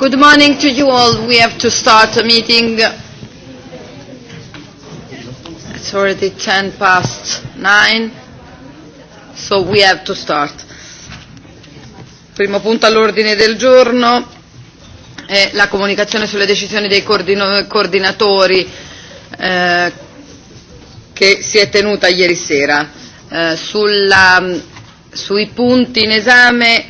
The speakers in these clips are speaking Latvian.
Good morning to you all. We have to start a meeting. It's already 10 past 9, so we have to start. Primo punto all'ordine del giorno è la comunicazione sulle decisioni dei coordino- coordinatori eh, che si è tenuta ieri sera. Eh, sulla, sui punti in esame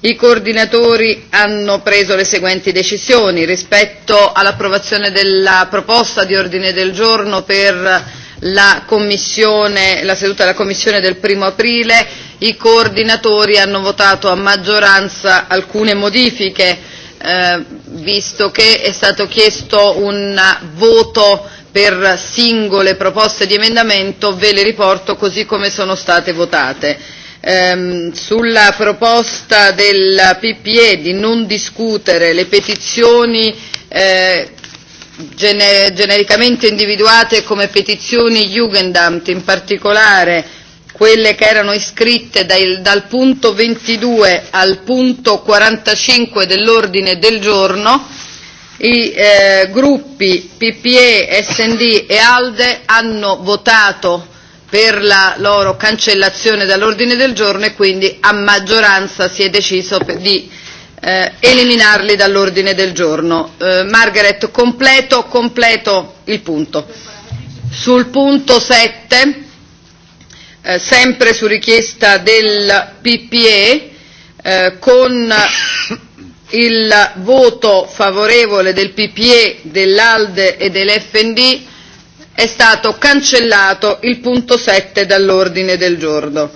I coordinatori hanno preso le seguenti decisioni rispetto all'approvazione della proposta di ordine del giorno per la, commissione, la seduta della Commissione del primo aprile. I coordinatori hanno votato a maggioranza alcune modifiche, eh, visto che è stato chiesto un voto per singole proposte di emendamento, ve le riporto così come sono state votate ehm, sulla proposta del PPE di non discutere le petizioni eh, gene- genericamente individuate come petizioni Jugendamt, in particolare quelle che erano iscritte dal, dal punto 22 al punto 45 dell'ordine del giorno, i eh, gruppi PPE, SD e ALDE e hanno votato per la loro cancellazione dall'ordine del giorno e quindi a maggioranza si è deciso di eh, eliminarli dall'ordine del giorno. Eh, Margaret, completo, completo il punto. Sul punto 7, eh, sempre su richiesta del PPE, eh, con il voto favorevole del PPE, dell'ALDE e dell'FND, è stato cancellato il punto 7 dall'ordine del giorno,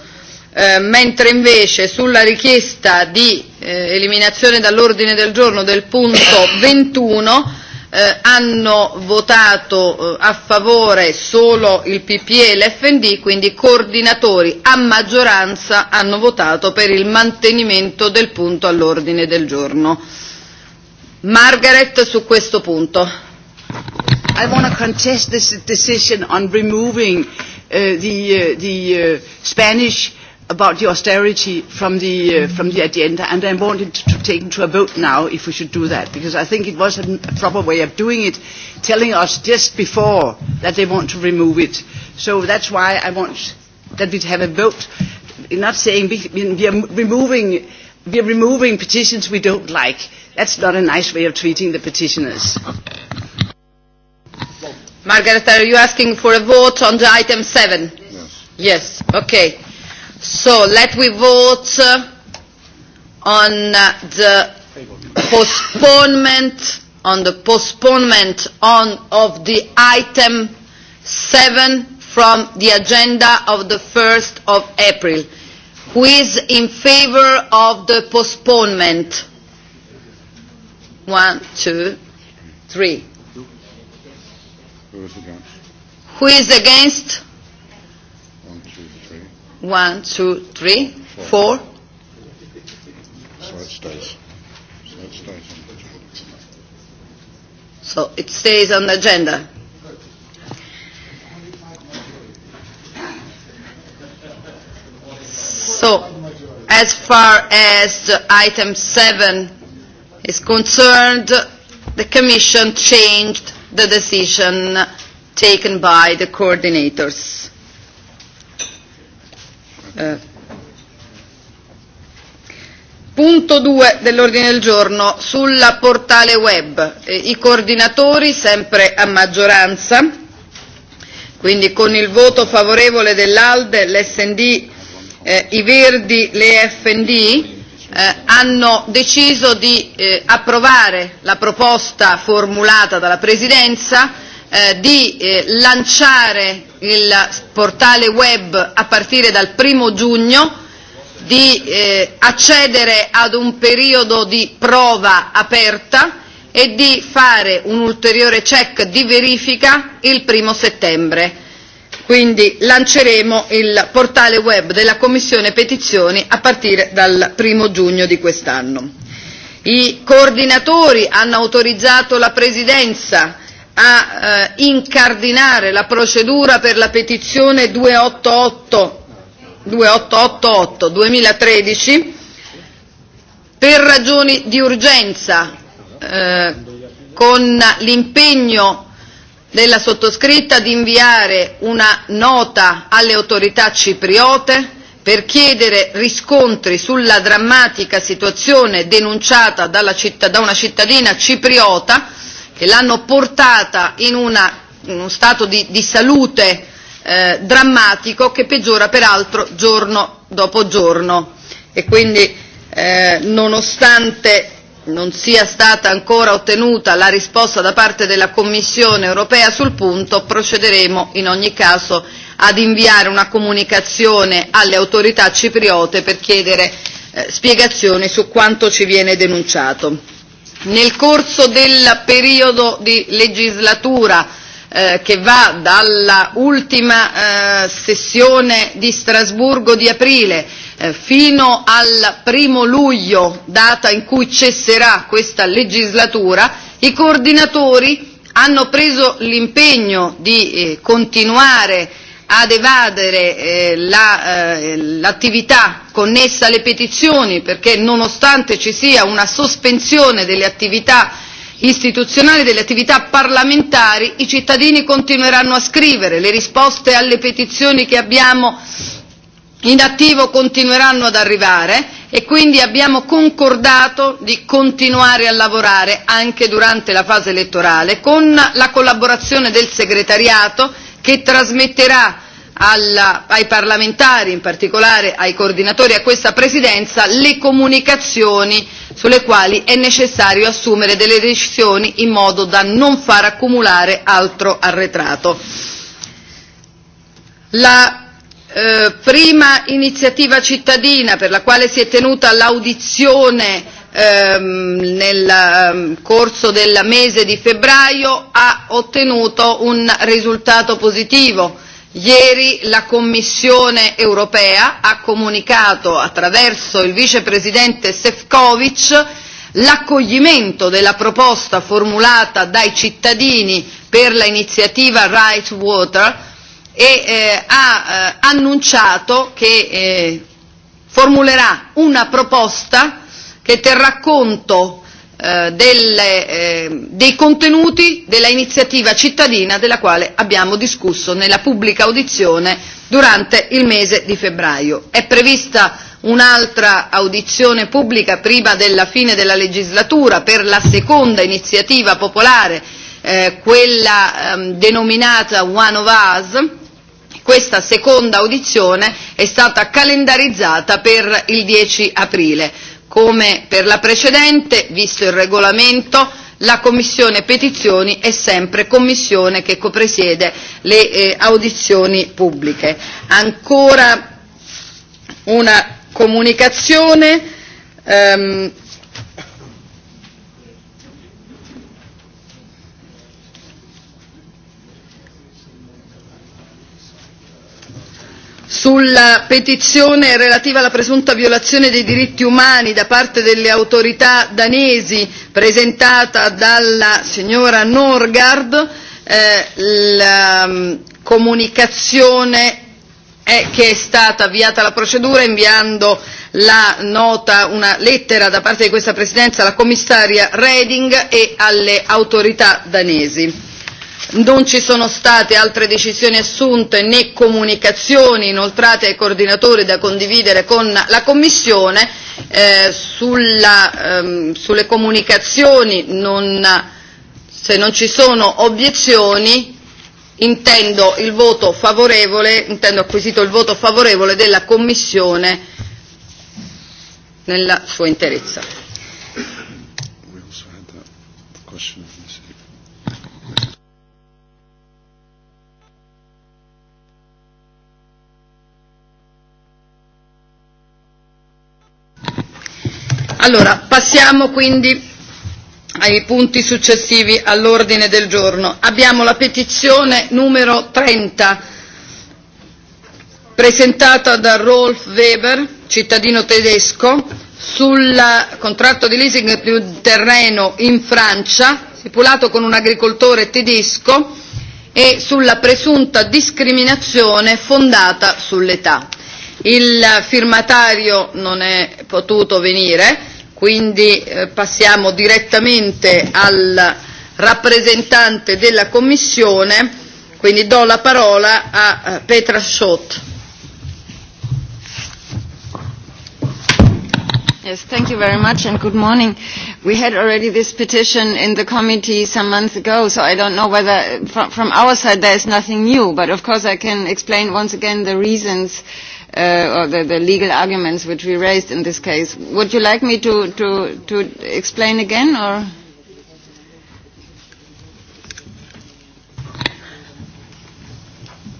eh, mentre invece sulla richiesta di eh, eliminazione dall'ordine del giorno del punto 21 eh, hanno votato eh, a favore solo il PPE e l'FND, quindi i coordinatori a maggioranza hanno votato per il mantenimento del punto all'ordine del giorno. Margaret su questo punto. I want to contest this decision on removing uh, the, uh, the uh, Spanish about the austerity from the, uh, from the agenda, and I wanted to take to a vote now if we should do that, because I think it was a proper way of doing it, telling us just before that they want to remove it. So that's why I want that we have a vote, not saying we, we are removing, we are removing petitions we don't like. That's not a nice way of treating the petitioners. Okay. Margaret, are you asking for a vote on the item 7? Yes. Yes, okay. So let we vote uh, on uh, the postponement, on the postponement on, of the item 7 from the agenda of the 1st of April. Who is in favor of the postponement? One, two, three. Who is against? Who is against? One, two, three. One, two, three. Four. Four. So it stays. So it stays on the agenda. So it stays on the agenda. So, as far as item 7 is concerned, the Commission changed the decision taken by the coordinators. Uh, Punto 2 dell'ordine del giorno sulla portale web. Eh, I coordinatori, sempre a maggioranza, quindi con il voto favorevore dell'ALDE, l'SND, eh, i Verdi, le FND, eh, hanno deciso di eh, approvare la proposta formulata dalla Presidenza eh, di eh, lanciare il portale web a partire dal primo giugno, di eh, accedere ad un periodo di prova aperta e di fare un ulteriore check di verifica il primo settembre Quindi lanceremo il portale web della Commissione Petizioni a partire dal primo giugno di quest'anno. I coordinatori hanno autorizzato la Presidenza a eh, incardinare la procedura per la petizione 288, 2888 2013 per ragioni di urgenza eh, con l'impegno della sottoscritta di inviare una nota alle autorità cipriote per chiedere riscontri sulla drammatica situazione denunciata dalla citt- da una cittadina cipriota che l'hanno portata in, una, in uno stato di, di salute eh, drammatico che peggiora peraltro giorno dopo giorno. E quindi eh, nonostante non sia stata ancora ottenuta la risposta da parte della Commissione europea sul punto, procederemo in ogni caso ad inviare una comunicazione alle autorità cipriote per chiedere eh, spiegazioni su quanto ci viene denunciato. Nel corso del periodo di legislatura eh, che va dalla ultima eh, sessione di Strasburgo di aprile Eh, fino al primo luglio, data in cui cesserà questa legislatura, i coordinatori hanno preso l'impegno di eh, continuare ad evadere eh, la, eh, l'attività connessa alle petizioni, perché nonostante ci sia una sospensione delle attività istituzionali, delle attività parlamentari, i cittadini continueranno a scrivere le risposte alle petizioni che abbiamo in attivo continueranno ad arrivare e quindi abbiamo concordato di continuare a lavorare anche durante la fase elettorale con la collaborazione del segretariato che trasmetterà alla, ai parlamentari, in particolare ai coordinatori e a questa Presidenza, le comunicazioni sulle quali è necessario assumere delle decisioni in modo da non far accumulare altro arretrato. La Eh, prima iniziativa cittadina per la quale si è tenuta l'audizione ehm, nel ehm, corso del mese di febbraio ha ottenuto un risultato positivo. Ieri la Commissione europea ha comunicato attraverso il vicepresidente Sefcovic l'accoglimento della proposta formulata dai cittadini per l'iniziativa Right Water e eh, ha eh, annunciato che eh, formulerà una proposta che terrà conto eh, del, eh, dei contenuti della iniziativa cittadina della quale abbiamo discusso nella pubblica audizione durante il mese di febbraio. È prevista un'altra audizione pubblica prima della fine della legislatura per la seconda iniziativa popolare, eh, quella ehm, denominata One of Us, questa seconda audizione è stata calendarizzata per il 10 aprile. Come per la precedente, visto il regolamento, la Commissione Petizioni è sempre Commissione che copresiede le eh, audizioni pubbliche. Ancora una comunicazione. Ehm, sulla petizione relativa alla presunta violazione dei diritti umani da parte delle autorità danesi presentata dalla signora Norgard, eh, la mh, mm, comunicazione è che è stata avviata la procedura inviando la nota, una lettera da parte di questa Presidenza alla commissaria Reding e alle autorità danesi non ci sono state altre decisioni assunte né comunicazioni inoltrate ai coordinatori da condividere con la Commissione, eh, sulla, ehm, sulle comunicazioni non, se non ci sono obiezioni intendo il voto favorevole, intendo acquisito il voto favorevole della Commissione nella sua interezza. We also had that question Allora, passiamo quindi ai punti successivi all'ordine del giorno. Abbiamo la petizione numero 30, presentata da Rolf Weber, cittadino tedesco, sul contratto di leasing di un terreno in Francia, stipulato con un agricoltore tedesco, e sulla presunta discriminazione fondata sull'età. Il firmatario non è potuto venire, Quindi eh, passiamo direttamente al rappresentante della Commissione, quindi do la parola a eh, Petra Schott. Yes, thank you very much and good morning. We had already this petition in the committee some months ago, so I don't know whether from, from our side there is nothing new, but of course I can explain once again the reasons uh, uh, or the, the legal arguments which we raised in this case. Would you like me to, to, to explain again? Or?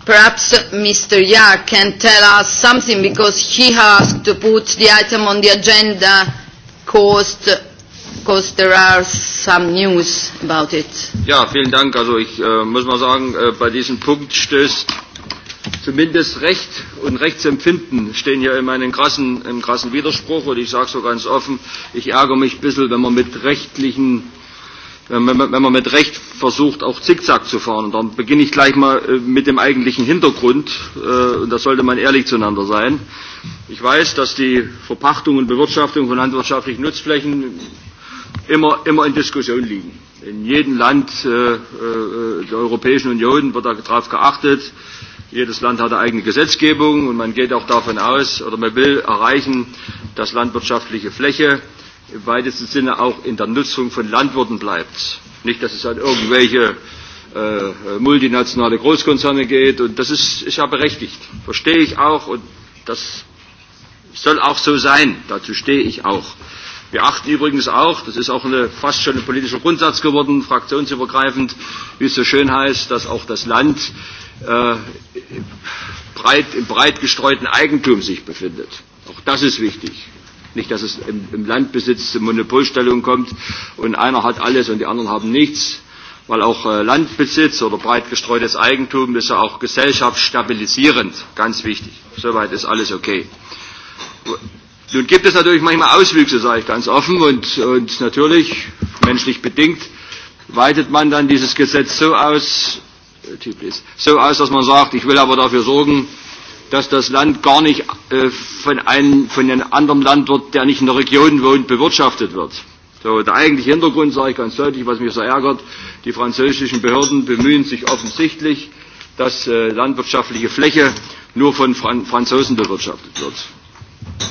Perhaps Mr. Yar can tell us something because he asked to put the item on the agenda caused because there are some news about it. Ja, vielen Dank. Also ich äh, muss mal sagen, äh, bei diesem Punkt stößt Zumindest Recht und Rechtsempfinden stehen hier immer in krassen, in krassen Widerspruch. Und ich sage so ganz offen, ich ärgere mich ein bisschen, wenn man mit rechtlichen wenn man, wenn man mit Recht versucht, auch Zickzack zu fahren. Und dann beginne ich gleich mal äh, mit dem eigentlichen Hintergrund. Äh, und da sollte man ehrlich zueinander sein. Ich weiß, dass die Verpachtung und Bewirtschaftung von landwirtschaftlichen Nutzflächen immer, immer in Diskussion liegen. In jedem Land äh, äh der Europäischen Union wird darauf geachtet. Äh, Jedes Land hat eine eigene Gesetzgebung und man geht auch davon aus oder man will erreichen, dass landwirtschaftliche Fläche im weitesten Sinne auch in der Nutzung von Landwirten bleibt. Nicht, dass es an irgendwelche äh, multinationale Großkonzerne geht und das ist, ist ja berechtigt. Verstehe ich auch und das soll auch so sein. Dazu stehe ich auch. Wir achten übrigens auch, das ist auch eine, fast schon ein politischer Grundsatz geworden, fraktionsübergreifend, wie es so schön heißt, dass auch das Land äh, breit, im breit gestreuten Eigentum sich befindet. Auch das ist wichtig. Nicht, dass es im, im Landbesitz zu Monopolstellungen kommt und einer hat alles und die anderen haben nichts, weil auch äh, Landbesitz oder breit gestreutes Eigentum ist ja auch gesellschaftsstabilisierend, ganz wichtig. Soweit ist alles okay. Nun gibt es natürlich manchmal Auswüchse, sage ich ganz offen, und, und natürlich, menschlich bedingt, weitet man dann dieses Gesetz so aus, Tiflis. So aus, dass man sagt, ich will aber dafür sorgen, dass das Land gar nicht äh, von, einem, von einem anderen Landwirt, der nicht in der Region wohnt, bewirtschaftet wird. So, der eigentliche Hintergrund, sage ich ganz deutlich, was mich so ärgert, die französischen Behörden bemühen sich offensichtlich, dass äh, landwirtschaftliche Fläche nur von Fran Franzosen bewirtschaftet wird.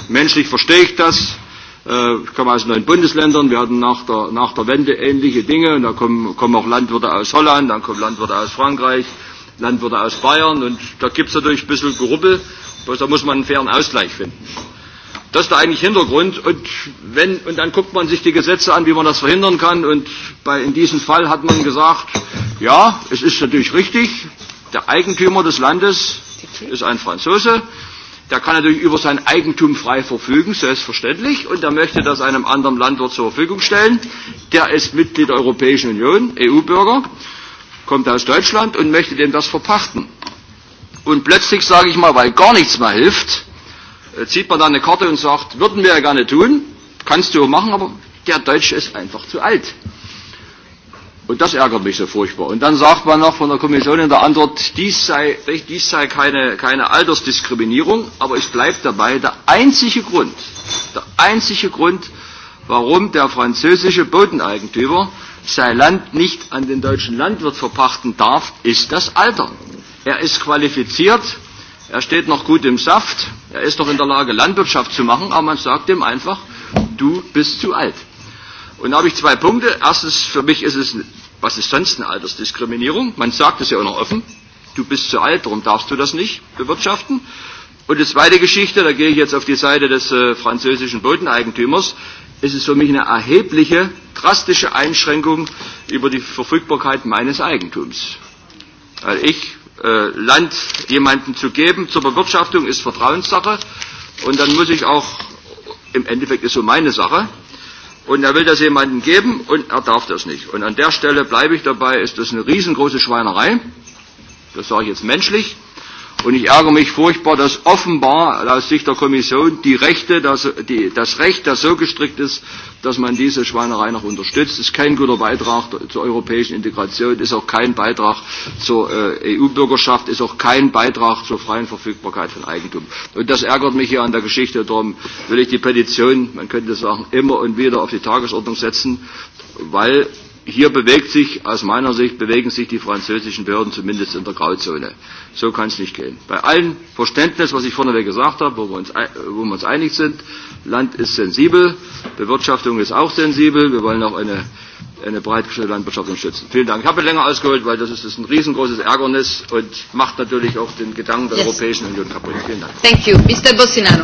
Menschlich verstehe ich das, Ich äh, komme aus neun Bundesländern. Wir hatten nach der, nach der Wende ähnliche Dinge. Und da kommen, kommen auch Landwirte aus Holland, dann kommen Landwirte aus Frankreich, Landwirte aus Bayern. Und da gibt es natürlich ein bisschen Gerubbel. Bloß da muss man einen fairen Ausgleich finden. Das ist da eigentlich Hintergrund. Und, wenn, und dann guckt man sich die Gesetze an, wie man das verhindern kann. Und bei, in diesem Fall hat man gesagt, ja, es ist natürlich richtig, der Eigentümer des Landes ist ein Franzose der kann er natürlich über sein Eigentum frei verfügen, selbstverständlich, und er möchte das einem anderen Landwirt zur Verfügung stellen. Der ist Mitglied der Europäischen Union, EU-Bürger, kommt aus Deutschland und möchte dem das verpachten. Und plötzlich, sage ich mal, weil gar nichts mehr hilft, äh, zieht man dann eine Karte und sagt, würden wir ja gerne tun, kannst du machen, aber der Deutsche ist einfach zu alt. Und das ärgert mich so furchtbar. Und dann sagt man noch von der Kommission in der Antwort, dies sei, dies sei keine, keine Altersdiskriminierung, aber es bleibt dabei der einzige Grund, der einzige Grund, warum der französische Bodeneigentümer sein Land nicht an den deutschen Landwirt verpachten darf, ist das Alter. Er ist qualifiziert, er steht noch gut im Saft, er ist noch in der Lage, Landwirtschaft zu machen, aber man sagt ihm einfach, du bist zu alt. Und da habe ich zwei Punkte. Erstens, für mich ist es, was ist sonst eine Altersdiskriminierung? Man sagt es ja auch noch offen. Du bist zu alt, darum darfst du das nicht bewirtschaften. Und die zweite Geschichte, da gehe ich jetzt auf die Seite des äh, französischen Bodeneigentümers, ist es für mich eine erhebliche, drastische Einschränkung über die Verfügbarkeit meines Eigentums. Weil ich äh, Land jemandem zu geben zur Bewirtschaftung ist Vertrauenssache und dann muss ich auch, im Endeffekt ist so meine Sache, und er will das jemandem geben und er darf das nicht. Und an der Stelle bleibe ich dabei, ist das eine riesengroße Schweinerei. Das sage ich jetzt menschlich. Und ich ärgere mich furchtbar, dass offenbar aus Sicht der Kommission die Rechte, das, die, das Recht, das so gestrickt ist, dass man diese Schweinerei noch unterstützt. Das ist kein guter Beitrag zur europäischen Integration, ist auch kein Beitrag zur äh, EU-Bürgerschaft, ist auch kein Beitrag zur freien Verfügbarkeit von Eigentum. Und das ärgert mich hier an der Geschichte. Darum will ich die Petition, man könnte sagen, immer und wieder auf die Tagesordnung setzen, weil hier bewegt sich, aus meiner Sicht, bewegen sich die französischen Behörden zumindest in der Grauzone. So kann es nicht gehen. Bei allem Verständnis, was ich vorneweg gesagt habe, wo wir, uns, wo wir uns einig sind, Land ist sensibel, Bewirtschaftung ist auch sensibel, wir wollen auch eine, eine breitgestellte Landwirtschaft schützen. Vielen Dank. Ich habe länger ausgeholt, weil das ist, das ist ein riesengroßes Ärgernis und macht natürlich auch den Gedanken der yes. Europäischen Union kaputt. Vielen Dank. Thank you. Mr. Bossinaro.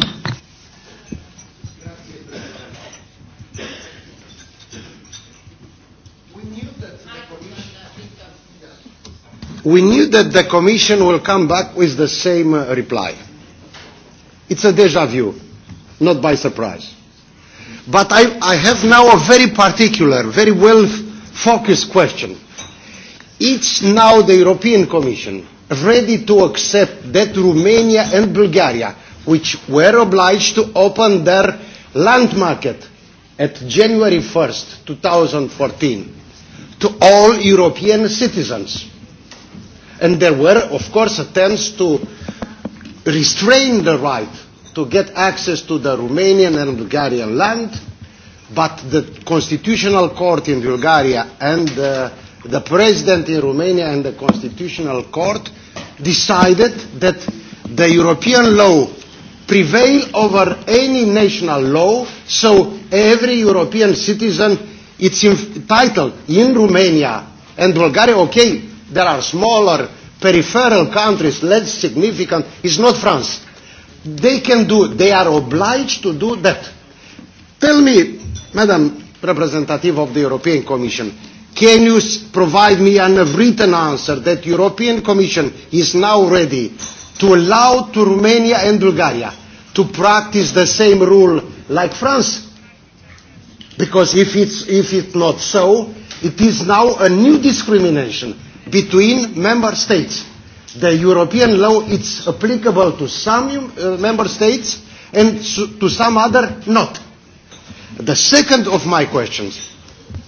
we knew that the Commission will come back with the same uh, reply. It's a deja vu, not by surprise. But I, I have now a very particular, very well focused question. It's now the European Commission ready to accept that Romania and Bulgaria, which were obliged to open their land market at January 1st, 2014, to all European citizens And there were, of course, attempts to restrain the right to get access to the Romanian and Bulgarian land, but the Constitutional Court in Bulgaria and uh, the President in Romania and the Constitutional Court decided that the European law prevail over any national law, so every European citizen is entitled in Romania and Bulgaria, okay, There are smaller peripheral countries, less significant. It's not France. They can do, they are obliged to do that. Tell me, Madam Representative of the European Commission, can you provide me an written answer that European Commission is now ready to allow to Romania and Bulgaria to practice the same rule like France? Because if it's, if it's not so, it is now a new discrimination between member states. The European law is applicable to some uh, member states and to some other not. The second of my questions,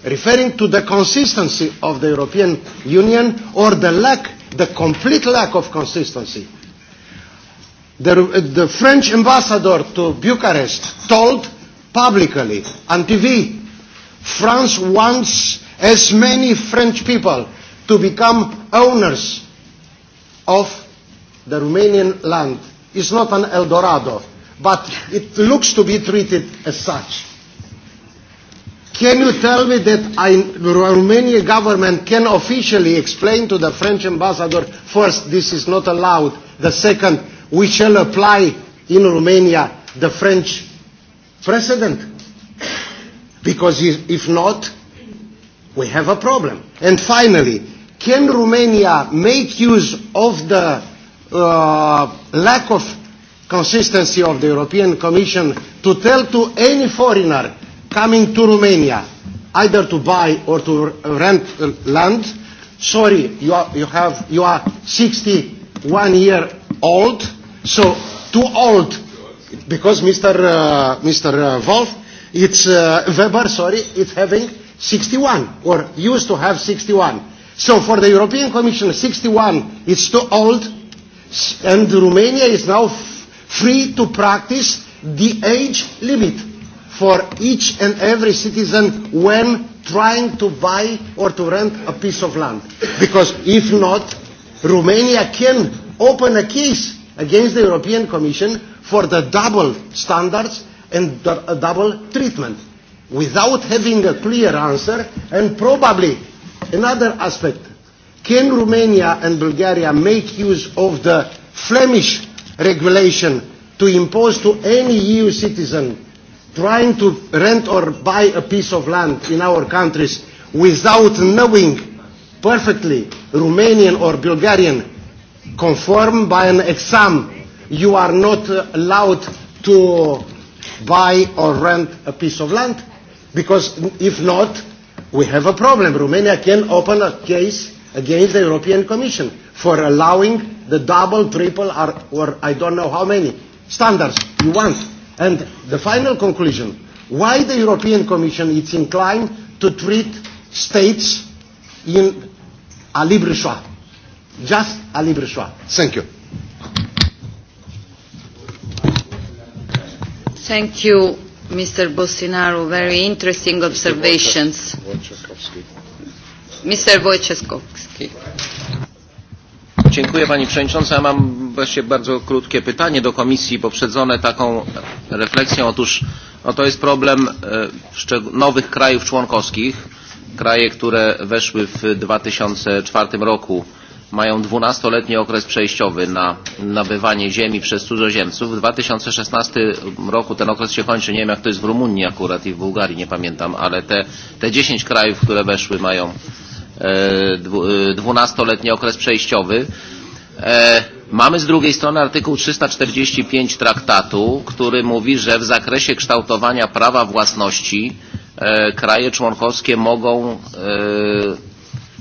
referring to the consistency of the European Union or the lack, the complete lack of consistency. The, the French ambassador to Bucharest told publicly on TV, France wants as many French people to become owners of the Romanian land. It's not an El Dorado, but it looks to be treated as such. Can you tell me that I, the Romanian government can officially explain to the French ambassador, first, this is not allowed, the second, we shall apply in Romania the French precedent? Because if not, we have a problem. And finally, can Romania make use of the uh, lack of consistency of the European Commission to tell to any foreigner coming to Romania, either to buy or to rent land, sorry, you are, you have, you are 61 year old, so too old, because Mr. Uh, Mr. Uh, Wolf, it's uh, Weber, sorry, it's having 61 or used to have 61 So for the European Commission, 61 is too old, and Romania is now free to practice the age limit for each and every citizen when trying to buy or to rent a piece of land. Because if not, Romania can open a case against the European Commission for the double standards and the double treatment without having a clear answer and probably Another aspect, can Romania and Bulgaria make use of the Flemish regulation to impose to any EU citizen trying to rent or buy a piece of land in our countries without knowing perfectly Romanian or Bulgarian conform by an exam you are not allowed to buy or rent a piece of land because if not we have a problem. Romania can open a case against the European Commission for allowing the double, triple, or, or I don't know how many standards you want. And the final conclusion, why the European Commission is inclined to treat states in a libre choix, just a libre choix. Thank you. Thank you Mr. Bolsonaro very interesting observations. Mr. Wojciechowski. Dziękuję Pani Przewodnicząca. Ja mam właściwie bardzo krótkie pytanie do Komisji poprzedzone taką refleksją. Otóż no to jest problem e, nowych krajów członkowskich, kraje, które weszły w 2004 roku mają 12-letni okres przejściowy na nabywanie ziemi przez cudzoziemców. W 2016 roku ten okres się kończy. Nie wiem, jak to jest w Rumunii akurat i w Bułgarii, nie pamiętam, ale te, te 10 krajów, które weszły, mają e, 12-letni e, okres przejściowy. E, mamy z drugiej strony artykuł 345 traktatu, który mówi, że w zakresie kształtowania prawa własności e, kraje członkowskie mogą e,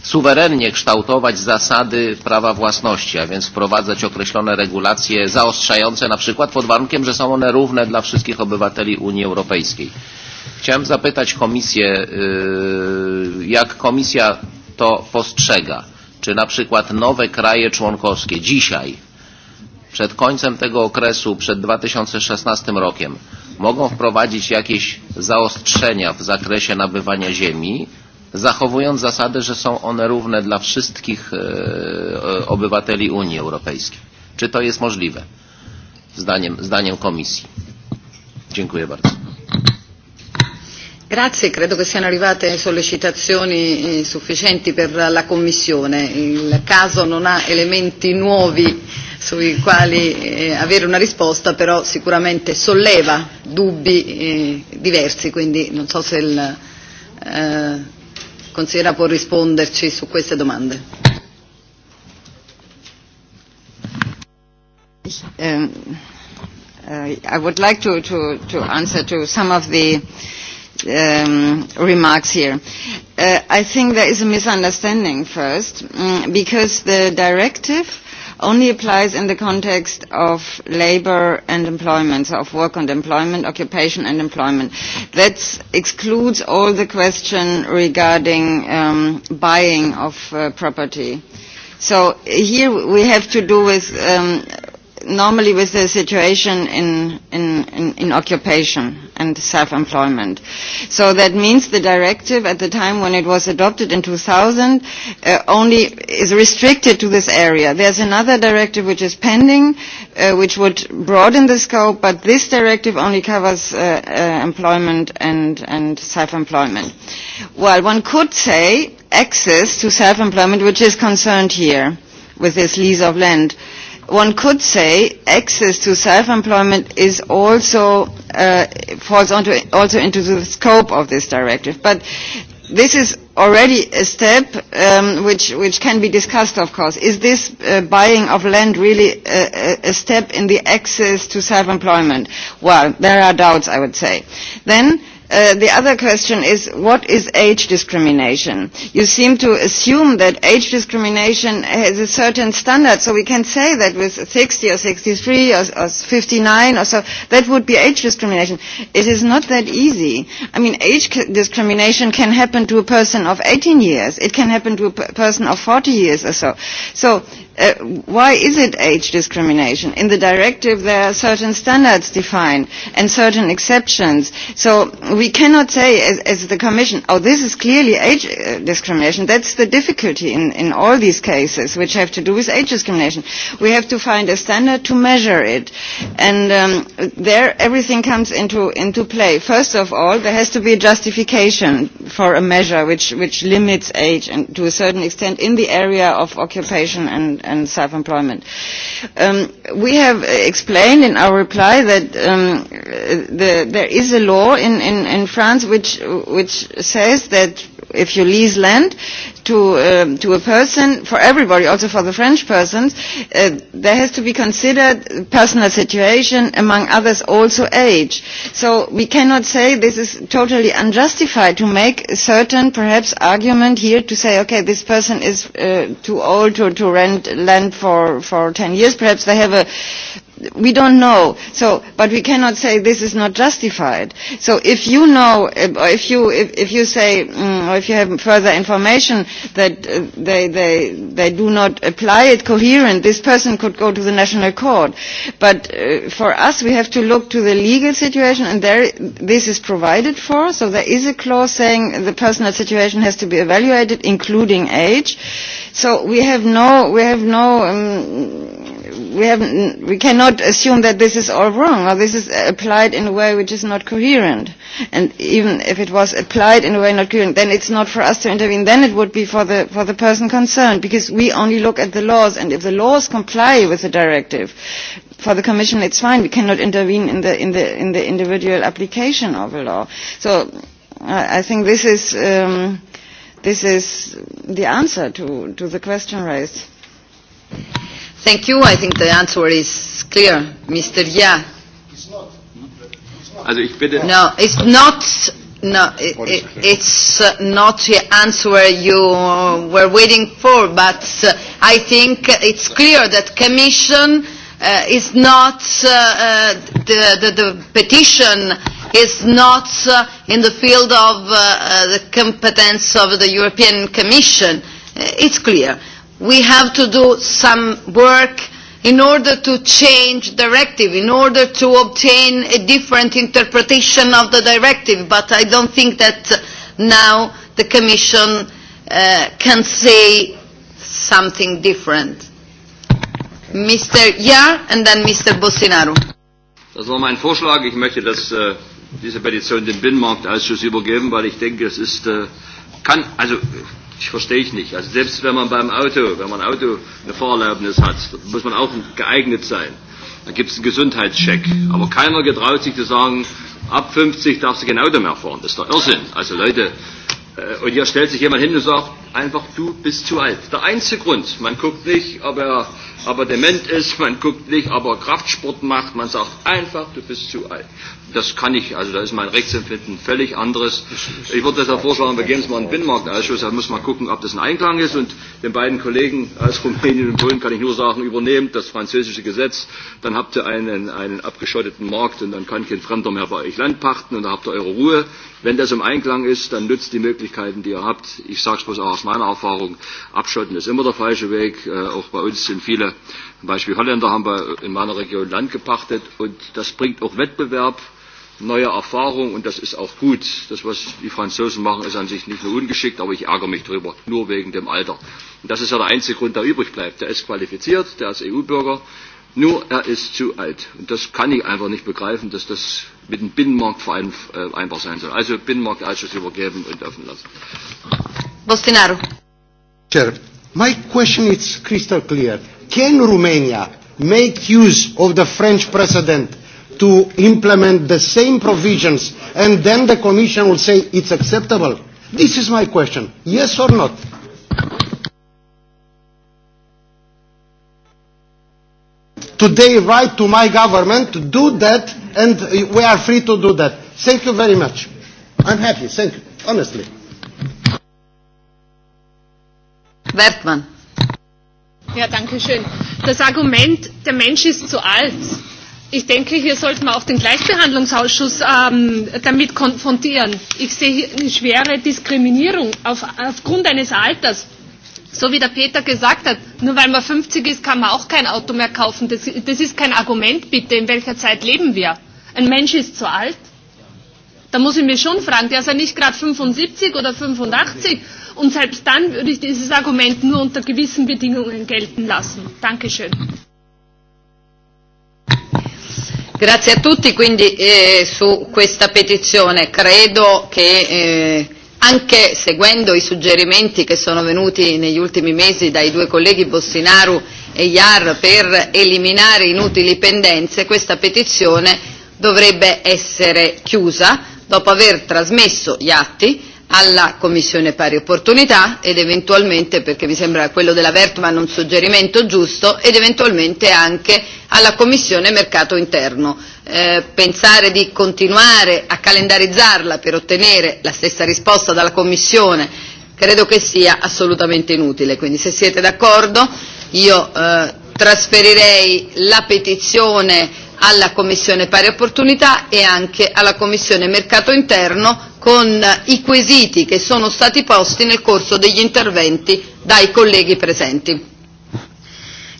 suwerennie kształtować zasady prawa własności, a więc wprowadzać określone regulacje zaostrzające na przykład pod warunkiem, że są one równe dla wszystkich obywateli Unii Europejskiej. Chciałem zapytać Komisję, jak Komisja to postrzega? Czy na przykład nowe kraje członkowskie dzisiaj, przed końcem tego okresu, przed 2016 rokiem, mogą wprowadzić jakieś zaostrzenia w zakresie nabywania ziemi, zachowując zasadę, że są one równe dla wszystkich e, e, obywateli Unii Europejskiej. Czy to jest możliwe? Zdaniem, zdaniem Komisji. Dziękuję bardzo. Grazie, credo che siano arrivate sollecitazioni eh, sufficienti per la Commissione. Il caso non ha elementi nuovi sui quali eh, avere una risposta, però sicuramente solleva dubbi eh, diversi, quindi non so se il, eh, consigliera può risponderci su queste domande. Um, uh, I would like to, to, to answer to some of the um, remarks here. Uh, I think there is a misunderstanding first, um, because the directive uh, only applies in the context of labor and employment, so of work and employment, occupation and employment. That excludes all the question regarding um, buying of uh, property. So here we have to do with um, normally with the situation in, in, in, in occupation and self-employment. So that means the directive at the time when it was adopted in 2000 uh, only is restricted to this area. There's another directive which is pending uh, which would broaden the scope but this directive only covers uh, uh, employment and, and self-employment. Well, one could say access to self-employment which is concerned here with this lease of land. Uh, one could say access to self-employment is also uh, falls onto, also into the scope of this directive. But this is already a step um, which, which can be discussed, of course. Is this uh, buying of land really a, a step in the access to self-employment? Well, there are doubts, I would say. Then Uh, the other question is, what is age discrimination? You seem to assume that age discrimination has a certain standard, so we can say that with 60 or 63 or, or 59 or so, that would be age discrimination. It is not that easy. I mean, age c- discrimination can happen to a person of 18 years. It can happen to a p- person of 40 years or so. So Uh, why is it age discrimination? In the directive, there are certain standards defined and certain exceptions. So we cannot say, as, as the Commission, oh, this is clearly age uh, discrimination. That's the difficulty in, in all these cases, which have to do with age discrimination. We have to find a standard to measure it. And um, there, everything comes into, into play. First of all, there has to be a justification for a measure which, which limits age and to a certain extent in the area of occupation and, and self-employment. Um, we have explained in our reply that um, the, there is a law in, in, in France which, which says that if you lease land to um, to a person for everybody also for the french persons uh, there has to be considered personal situation among others also age so we cannot say this is totally unjustified to make a certain perhaps argument here to say okay this person is uh, too old to, to rent land for, for 10 years. Perhaps they have a we don't know. So, but we cannot say this is not justified. So, if you know, if you if, if you say, um, or if you have further information that uh, they they they do not apply it coherent, this person could go to the national court. But uh, for us, we have to look to the legal situation, and there this is provided for. So there is a clause saying the personal situation has to be evaluated, including age. So we have no we have no. Um, we, have, we cannot assume that this is all wrong or this is applied in a way which is not coherent. And even if it was applied in a way not coherent, then it's not for us to intervene. Then it would be for the, for the person concerned because we only look at the laws. And if the laws comply with the directive, for the Commission it's fine. We cannot intervene in the, in the, in the individual application of a law. So I, I think this is, um, this is the answer to, to the question raised. Thank you. Thank you. I think the answer is clear, Mr. Yeah. It's not. Also ich bitte. No, it's not. No, it, it, it's uh, not the answer you were waiting for, but uh, I think it's clear that Commission uh, is not uh, uh, the, the, the petition is not uh, in the field of uh, the competence of the European Commission. It's clear. Uh, we have to do some work in order to change directive, in order to obtain a different interpretation of the directive. But I don't think that now the Commission uh, can say something different. Mr. Jahr and then Mr. Bolsonaro. Das war mein Vorschlag. Ich möchte das, äh, diese Petition dem Binnenmarktausschuss übergeben, weil ich denke, es ist, äh, kann, also Ich verstehe ich nicht. Also selbst wenn man beim Auto, wenn man ein Auto eine Fahrerlaubnis hat, muss man auch geeignet sein. Dann gibt es einen Gesundheitscheck. Aber keiner getraut sich zu sagen, ab 50 darfst du kein Auto mehr fahren. Das ist doch Irrsinn. Also Leute, Äh, und hier stellt sich jemand hin und sagt, einfach du bist zu alt. Der einzige Grund, man guckt nicht, ob er, ob er dement ist, man guckt nicht, ob er Kraftsport macht, man sagt einfach, du bist zu alt. Das kann ich, also da ist mein Rechtsempfinden völlig anderes. Ich würde deshalb vorschlagen, wir gehen jetzt mal in den Binnenmarktausschuss, da muss man gucken, ob das ein Einklang ist. Und den beiden Kollegen aus Rumänien und Polen kann ich nur sagen, übernehmt das französische Gesetz, dann habt ihr einen, einen abgeschotteten Markt und dann kann kein Fremder mehr bei euch Land pachten und da habt ihr eure Ruhe. Wenn das im Einklang ist, dann nützt die Möglichkeiten, die ihr habt. Ich sage es bloß auch aus meiner Erfahrung. Abschotten ist immer der falsche Weg. Äh, auch bei uns sind viele, zum Beispiel Holländer haben bei, in meiner Region Land gepachtet. Und das bringt auch Wettbewerb, neue Erfahrung und das ist auch gut. Das, was die Franzosen machen, ist an sich nicht nur ungeschickt, aber ich ärgere mich drüber, nur wegen dem Alter. Und das ist ja der einzige Grund, der übrig bleibt. Der ist qualifiziert, der ist EU-Bürger, nur er ist zu alt. Und das kann ich einfach nicht begreifen, dass das mit dem Binnenmarkt vereinbar äh, sein soll. Also Binnenmarktausschuss übergeben und offen lassen. Bostinaro. Chair, my question is crystal clear. Can Romania make use of the French precedent to implement the same provisions and then the Commission will say it's acceptable? This is my question. Yes or not? today write to my government to do that, and we are free to do that. Thank you very much. I'm happy. Thank you. Honestly. Wertmann. Ja, danke schön. Das Argument, der Mensch ist zu alt. Ich denke, hier sollten wir auch den Gleichbehandlungsausschuss ähm, damit konfrontieren. Ich sehe eine schwere Diskriminierung auf, aufgrund eines Alters so wie der Peter gesagt hat, nur weil man 50 ist, kann man auch kein Auto mehr kaufen. Das, das ist kein Argument, bitte. In welcher Zeit leben wir? Ein Mensch ist zu alt. Da muss ich mich schon fragen, der ist ja nicht gerade 75 oder 85. Und selbst dann würde ich dieses Argument nur unter gewissen Bedingungen gelten lassen. Dankeschön. Grazie a tutti, quindi eh, su questa petizione credo che eh, anche seguendo i suggerimenti che sono venuti negli ultimi mesi dai due colleghi Bossinaru e Iar per eliminare inutili pendenze, questa petizione dovrebbe essere chiusa dopo aver trasmesso gli atti alla Commissione Pari Opportunità ed eventualmente, perché mi sembra quello della Vertman un suggerimento giusto, ed eventualmente anche alla Commissione Mercato Interno. Eh, pensare di continuare a calendarizzarla per ottenere la stessa risposta dalla Commissione credo che sia assolutamente inutile. Quindi se siete d'accordo io eh, trasferirei la petizione alla Commissione Pari Opportunità e anche alla Commissione Mercato Interno con eh, i quesiti che sono stati posti nel corso degli interventi dai colleghi presenti.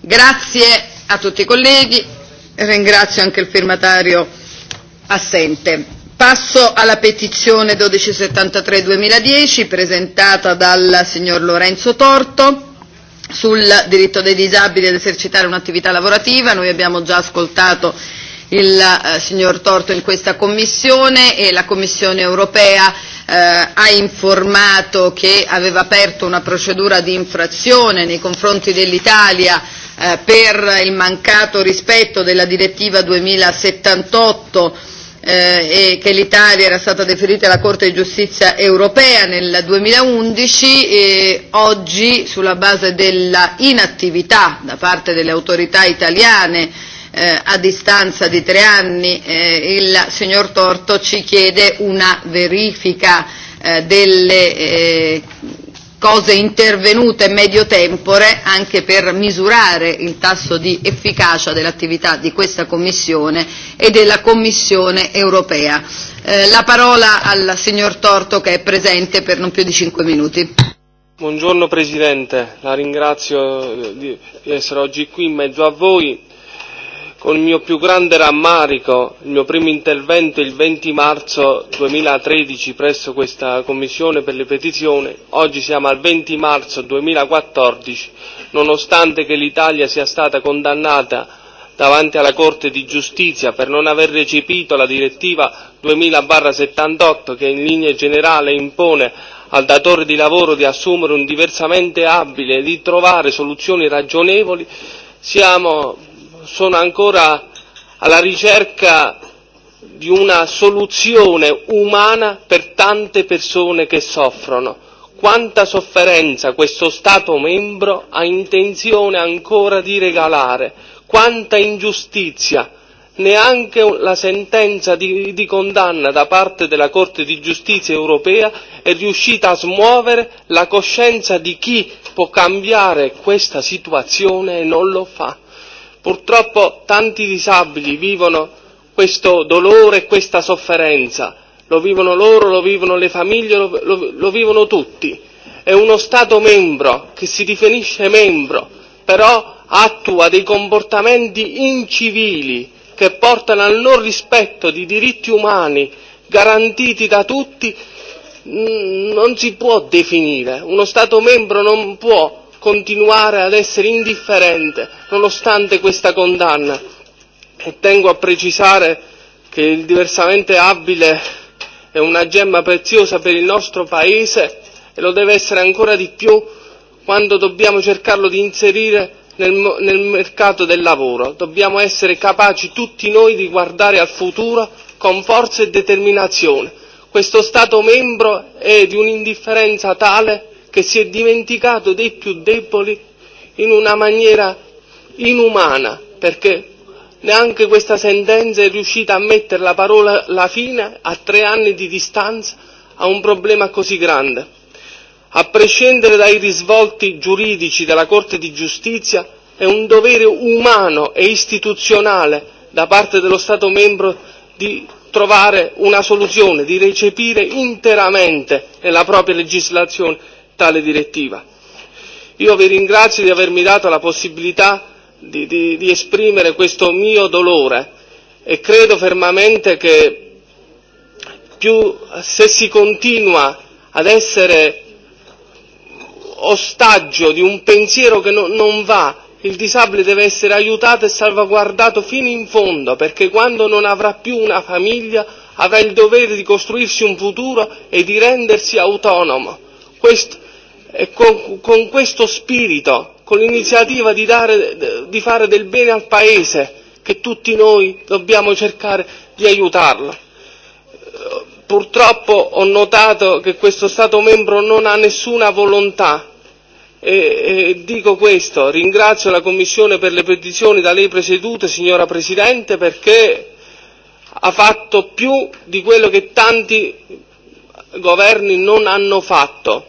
Grazie a tutti i colleghi, ringrazio anche il firmatario assente. Passo alla petizione 1273-2010 presentata dal signor Lorenzo Torto sul diritto dei disabili ad esercitare un'attività lavorativa. Noi abbiamo già ascoltato il eh, signor Torto in questa commissione e la Commissione europea eh, ha informato che aveva aperto una procedura di infrazione nei confronti dell'Italia eh, per il mancato rispetto della direttiva 2078 eh, e che l'Italia era stata deferita alla Corte di Giustizia europea nel 2011 e oggi sulla base della inattività da parte delle autorità italiane eh, a distanza di tre anni eh, il signor Torto ci chiede una verifica eh, delle eh, cose intervenute medio tempore anche per misurare il tasso di efficacia dell'attività di questa Commissione e della Commissione europea. Eh, la parola al signor Torto che è presente per non più di cinque minuti. Buongiorno Presidente, la ringrazio eh, di essere oggi qui in mezzo a voi col mio più grande rammarico il mio primo intervento il 20 marzo 2013 presso questa Commissione per le petizioni. Oggi siamo al 20 marzo 2014, nonostante che l'Italia sia stata condannata davanti alla Corte di giustizia per non aver recepito la direttiva 2000/78 che in linea generale impone al datore di lavoro di assumere un diversamente abile e di trovare soluzioni ragionevoli, siamo sono ancora alla ricerca di una soluzione umana per tante persone che soffrono. Quanta sofferenza questo Stato membro ha intenzione ancora di regalare, quanta ingiustizia. Neanche la sentenza di, di condanna da parte della Corte di giustizia europea è riuscita a smuovere la coscienza di chi può cambiare questa situazione e non lo fa Purtroppo tanti disabili vivono questo dolore, e questa sofferenza, lo vivono loro, lo vivono le famiglie, lo, lo, lo vivono tutti. È uno Stato membro che si definisce membro, però attua dei comportamenti incivili che portano al non rispetto di diritti umani garantiti da tutti non si può definire. Uno Stato membro non può continuare ad essere indifferente nonostante questa condanna e tengo a precisare che il diversamente abile è una gemma preziosa per il nostro Paese e lo deve essere ancora di più quando dobbiamo cercarlo di inserire nel, nel mercato del lavoro. Dobbiamo essere capaci tutti noi di guardare al futuro con forza e determinazione. Questo Stato membro è di un'indifferenza tale che si è dimenticato dei più deboli in una maniera inumana, perché neanche questa sentenza è riuscita a mettere la parola la fine a tre anni di distanza a un problema così grande. A prescindere dai risvolti giuridici della Corte di giustizia, è un dovere umano e istituzionale da parte dello Stato membro di trovare una soluzione, di recepire interamente nella propria legislazione tale direttiva. Io vi ringrazio di avermi dato la possibilità di, di, di esprimere questo mio dolore e credo fermamente che più, se si continua ad essere ostaggio di un pensiero che no, non va, il disabile deve essere aiutato e salvaguardato fino in fondo, perché quando non avrà più una famiglia avrà il dovere di costruirsi un futuro e di rendersi autonomo. Questo e con, con questo spirito, con l'iniziativa di, dare, di fare del bene al Paese, che tutti noi dobbiamo cercare di aiutarlo. Purtroppo ho notato che questo Stato membro non ha nessuna volontà e, e dico questo, ringrazio la Commissione per le petizioni da lei presiedute, signora Presidente, perché ha fatto più di quello che tanti governi non hanno fatto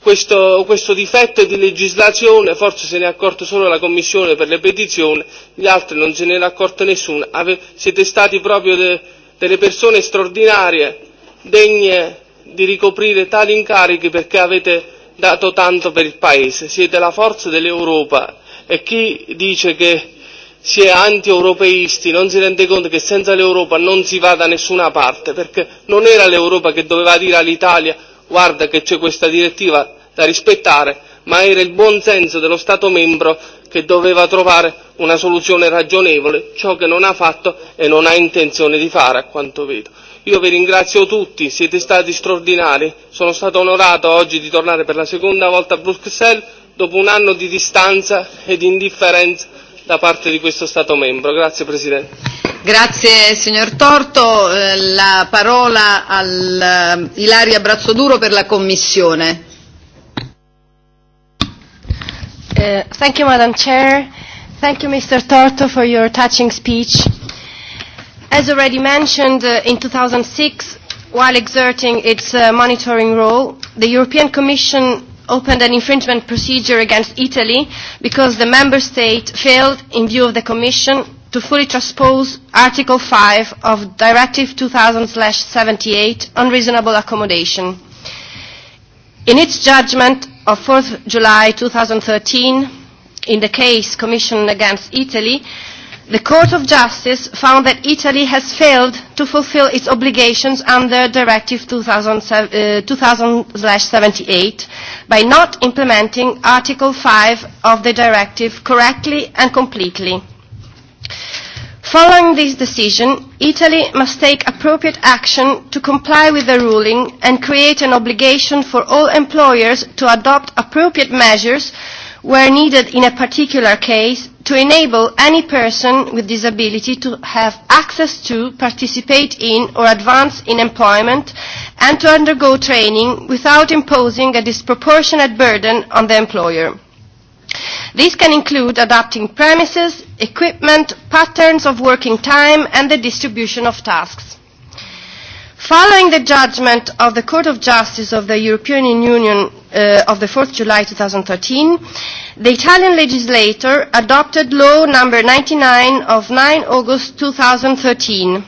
questo, questo difetto di legislazione forse se ne è accorto solo la Commissione per le petizioni, gli altri non se ne era accorto nessuno. Ave, siete stati proprio de, delle persone straordinarie, degne di ricoprire tali incarichi perché avete dato tanto per il Paese. Siete la forza dell'Europa e chi dice che si è anti-europeisti non si rende conto che senza l'Europa non si va da nessuna parte, perché non era l'Europa che doveva dire all'Italia guarda che c'è questa direttiva da rispettare, ma era il buon senso dello Stato membro che doveva trovare una soluzione ragionevole, ciò che non ha fatto e non ha intenzione di fare, a quanto vedo. Io vi ringrazio tutti, siete stati straordinari, sono stato onorato oggi di tornare per la seconda volta a Bruxelles dopo un anno di distanza e di indifferenza da parte di questo Stato membro. Grazie Presidente. Grazie signor Torto. Eh, la parola a eh, Ilaria Brazzoduro per la Commissione. Uh, thank you, Madam Chair. Thank you, Mr. Torto, for your touching speech. As already mentioned, uh, in 2006, while exerting its uh, monitoring role, the European Commission opened an infringement procedure against Italy because the member state failed, in view of the Commission, to fully transpose Article 5 of Directive 2000/78 on reasonable accommodation. In its judgment of 4th July 2013, in the case Commission against Italy, the Court of Justice found that Italy has failed to fulfill its obligations under Directive 2000/78 uh, by not implementing Article 5 of the directive correctly and completely. Following this decision, Italy must take appropriate action to comply with the ruling and create an obligation for all employers to adopt appropriate measures where needed in a particular case to enable any person with disability to have access to, participate in or advance in employment and to undergo training without imposing a disproportionate burden on the employer. This can include adapting premises, equipment, patterns of working time and the distribution of tasks. Following the judgment of the Court of Justice of the European Union uh, of the 4th July 2013, the Italian legislator adopted Law Number 99 of 9 August 2013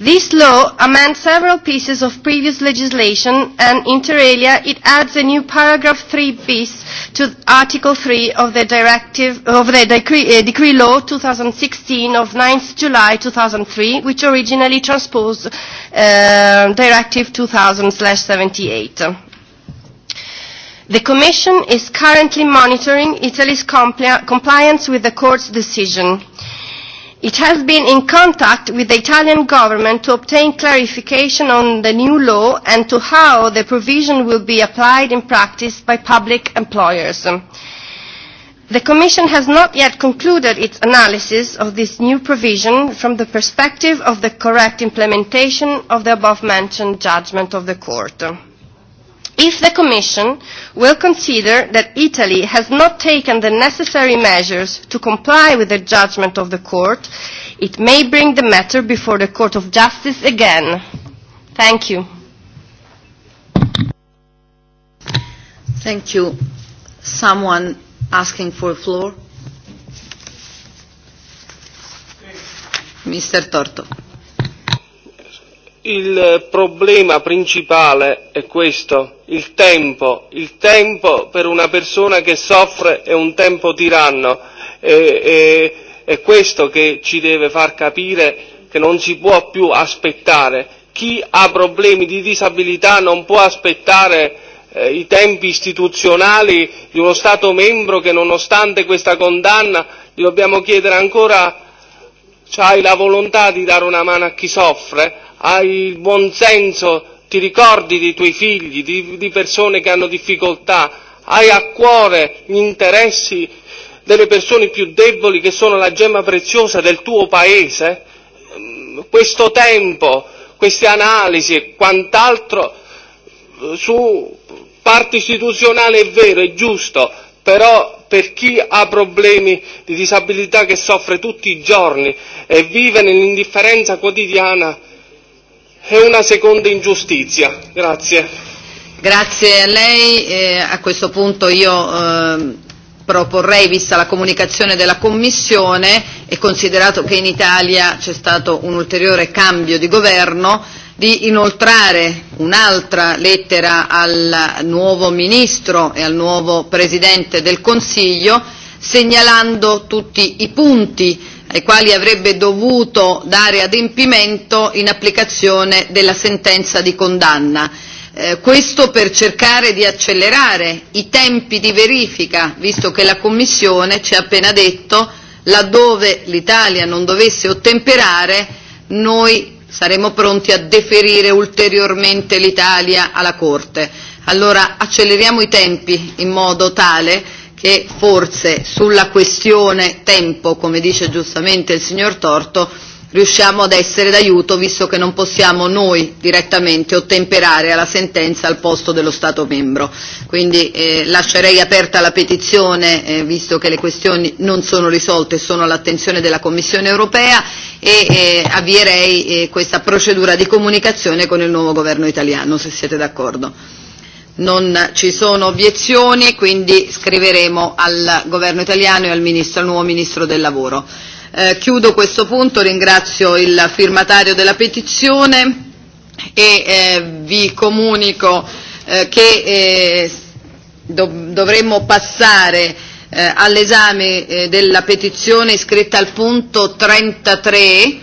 This law amends several pieces of previous legislation and inter alia it adds a new paragraph 3 bis to Article 3 of the, directive, of the decree, uh, decree Law 2016 of 9th July 2003 which originally transposed uh, Directive 2000-78. The Commission is currently monitoring Italy's compli compliance with the Court's decision. It has been in contact with the Italian government to obtain clarification on the new law and to how the provision will be applied in practice by public employers. The Commission has not yet concluded its analysis of this new provision from the perspective of the correct implementation of the above-mentioned judgment of the Court if the Commission will consider that Italy has not taken the necessary measures to comply with the judgment of the Court, it may bring the matter before the Court of Justice again. Thank you. Thank you. Someone asking for the floor? Mr. Torto il problema principale è questo, il tempo. Il tempo per una persona che soffre è un tempo tiranno. E, e, è questo che ci deve far capire che non si può più aspettare. Chi ha problemi di disabilità non può aspettare eh, i tempi istituzionali di uno Stato membro che nonostante questa condanna gli dobbiamo chiedere ancora c'hai la volontà di dare una mano a chi soffre? hai il buonsenso, ti ricordi dei tuoi figli, di, di persone che hanno difficoltà, hai a cuore gli interessi delle persone più deboli che sono la gemma preziosa del tuo paese? Mm, questo tempo, queste analisi e quant'altro eh, su parte istituzionale è vero, è giusto, però per chi ha problemi di disabilità che soffre tutti i giorni e vive nell'indifferenza quotidiana è una seconda ingiustizia. Grazie. Grazie a lei. Eh, a questo punto io eh, proporrei, vista la comunicazione della Commissione e considerato che in Italia c'è stato un ulteriore cambio di governo, di inoltrare un'altra lettera al nuovo Ministro e al nuovo Presidente del Consiglio segnalando tutti i punti ai quali avrebbe dovuto dare adempimento in applicazione della sentenza di condanna. Eh, questo per cercare di accelerare i tempi di verifica, visto che la Commissione ci ha appena detto laddove l'Italia non dovesse ottemperare, noi saremo pronti a deferire ulteriormente l'Italia alla Corte. Allora acceleriamo i tempi in modo tale che forse sulla questione tempo, come dice giustamente il signor Torto, riusciamo ad essere d'aiuto visto che non possiamo noi direttamente ottemperare alla sentenza al posto dello Stato membro. Quindi eh, lascerei aperta la petizione eh, visto che le questioni non sono risolte, e sono all'attenzione della Commissione europea e eh, avvierei eh, questa procedura di comunicazione con il nuovo governo italiano, se siete d'accordo non ci sono obiezioni, quindi scriveremo al governo italiano e al, ministro, al nuovo ministro del lavoro. Eh, chiudo questo punto, ringrazio il firmatario della petizione e eh, vi comunico eh, che eh, dov dovremmo passare eh, all'esame eh, della petizione iscritta al punto 33 eh,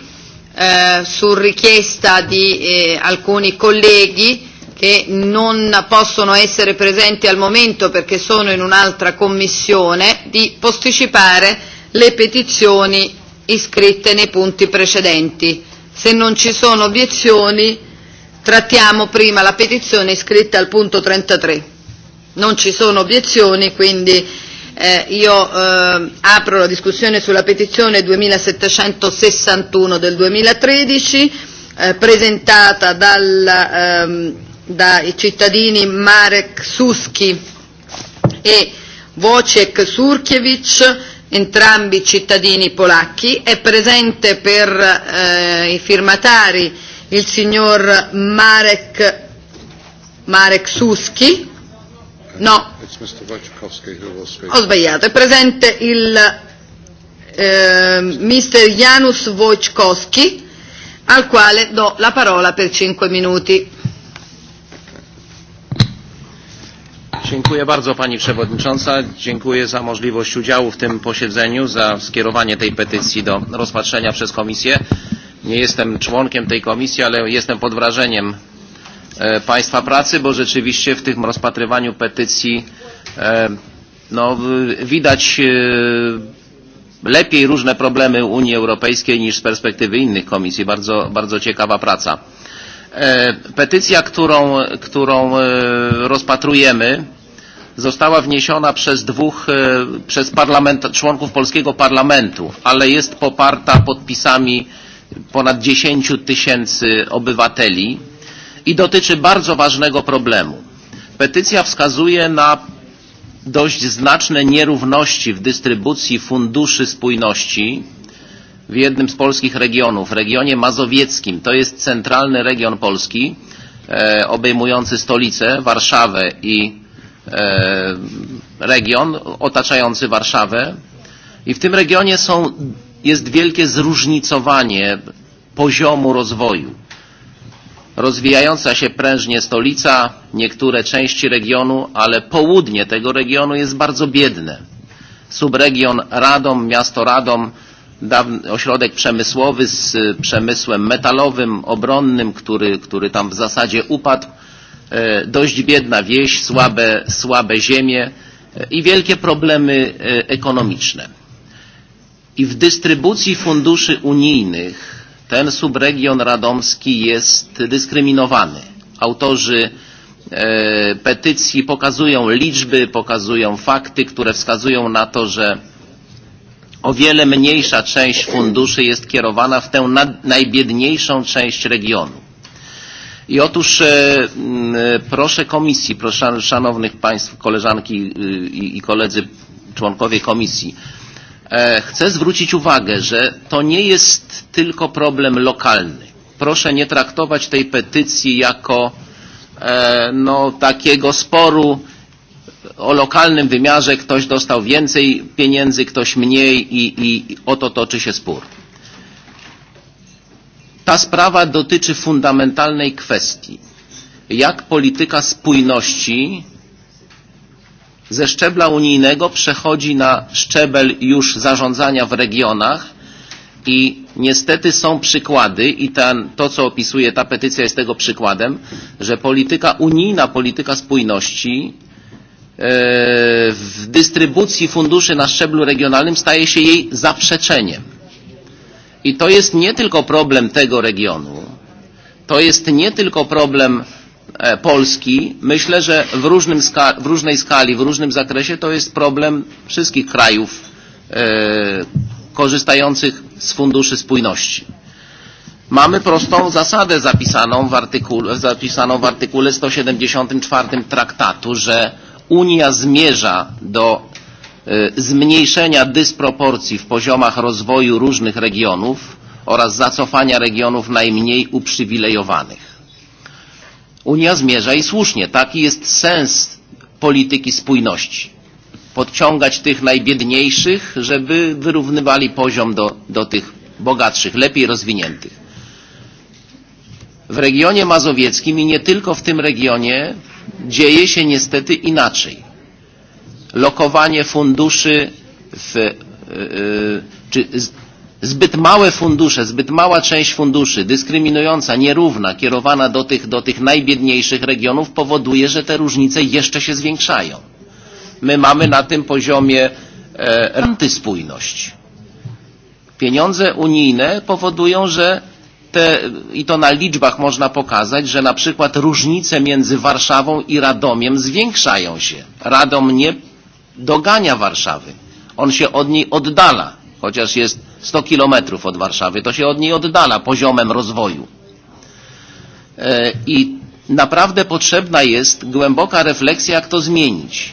su richiesta di eh, alcuni colleghi che non possono essere presenti al momento perché sono in un'altra commissione, di posticipare le petizioni iscritte nei punti precedenti. Se non ci sono obiezioni, trattiamo prima la petizione iscritta al punto 33. Non ci sono obiezioni, quindi eh, io eh, apro la discussione sulla petizione 2761 del 2013, eh, presentata dal ehm, dai cittadini Marek Suschi e Wojciech Surkiewicz, entrambi cittadini polacchi. È presente per eh, i firmatari il signor Marek, Marek Suschi. No, ho sbagliato. È presente il eh, Mr. Janusz Wojciechowski, al quale do la parola per 5 minuti. Dziękuję bardzo Pani Przewodnicząca. Dziękuję za możliwość udziału w tym posiedzeniu, za skierowanie tej petycji do rozpatrzenia przez Komisję. Nie jestem członkiem tej komisji, ale jestem pod wrażeniem e, Państwa pracy, bo rzeczywiście w tym rozpatrywaniu petycji e, no, widać e, lepiej różne problemy Unii Europejskiej niż z perspektywy innych komisji. Bardzo, bardzo ciekawa praca. E, petycja, którą, którą e, rozpatrujemy, została wniesiona przez dwóch, e, przez parlament, członków polskiego parlamentu, ale jest poparta podpisami ponad 10 tysięcy obywateli i dotyczy bardzo ważnego problemu. Petycja wskazuje na dość znaczne nierówności w dystrybucji funduszy spójności w jednym z polskich regionów, regionie mazowieckim. To jest centralny region Polski e, obejmujący stolice Warszawę i E, region otaczający Warszawę i w tym regionie są, jest wielkie zróżnicowanie poziomu rozwoju. Rozwijająca się prężnie stolica, niektóre części regionu, ale południe tego regionu jest bardzo biedne. Subregion Radom, miasto Radom, dawny ośrodek przemysłowy z przemysłem metalowym, obronnym, który, który tam w zasadzie upadł, E, dość biedna wieś, słabe, słabe ziemie e, i wielkie problemy e, ekonomiczne. I w dystrybucji funduszy unijnych ten subregion radomski jest dyskryminowany. Autorzy e, petycji pokazują liczby, pokazują fakty, które wskazują na to, że o wiele mniejsza część funduszy jest kierowana w tę nad, najbiedniejszą część regionu I otóż e, e, proszę komisji, proszę szanownych państw, koleżanki i, i koledzy, członkowie komisji, e, chcę zwrócić uwagę, że to nie jest tylko problem lokalny. Proszę nie traktować tej petycji jako e, no, takiego sporu o lokalnym wymiarze, ktoś dostał więcej pieniędzy, ktoś mniej i, i, i o to toczy się spór. Ta sprawa dotyczy fundamentalnej kwestii, jak polityka spójności ze szczebla unijnego przechodzi na szczebel już zarządzania w regionach i niestety są przykłady i ten, to, co opisuje ta petycja jest tego przykładem, że polityka unijna, polityka spójności yy, e, w dystrybucji funduszy na szczeblu regionalnym staje się jej zaprzeczeniem I to jest nie tylko problem tego regionu, to jest nie tylko problem e, Polski. Myślę, że w, różnym ska w różnej skali, w różnym zakresie to jest problem wszystkich krajów e, korzystających z funduszy spójności. Mamy prostą zasadę zapisaną w, artykule, zapisaną w artykule 174 traktatu, że Unia zmierza do zmniejszenia dysproporcji w poziomach rozwoju różnych regionów oraz zacofania regionów najmniej uprzywilejowanych. Unia zmierza i słusznie, taki jest sens polityki spójności. Podciągać tych najbiedniejszych, żeby wyrównywali poziom do, do tych bogatszych, lepiej rozwiniętych. W regionie mazowieckim i nie tylko w tym regionie dzieje się niestety inaczej lokowanie funduszy w, yy, e, e, czy z, zbyt małe fundusze, zbyt mała część funduszy, dyskryminująca, nierówna, kierowana do tych, do tych najbiedniejszych regionów powoduje, że te różnice jeszcze się zwiększają. My mamy na tym poziomie e, antyspójność. Pieniądze unijne powodują, że te, i to na liczbach można pokazać, że na przykład różnice między Warszawą i Radomiem zwiększają się. Radom nie dogania Warszawy. On się od niej oddala, chociaż jest 100 kilometrów od Warszawy, to się od niej oddala poziomem rozwoju. E, I naprawdę potrzebna jest głęboka refleksja, jak to zmienić.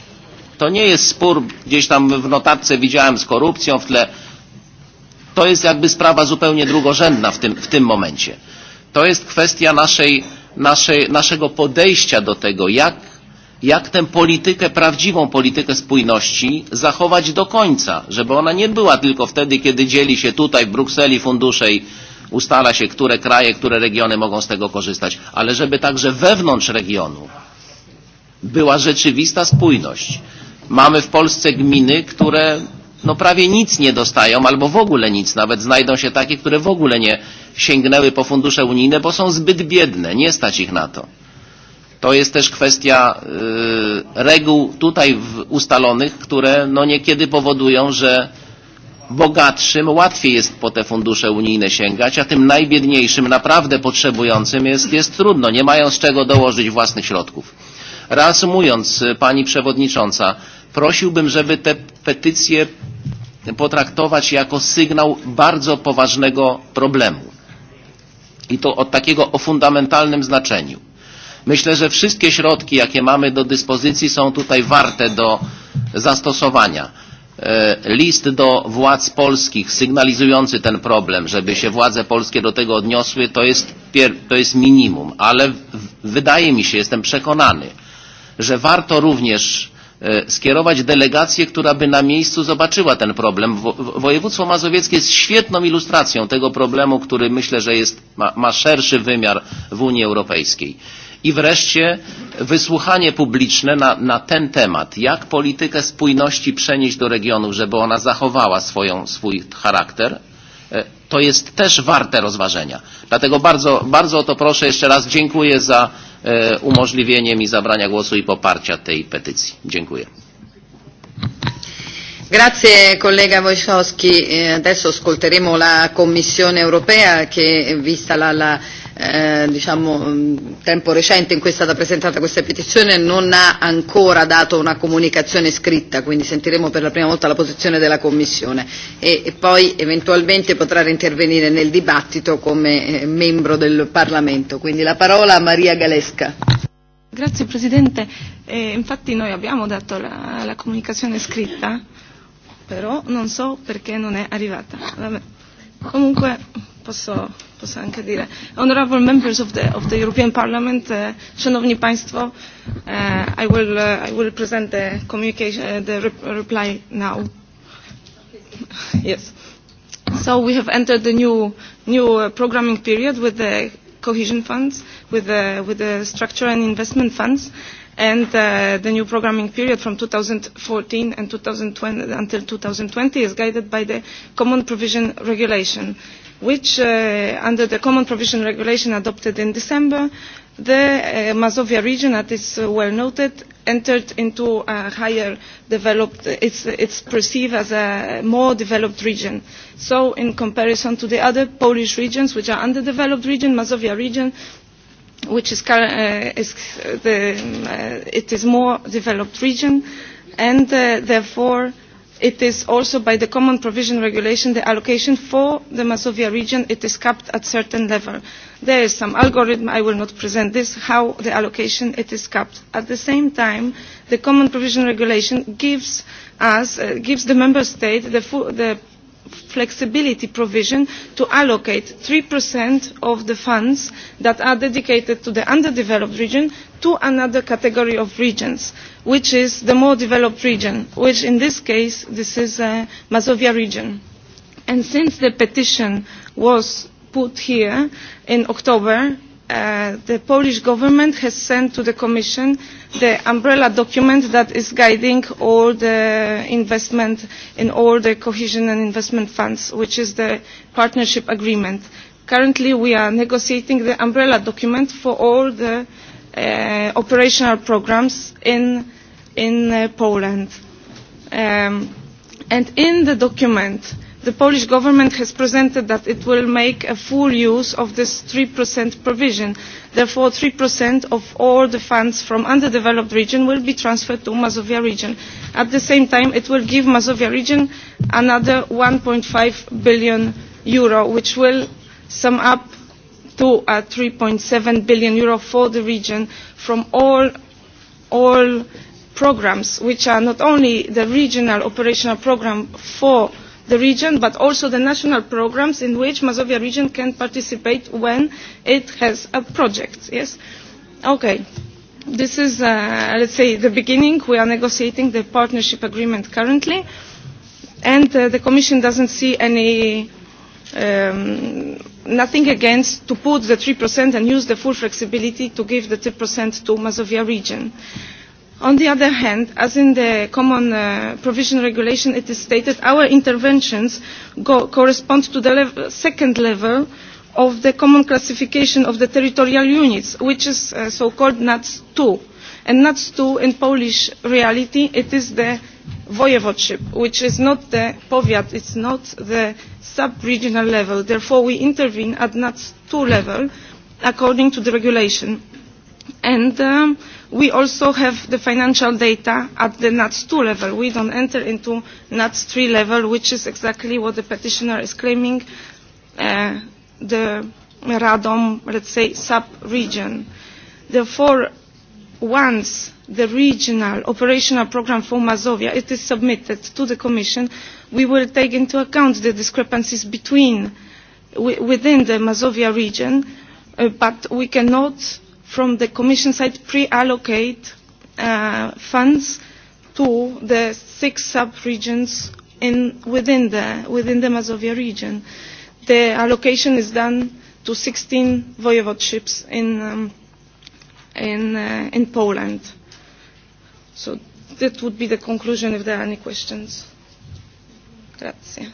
To nie jest spór, gdzieś tam w notatce widziałem z korupcją w tle. To jest jakby sprawa zupełnie drugorzędna w tym, w tym momencie. To jest kwestia naszej, naszej, naszego podejścia do tego, jak jak tę politykę, prawdziwą politykę spójności zachować do końca, żeby ona nie była tylko wtedy, kiedy dzieli się tutaj w Brukseli fundusze i ustala się, które kraje, które regiony mogą z tego korzystać, ale żeby także wewnątrz regionu była rzeczywista spójność. Mamy w Polsce gminy, które no prawie nic nie dostają albo w ogóle nic, nawet znajdą się takie, które w ogóle nie sięgnęły po fundusze unijne, bo są zbyt biedne, nie stać ich na to. To jest też kwestia y, reguł tutaj w, ustalonych, które no niekiedy powodują, że bogatszym łatwiej jest po te fundusze unijne sięgać, a tym najbiedniejszym, naprawdę potrzebującym jest, jest trudno. Nie mają z czego dołożyć własnych środków. Reasumując, Pani Przewodnicząca, prosiłbym, żeby te petycje potraktować jako sygnał bardzo poważnego problemu. I to od takiego o fundamentalnym znaczeniu Myślę, że wszystkie środki, jakie mamy do dyspozycji są tutaj warte do zastosowania. E, list do władz polskich sygnalizujący ten problem, żeby się władze polskie do tego odniosły, to jest, to jest minimum, ale wydaje mi się, jestem przekonany, że warto również e, skierować delegację, która by na miejscu zobaczyła ten problem. Wo województwo mazowieckie jest świetną ilustracją tego problemu, który myślę, że jest, ma, ma szerszy wymiar w Unii Europejskiej. I wreszcie wysłuchanie publiczne na, na ten temat, jak politykę spójności przenieść do regionów, żeby ona zachowała swoją, swój charakter, e, to jest też warte rozważenia. Dlatego bardzo, bardzo o to proszę. Jeszcze raz dziękuję za e, umożliwienie mi zabrania głosu i poparcia tej petycji. Dziękuję. Grazie collega Wojciechowski. E, adesso ascolteremo la Commissione europea che, vista la, la eh, diciamo, mm, tempo recente in cui è stata presentata questa petizione non ha ancora dato una comunicazione scritta, quindi sentiremo per la prima volta la posizione della Commissione e, e poi eventualmente potrà intervenire nel dibattito come eh, membro del Parlamento. Quindi la parola a Maria Galesca. Grazie Presidente, eh, infatti noi abbiamo dato la, la comunicazione scritta, però non so perché non è arrivata. Vabbè. Comunque posso, posso anche dire. Honorable members of the, of the European Parliament, eh, Szanowni Państwo, eh, I, will, uh, I will present the, communication, uh, the rep reply now. yes. So we have entered the new, new uh, programming period with the cohesion funds, with the, with the structure and investment funds. Uh, and uh, the new programming period from 2014 and 2020 until 2020 is guided by the Common Provision Regulation, which, uh, under the Common Provision Regulation adopted in December, the uh, Mazovia region, as is uh, well noted, entered into a higher developed, it's, it's perceived as a more developed region. So in comparison to the other Polish regions, which are underdeveloped region, Mazovia region which is, uh, is the, uh, it is more developed region and uh, therefore it is also by the common provision regulation the allocation for the Masovia region it is capped at certain level. There is some algorithm, I will not present this, how the allocation it is capped. At the same time, the common provision regulation gives us, uh, gives the member state the, full, the flexibility provision to allocate 3% of the funds that are dedicated to the underdeveloped region to another category of regions, which is the more developed region, which in this case, this is uh, Mazovia region. And since the petition was put here in October, uh, the Polish government has sent to the Commission the umbrella document that is guiding all the investment in all the cohesion and investment funds, which is the partnership agreement. Currently, we are negotiating the umbrella document for all the uh, operational programs in, in uh, Poland. Um, and in the document, uh, the Polish government has presented that it will make a full use of this 3% provision. Therefore, 3% of all the funds from underdeveloped region will be transferred to Mazovia region. At the same time, it will give Mazovia region another 1.5 billion euro, which will sum up to uh, 3.7 billion euro for the region from all, all programs, which are not only the regional operational program for the region but also the national programs in which Mazovia region can participate when it has a project. Yes? Okay. This is, uh, let's say, the beginning. We are negotiating the partnership agreement currently and uh, the Commission doesn't see any um, nothing against to put the 3% and use the full flexibility to give the 3% to Mazovia region. Uh, On the other hand, as in the Common uh, Provision Regulation, it is stated our interventions go, correspond to the level, second level of the Common Classification of the Territorial Units, which is uh, so-called NATS 2. And NATS 2 in Polish reality, it is the voivodeship, which is not the powiat, it's not the sub-regional level. Therefore, we intervene at NATS 2 level according to the regulation. And... Um, we also have the financial data at the NATS 2 level. We don't enter into NATS 3 level, which is exactly what the petitioner is claiming, uh, the Radom, let's say, sub-region. Therefore, once the regional operational program for Mazovia it is submitted to the Commission, we will take into account the discrepancies between, w within the Mazovia region, uh, but we cannot from the Commission side pre-allocate uh, funds to the six sub-regions in, within the, within the Mazovia region. The allocation is done to 16 voivodeships in, um, in, uh, in Poland. So that would be the conclusion if there are any questions. Grazie.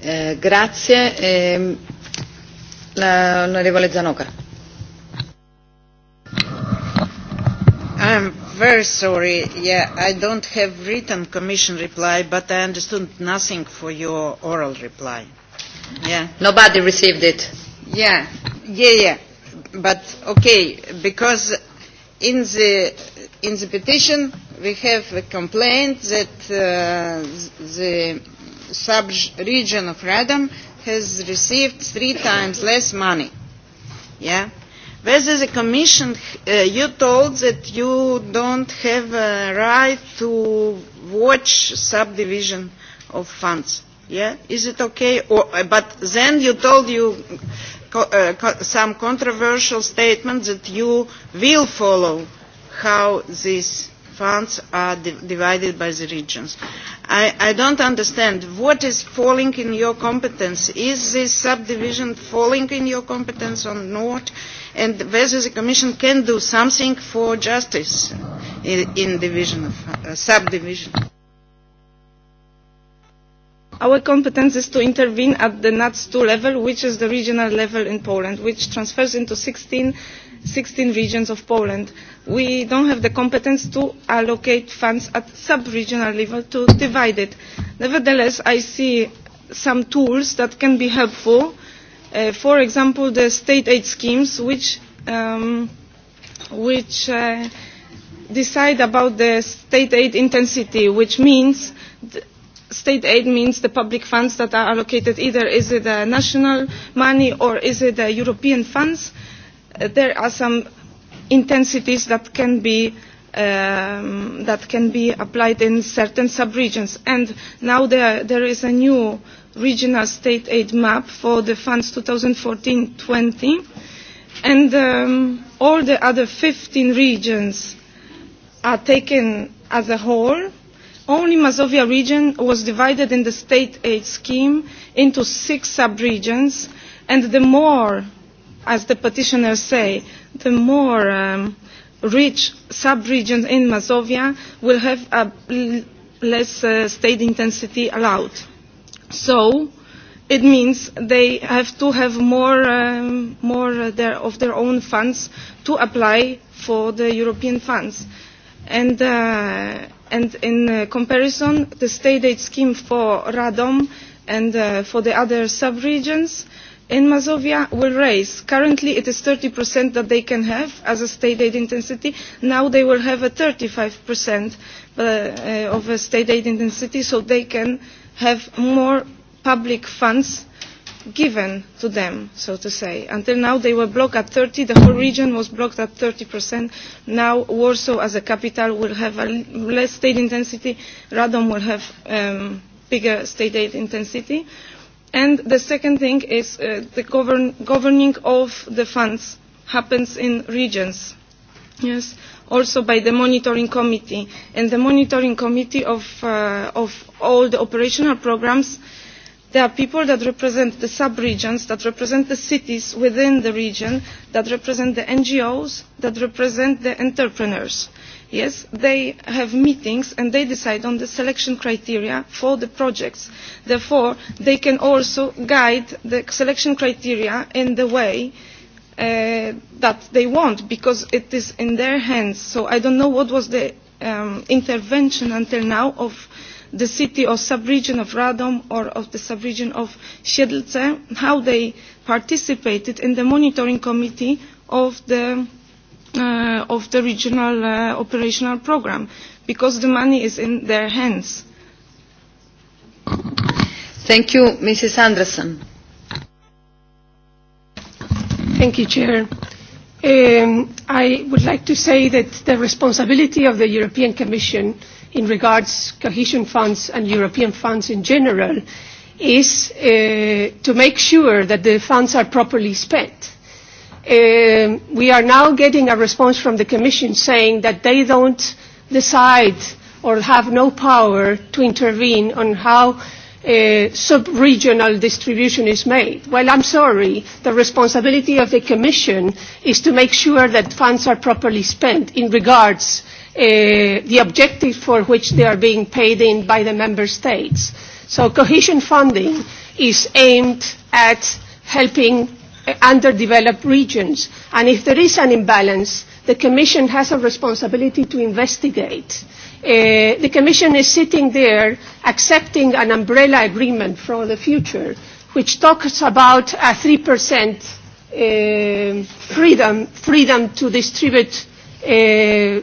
Eh, grazie. Eh, L'onorevole Zanoka. I'm very sorry. Yeah, I don't have written Commission reply, but I understood nothing for your oral reply. Yeah. Nobody received it. Yeah, yeah, yeah. But okay, because in the in the petition we have a complaint that uh, the sub-region of Radom has received three times less money. Yeah? Whether the Commission, uh, you told that you don't have a right to watch subdivision of funds. Yeah? Is it okay? Or, uh, but then you told you co uh, co some controversial statement that you will follow how this funds are di divided by the regions. I, I don't understand what is falling in your competence. Is this subdivision falling in your competence or not? And whether the Commission can do something for justice in, in division of, uh, subdivision. Our competence is to intervene at the NUTS 2 level, which is the regional level in Poland, which transfers into 16, 16 regions of Poland we don't have the competence to allocate funds at sub-regional level to divide it. Nevertheless, I see some tools that can be helpful. Uh, for example, the state aid schemes, which, um, which uh, decide about the state aid intensity, which means th- state aid means the public funds that are allocated either is it uh, national money or is it uh, European funds. Uh, there are some intensities that can be um, that can be applied in certain subregions. And now there, there is a new regional state aid map for the funds 2014-20, and um, all the other 15 regions are taken as a whole. Only Mazovia region was divided in the state aid scheme into six subregions, and the more, as the petitioners say, the more um, rich sub-regions in Mazovia will have a less uh, state intensity allowed. So it means they have to have more, um, more their, of their own funds to apply for the European funds. And, uh, and in uh, comparison, the state aid scheme for Radom and uh, for the other sub-regions in Mazovia will raise. Currently it is 30% that they can have as a state aid intensity. Now they will have a 35% uh, uh, of a state aid intensity so they can have more public funds given to them, so to say. Until now they were blocked at 30, the whole region was blocked at 30%. Now Warsaw as a capital will have a less state intensity, Radom will have um, bigger state aid intensity. Uh, And the second thing is uh, the govern governing of the funds happens in regions. Yes, also by the monitoring committee. And the monitoring committee of, uh, of all the operational programs, there are people that represent the sub-regions, that represent the cities within the region, that represent the NGOs, that represent the entrepreneurs yes they have meetings and they decide on the selection criteria for the projects therefore they can also guide the selection criteria in the way uh, that they want because it is in their hands so i don't know what was the um, intervention until now of the city or sub-region of Radom or of the sub-region of Siedlce, how they participated in the monitoring committee of the uh, of the regional uh, operational program because the money is in their hands. Thank you, Mrs. Anderson. Thank you, Chair. Um, I would like to say that the responsibility of the European Commission in regards cohesion funds and European funds in general is uh, to make sure that the funds are properly spent Uh, we are now getting a response from the Commission saying that they don't decide or have no power to intervene on how uh, sub-regional distribution is made. Well, I'm sorry, the responsibility of the Commission is to make sure that funds are properly spent in regards uh, the objective for which they are being paid in by the Member States. So cohesion funding is aimed at helping Uh, underdeveloped regions. And if there is an imbalance, the Commission has a responsibility to investigate. Uh, the Commission is sitting there accepting an umbrella agreement for the future, which talks about a 3% uh, um, freedom, freedom to distribute uh,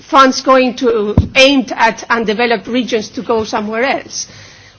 funds going to aimed at undeveloped regions to go somewhere else.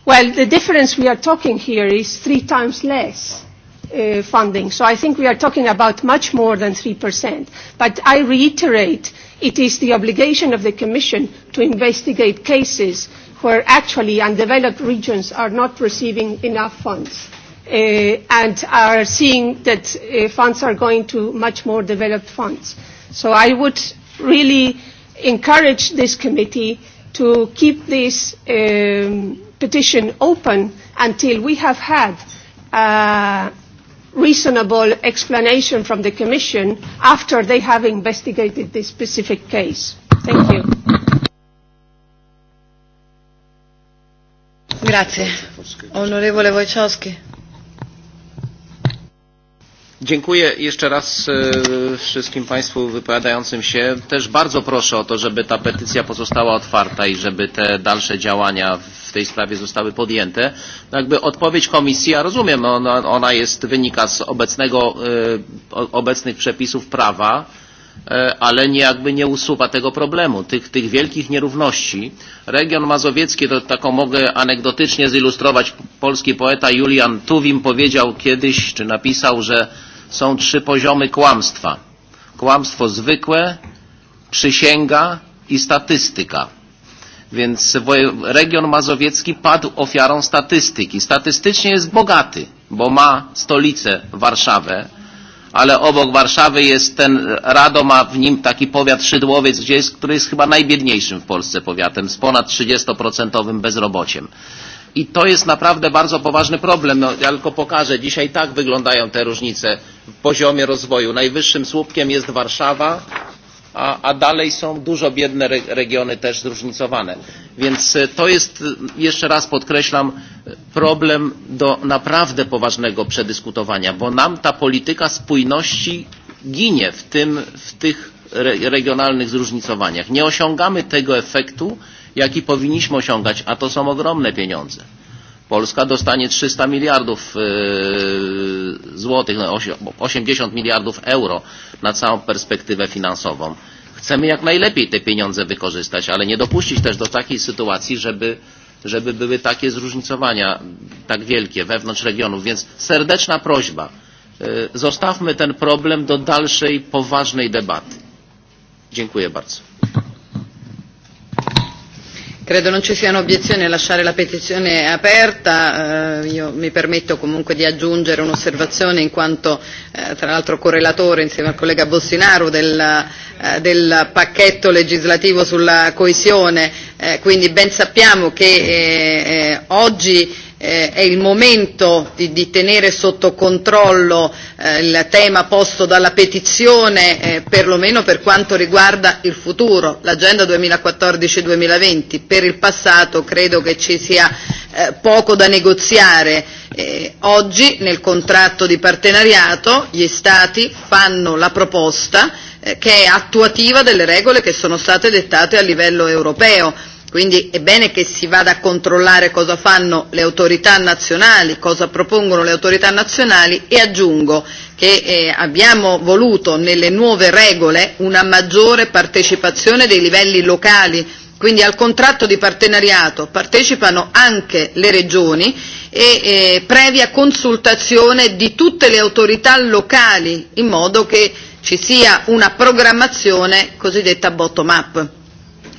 Well, the difference we are talking here is three times less uh, funding. So I think we are talking about much more than 3%. But I reiterate, it is the obligation of the Commission to investigate cases where actually undeveloped regions are not receiving enough funds uh, and are seeing that uh, funds are going to much more developed funds. So I would really encourage this committee to keep this um, petition open until we have had uh, reasonable explanation from the Commission after they have investigated this specific case. Thank you. Grazie. Onorevole Wojciechowski. Dziękuję jeszcze raz e, wszystkim Państwu wypowiadającym się. Też bardzo proszę o to, żeby ta petycja pozostała otwarta i żeby te dalsze działania w tej sprawie zostały podjęte. No jakby odpowiedź komisji, ja rozumiem, ona, ona jest, wynika z obecnego, e, obecnych przepisów prawa, e, ale nie jakby nie usuwa tego problemu, tych, tych wielkich nierówności. Region mazowiecki, to taką mogę anegdotycznie zilustrować, polski poeta Julian Tuwim powiedział kiedyś, czy napisał, że są trzy poziomy kłamstwa. Kłamstwo zwykłe, przysięga i statystyka. Więc region mazowiecki padł ofiarą statystyki. Statystycznie jest bogaty, bo ma stolicę Warszawę, ale obok Warszawy jest ten Rado, ma w nim taki powiat Szydłowiec, gdzie jest, który jest chyba najbiedniejszym w Polsce powiatem, z ponad 30% bezrobociem. I to jest naprawdę bardzo poważny problem. No, ja tylko pokażę, dzisiaj tak wyglądają te różnice w poziomie rozwoju. Najwyższym słupkiem jest Warszawa, a, a dalej są dużo biedne re regiony też zróżnicowane. Więc to jest, jeszcze raz podkreślam, problem do naprawdę poważnego przedyskutowania, bo nam ta polityka spójności ginie w, tym, w tych re regionalnych zróżnicowaniach. Nie osiągamy tego efektu, jaki powinniśmy osiągać, a to są ogromne pieniądze. Polska dostanie 300 miliardów yy, e, złotych, no, 80 miliardów euro na całą perspektywę finansową. Chcemy jak najlepiej te pieniądze wykorzystać, ale nie dopuścić też do takiej sytuacji, żeby, żeby były takie zróżnicowania tak wielkie wewnątrz regionów. Więc serdeczna prośba, e, zostawmy ten problem do dalszej poważnej debaty. Dziękuję bardzo. Credo non ci siano obiezioni a lasciare la petizione aperta, eh, io mi permetto comunque di aggiungere un'osservazione in quanto eh, tra l'altro correlatore insieme al collega Bossinaro del, eh, del pacchetto legislativo sulla coesione, eh, quindi ben sappiamo che eh, eh, oggi eh, è il momento di, di tenere sotto controllo eh, il tema posto dalla petizione, eh, perlomeno per quanto riguarda il futuro, l'agenda 2014-2020. Per il passato credo che ci sia eh, poco da negoziare. Eh, oggi nel contratto di partenariato gli Stati fanno la proposta eh, che è attuativa delle regole che sono state dettate a livello europeo Quindi è bene che si vada a controllare cosa fanno le autorità nazionali, cosa propongono le autorità nazionali e aggiungo che eh, abbiamo voluto nelle nuove regole una maggiore partecipazione dei livelli locali, quindi al contratto di partenariato partecipano anche le regioni e eh, previa consultazione di tutte le autorità locali in modo che ci sia una programmazione cosiddetta bottom up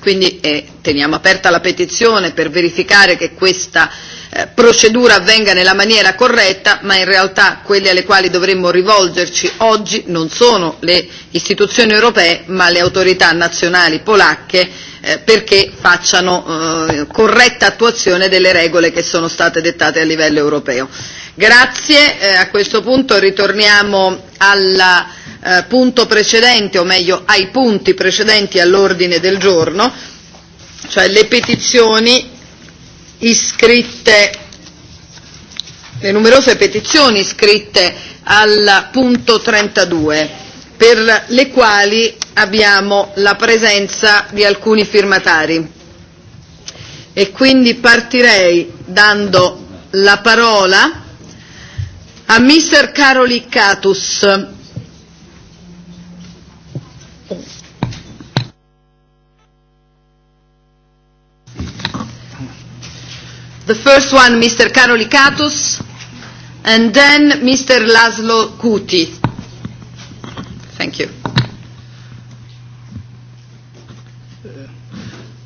Quindi eh, teniamo aperta la petizione per verificare che questa eh, procedura avvenga nella maniera corretta, ma in realtà quelle alle quali dovremmo rivolgerci oggi non sono le istituzioni europee, ma le autorità nazionali polacche eh, perché facciano eh, corretta attuazione delle regole che sono state dettate a livello europeo. Grazie, eh, a questo punto ritorniamo alla eh, punto precedente, o meglio ai punti precedenti all'ordine del giorno, cioè le petizioni iscritte, le numerose petizioni iscritte al punto 32 per le quali abbiamo la presenza di alcuni firmatari. E quindi partirei dando la parola a Mr. Karoli Katus, The first one, Mr. Karolikatos, and then Mr. Laszlo Kuti. Thank you.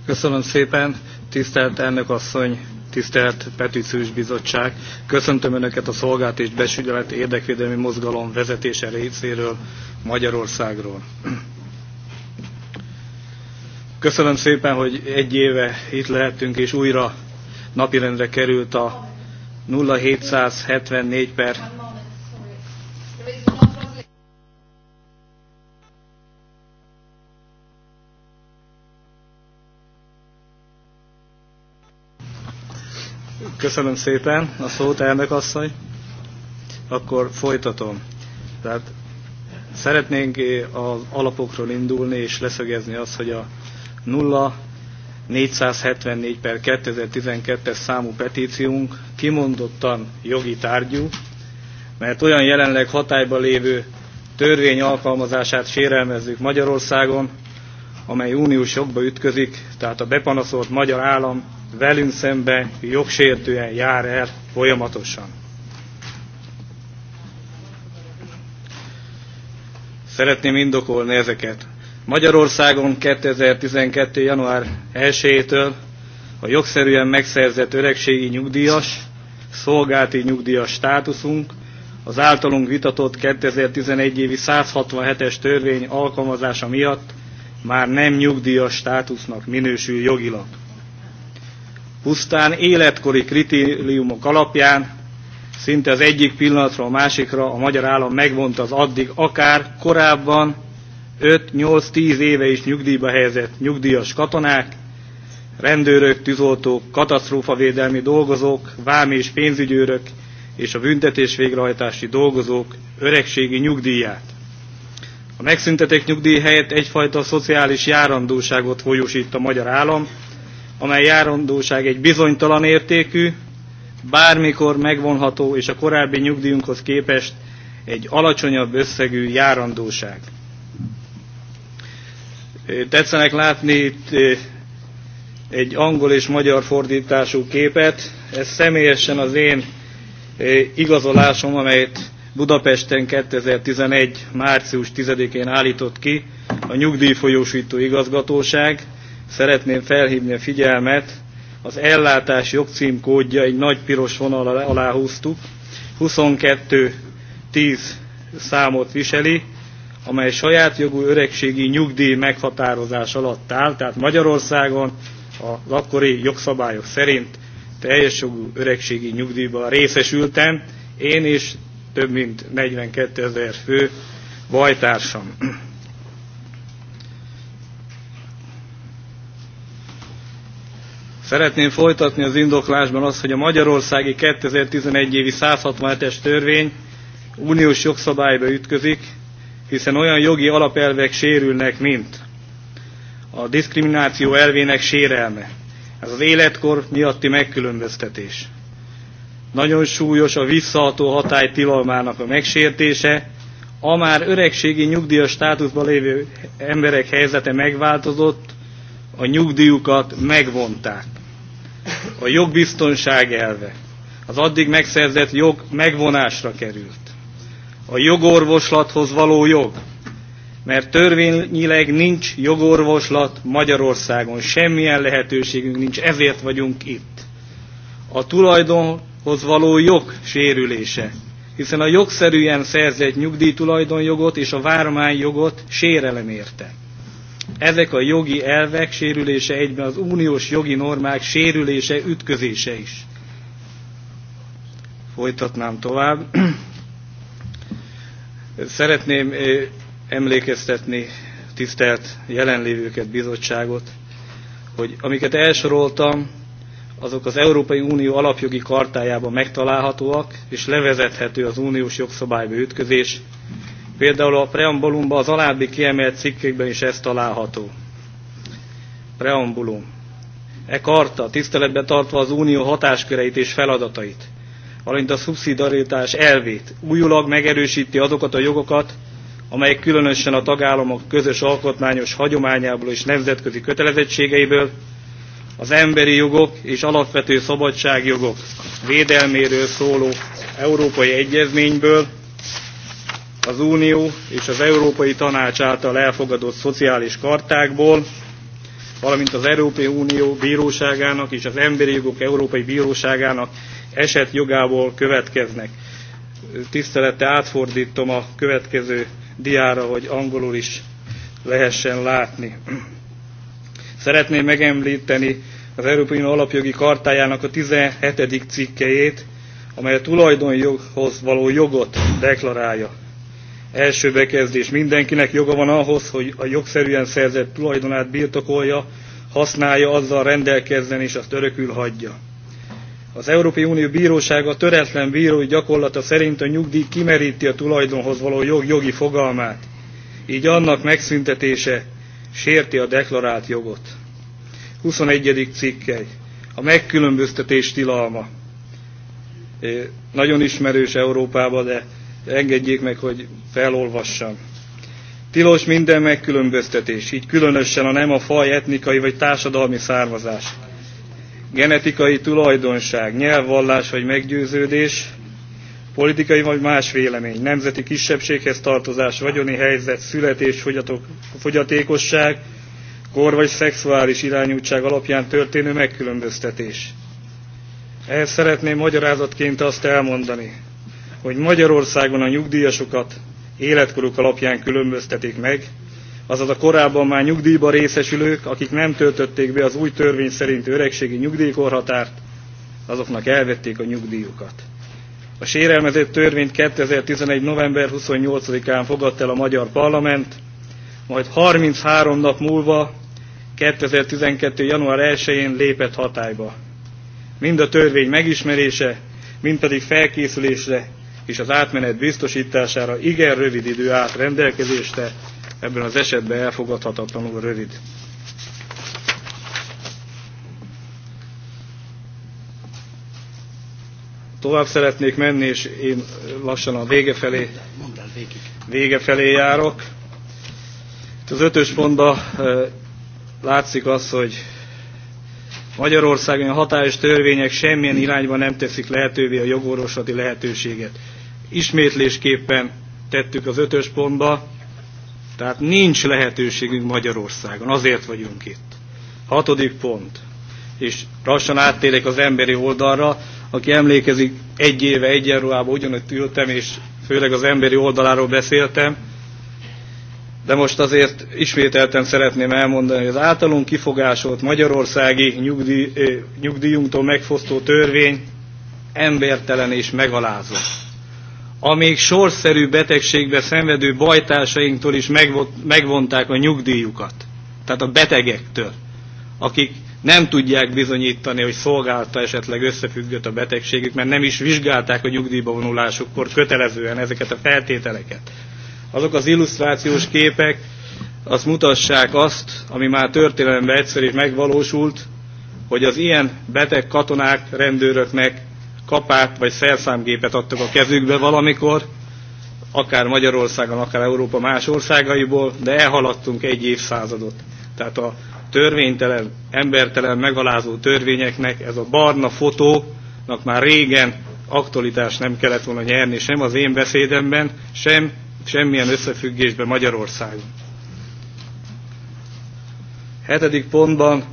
Köszönöm szépen, tisztelt elnök asszony, tisztelt Petíciós Bizottság! Köszöntöm Önöket a Szolgált és Besügyelet Érdekvédelmi Mozgalom vezetése részéről Magyarországról. Köszönöm szépen, hogy egy éve itt lehetünk, és újra napirendre került a 0774 per Köszönöm szépen a szót, elnök asszony. Akkor folytatom. Tehát szeretnénk eh, az alapokról indulni és leszögezni azt, hogy a 0 474 per 2012-es számú petíciónk kimondottan jogi tárgyú, mert olyan jelenleg hatályba lévő törvény alkalmazását sérelmezzük Magyarországon, amely uniós jogba ütközik, tehát a bepanaszolt magyar állam velünk szembe jogsértően jár el folyamatosan. Szeretném indokolni ezeket. Magyarországon 2012. január 1-től a jogszerűen megszerzett öregségi nyugdíjas, szolgálti nyugdíjas státuszunk az általunk vitatott 2011 évi 167-es törvény alkalmazása miatt már nem nyugdíjas státusznak minősül jogilag. Pusztán életkori kritériumok alapján szinte az egyik pillanatra a másikra a magyar állam megvonta az addig akár korábban 5-8-10 éve is nyugdíjba helyezett nyugdíjas katonák, rendőrök, tűzoltók, katasztrófavédelmi dolgozók, vám és pénzügyőrök és a büntetés végrehajtási dolgozók öregségi nyugdíját. A megszüntetett nyugdíj helyett egyfajta szociális járandóságot folyósít a magyar állam, amely járandóság egy bizonytalan értékű, bármikor megvonható és a korábbi nyugdíjunkhoz képest egy alacsonyabb összegű járandóság. Tetszenek látni itt eh, egy angol és magyar fordítású képet. Ez személyesen az én eh, igazolásom, amelyet Budapesten 2011. március 10-én állított ki a nyugdíjfolyósító igazgatóság. Szeretném felhívni a figyelmet, az ellátás jogcímkódja egy nagy piros vonal alá húztuk, 22 10 számot viseli, amely saját jogú öregségi nyugdíj meghatározás alatt áll, tehát Magyarországon az akkori jogszabályok szerint teljes jogú öregségi nyugdíjban részesültem, én is több mint 42 ezer fő bajtársam. Szeretném folytatni az indoklásban azt, hogy a magyarországi 2011 évi 167-es törvény uniós jogszabályba ütközik, hiszen olyan jogi alapelvek sérülnek, mint a diszkrimináció elvének sérelme, ez az életkor miatti megkülönböztetés. Nagyon súlyos a visszaható hatály tilalmának a megsértése, a már öregségi nyugdíjas státuszban lévő emberek helyzete megváltozott, a nyugdíjukat megvonták. A jogbiztonság elve, az addig megszerzett jog megvonásra került a jogorvoslathoz való jog, mert törvényileg nincs jogorvoslat Magyarországon, semmilyen lehetőségünk nincs, ezért vagyunk itt. A tulajdonhoz való jog sérülése, hiszen a jogszerűen szerzett nyugdíjtulajdonjogot és a vármányjogot sérelem érte. Ezek a jogi elvek sérülése egyben az uniós jogi normák sérülése, ütközése is. Folytatnám tovább. Szeretném eh, emlékeztetni tisztelt jelenlévőket, bizottságot, hogy amiket elsoroltam, azok az Európai Unió alapjogi kartájában megtalálhatóak, és levezethető az uniós jogszabályba ütközés. Például a preambulumban az alábbi kiemelt cikkekben is ez található. Preambulum. E karta tiszteletbe tartva az unió hatásköreit és feladatait valamint a szubszidaritás elvét. Újulag megerősíti azokat a jogokat, amelyek különösen a tagállamok közös alkotmányos hagyományából és nemzetközi kötelezettségeiből az emberi jogok és alapvető szabadságjogok védelméről szóló Európai Egyezményből, az Unió és az Európai Tanács által elfogadott szociális kartákból, valamint az Európai Unió Bíróságának és az Emberi Jogok Európai Bíróságának esetjogából következnek. Tisztelete átfordítom a következő diára, hogy angolul is lehessen látni. Szeretném megemlíteni az Európai Unió alapjogi kartájának a 17. cikkejét, amely a tulajdonjoghoz való jogot deklarálja. Első bekezdés. Mindenkinek joga van ahhoz, hogy a jogszerűen szerzett tulajdonát birtokolja, használja, azzal rendelkezzen és azt örökül hagyja. Az Európai Unió Bírósága töretlen bírói gyakorlata szerint a nyugdíj kimeríti a tulajdonhoz való jog jogi fogalmát, így annak megszüntetése sérti a deklarált jogot. 21. cikkely. A megkülönböztetés tilalma. Nagyon ismerős Európába, de engedjék meg, hogy felolvassam. Tilos minden megkülönböztetés, így különösen a nem a faj, etnikai vagy társadalmi származás genetikai tulajdonság, nyelvvallás vagy meggyőződés, politikai vagy más vélemény, nemzeti kisebbséghez tartozás, vagyoni helyzet, születés, fogyatok, fogyatékosság, kor vagy szexuális irányultság alapján történő megkülönböztetés. Ehhez szeretném magyarázatként azt elmondani, hogy Magyarországon a nyugdíjasokat életkoruk alapján különböztetik meg, azaz a korábban már nyugdíjba részesülők, akik nem töltötték be az új törvény szerinti öregségi nyugdíjkorhatárt, azoknak elvették a nyugdíjukat. A sérelmezett törvényt 2011. november 28-án fogadta el a Magyar Parlament, majd 33 nap múlva 2012. január 1-én lépett hatályba. Mind a törvény megismerése, mind pedig felkészülésre és az átmenet biztosítására igen rövid idő állt rendelkezésre ebben az esetben elfogadhatatlanul rövid. Tovább szeretnék menni, és én lassan a vége felé, vége felé járok. Itt az ötös pontban látszik az, hogy Magyarországon a hatályos törvények semmilyen irányban nem teszik lehetővé a jogorvoslati lehetőséget. Ismétlésképpen tettük az ötös pontba, Tehát nincs lehetőségünk Magyarországon, azért vagyunk itt. Hatodik pont, és lassan áttérek az emberi oldalra, aki emlékezik, egy éve egyenruhában ugyanott ültem, és főleg az emberi oldaláról beszéltem, de most azért ismételten szeretném elmondani, hogy az általunk kifogásolt magyarországi nyugdíj, eh, nyugdíjunktól megfosztó törvény embertelen és megalázó a még sorszerű betegségbe szenvedő bajtársainktól is megvonták a nyugdíjukat. Tehát a betegektől, akik nem tudják bizonyítani, hogy szolgálta esetleg összefüggött a betegségük, mert nem is vizsgálták a nyugdíjba vonulásukkor kötelezően ezeket a feltételeket. Azok az illusztrációs képek azt mutassák azt, ami már történelemben egyszer is megvalósult, hogy az ilyen beteg katonák rendőröknek kapát vagy szerszámgépet adtak a kezükbe valamikor, akár Magyarországon, akár Európa más országaiból, de elhaladtunk egy évszázadot. Tehát a törvénytelen, embertelen, megalázó törvényeknek ez a barna fotónak már régen aktualitást nem kellett volna nyerni, sem az én beszédemben, sem semmilyen összefüggésben Magyarországon. Hetedik pontban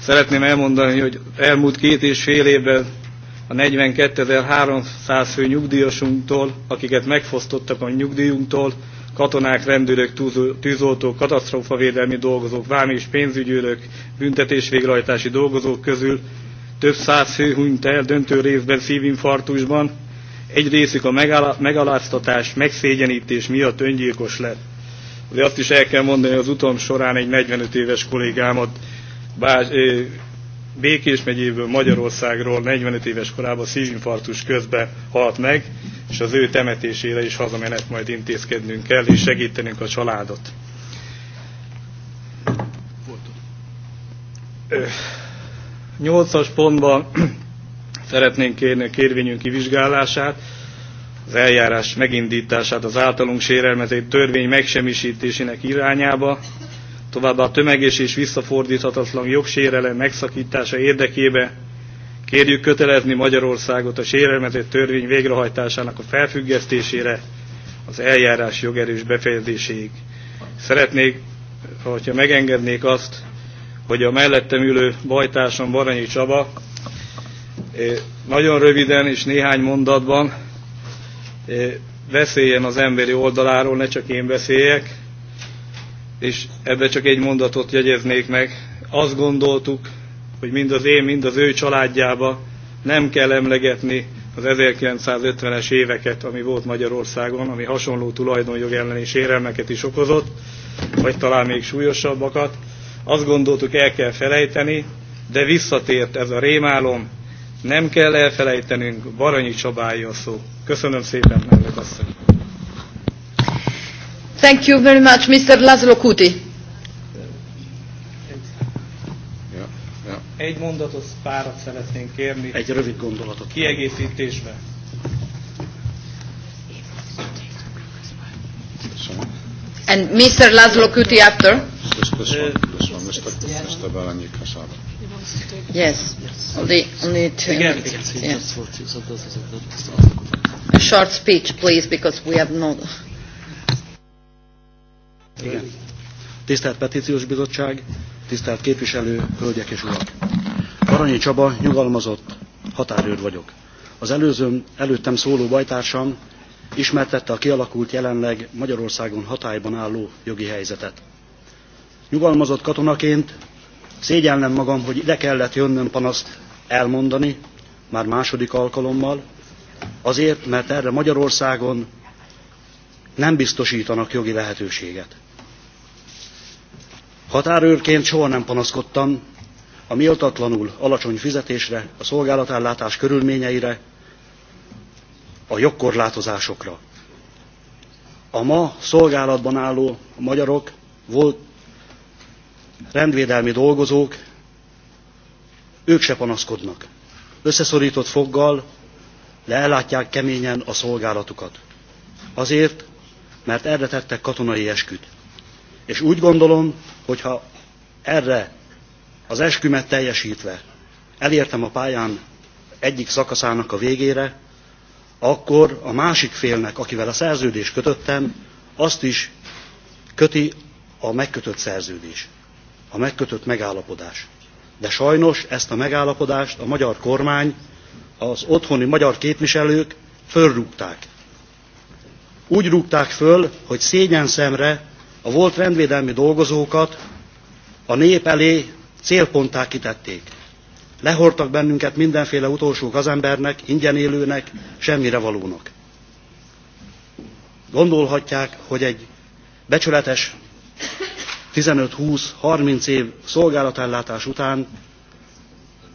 szeretném elmondani, hogy elmúlt két és fél évben a 42.300 fő nyugdíjasunktól, akiket megfosztottak a nyugdíjunktól, katonák, rendőrök, tűzoltók, katasztrófavédelmi dolgozók, vám és pénzügyőrök, büntetésvégrehajtási dolgozók közül több száz fő hunyt el döntő részben szívinfarktusban, egy részük a megaláztatás, megszégyenítés miatt öngyilkos lett. Azért azt is el kell mondani, hogy az utam során egy 45 éves kollégámat Bázs, Békés megyéből Magyarországról 45 éves korában szívinfarktus közben halt meg, és az ő temetésére is hazamenet majd intézkednünk kell, és segítenünk a családot. Nyolcas pontban szeretnénk kérni a kérvényünk kivizsgálását, az eljárás megindítását az általunk sérelmezett törvény megsemmisítésének irányába, továbbá a tömeges és visszafordíthatatlan jogsérelem megszakítása érdekében kérjük kötelezni Magyarországot a sérelmezett törvény végrehajtásának a felfüggesztésére az eljárás jogerős befejezéséig. Szeretnék, hogyha megengednék azt, hogy a mellettem ülő bajtársam Baranyi Csaba eh, nagyon röviden és néhány mondatban eh, beszéljen az emberi oldaláról, ne csak én beszéljek, és ebbe csak egy mondatot jegyeznék meg. Azt gondoltuk, hogy mind az én, mind az ő családjába nem kell emlegetni az 1950-es éveket, ami volt Magyarországon, ami hasonló tulajdonjog elleni sérelmeket is okozott, vagy talán még súlyosabbakat. Azt gondoltuk, el kell felejteni, de visszatért ez a rémálom. Nem kell elfelejtenünk, Baranyi Csabája szó. Köszönöm szépen, elnök asszony! Thank you very much, Mr. Laszlo Kuti. Ja, ja. Egy mondatot, párat szeretnénk kérni. Egy rövid gondolatot. Kiegészítésbe. And Mr. Laszlo Kuti after. This, this one, this one, Mr. Mr. Balanyi Kasaba. Yes, on the, on the two Again, minutes. Yes. A short speech, please, because we have not... Igen. Tisztelt Petíciós Bizottság, tisztelt képviselő, hölgyek és urak! Aranyi Csaba, nyugalmazott határőr vagyok. Az előzőm, előttem szóló bajtársam ismertette a kialakult jelenleg Magyarországon hatályban álló jogi helyzetet. Nyugalmazott katonaként szégyellem magam, hogy ide kellett jönnöm panaszt elmondani, már második alkalommal, azért, mert erre Magyarországon nem biztosítanak jogi lehetőséget. Határőrként soha nem panaszkodtam a méltatlanul alacsony fizetésre, a szolgálatállátás körülményeire, a jogkorlátozásokra. A ma szolgálatban álló magyarok volt rendvédelmi dolgozók, ők se panaszkodnak. Összeszorított foggal leellátják keményen a szolgálatukat. Azért, mert erre tettek katonai esküt. És úgy gondolom, hogy ha erre az eskümet teljesítve elértem a pályán egyik szakaszának a végére, akkor a másik félnek, akivel a szerződést kötöttem, azt is köti a megkötött szerződés, a megkötött megállapodás. De sajnos ezt a megállapodást a magyar kormány, az otthoni magyar képviselők fölrúgták. Úgy rúgták föl, hogy szégyen szemre a volt rendvédelmi dolgozókat a nép elé célponttá kitették. Lehortak bennünket mindenféle utolsó gazembernek, ingyen élőnek, semmire valónak. Gondolhatják, hogy egy becsületes 15-20-30 év szolgálatellátás után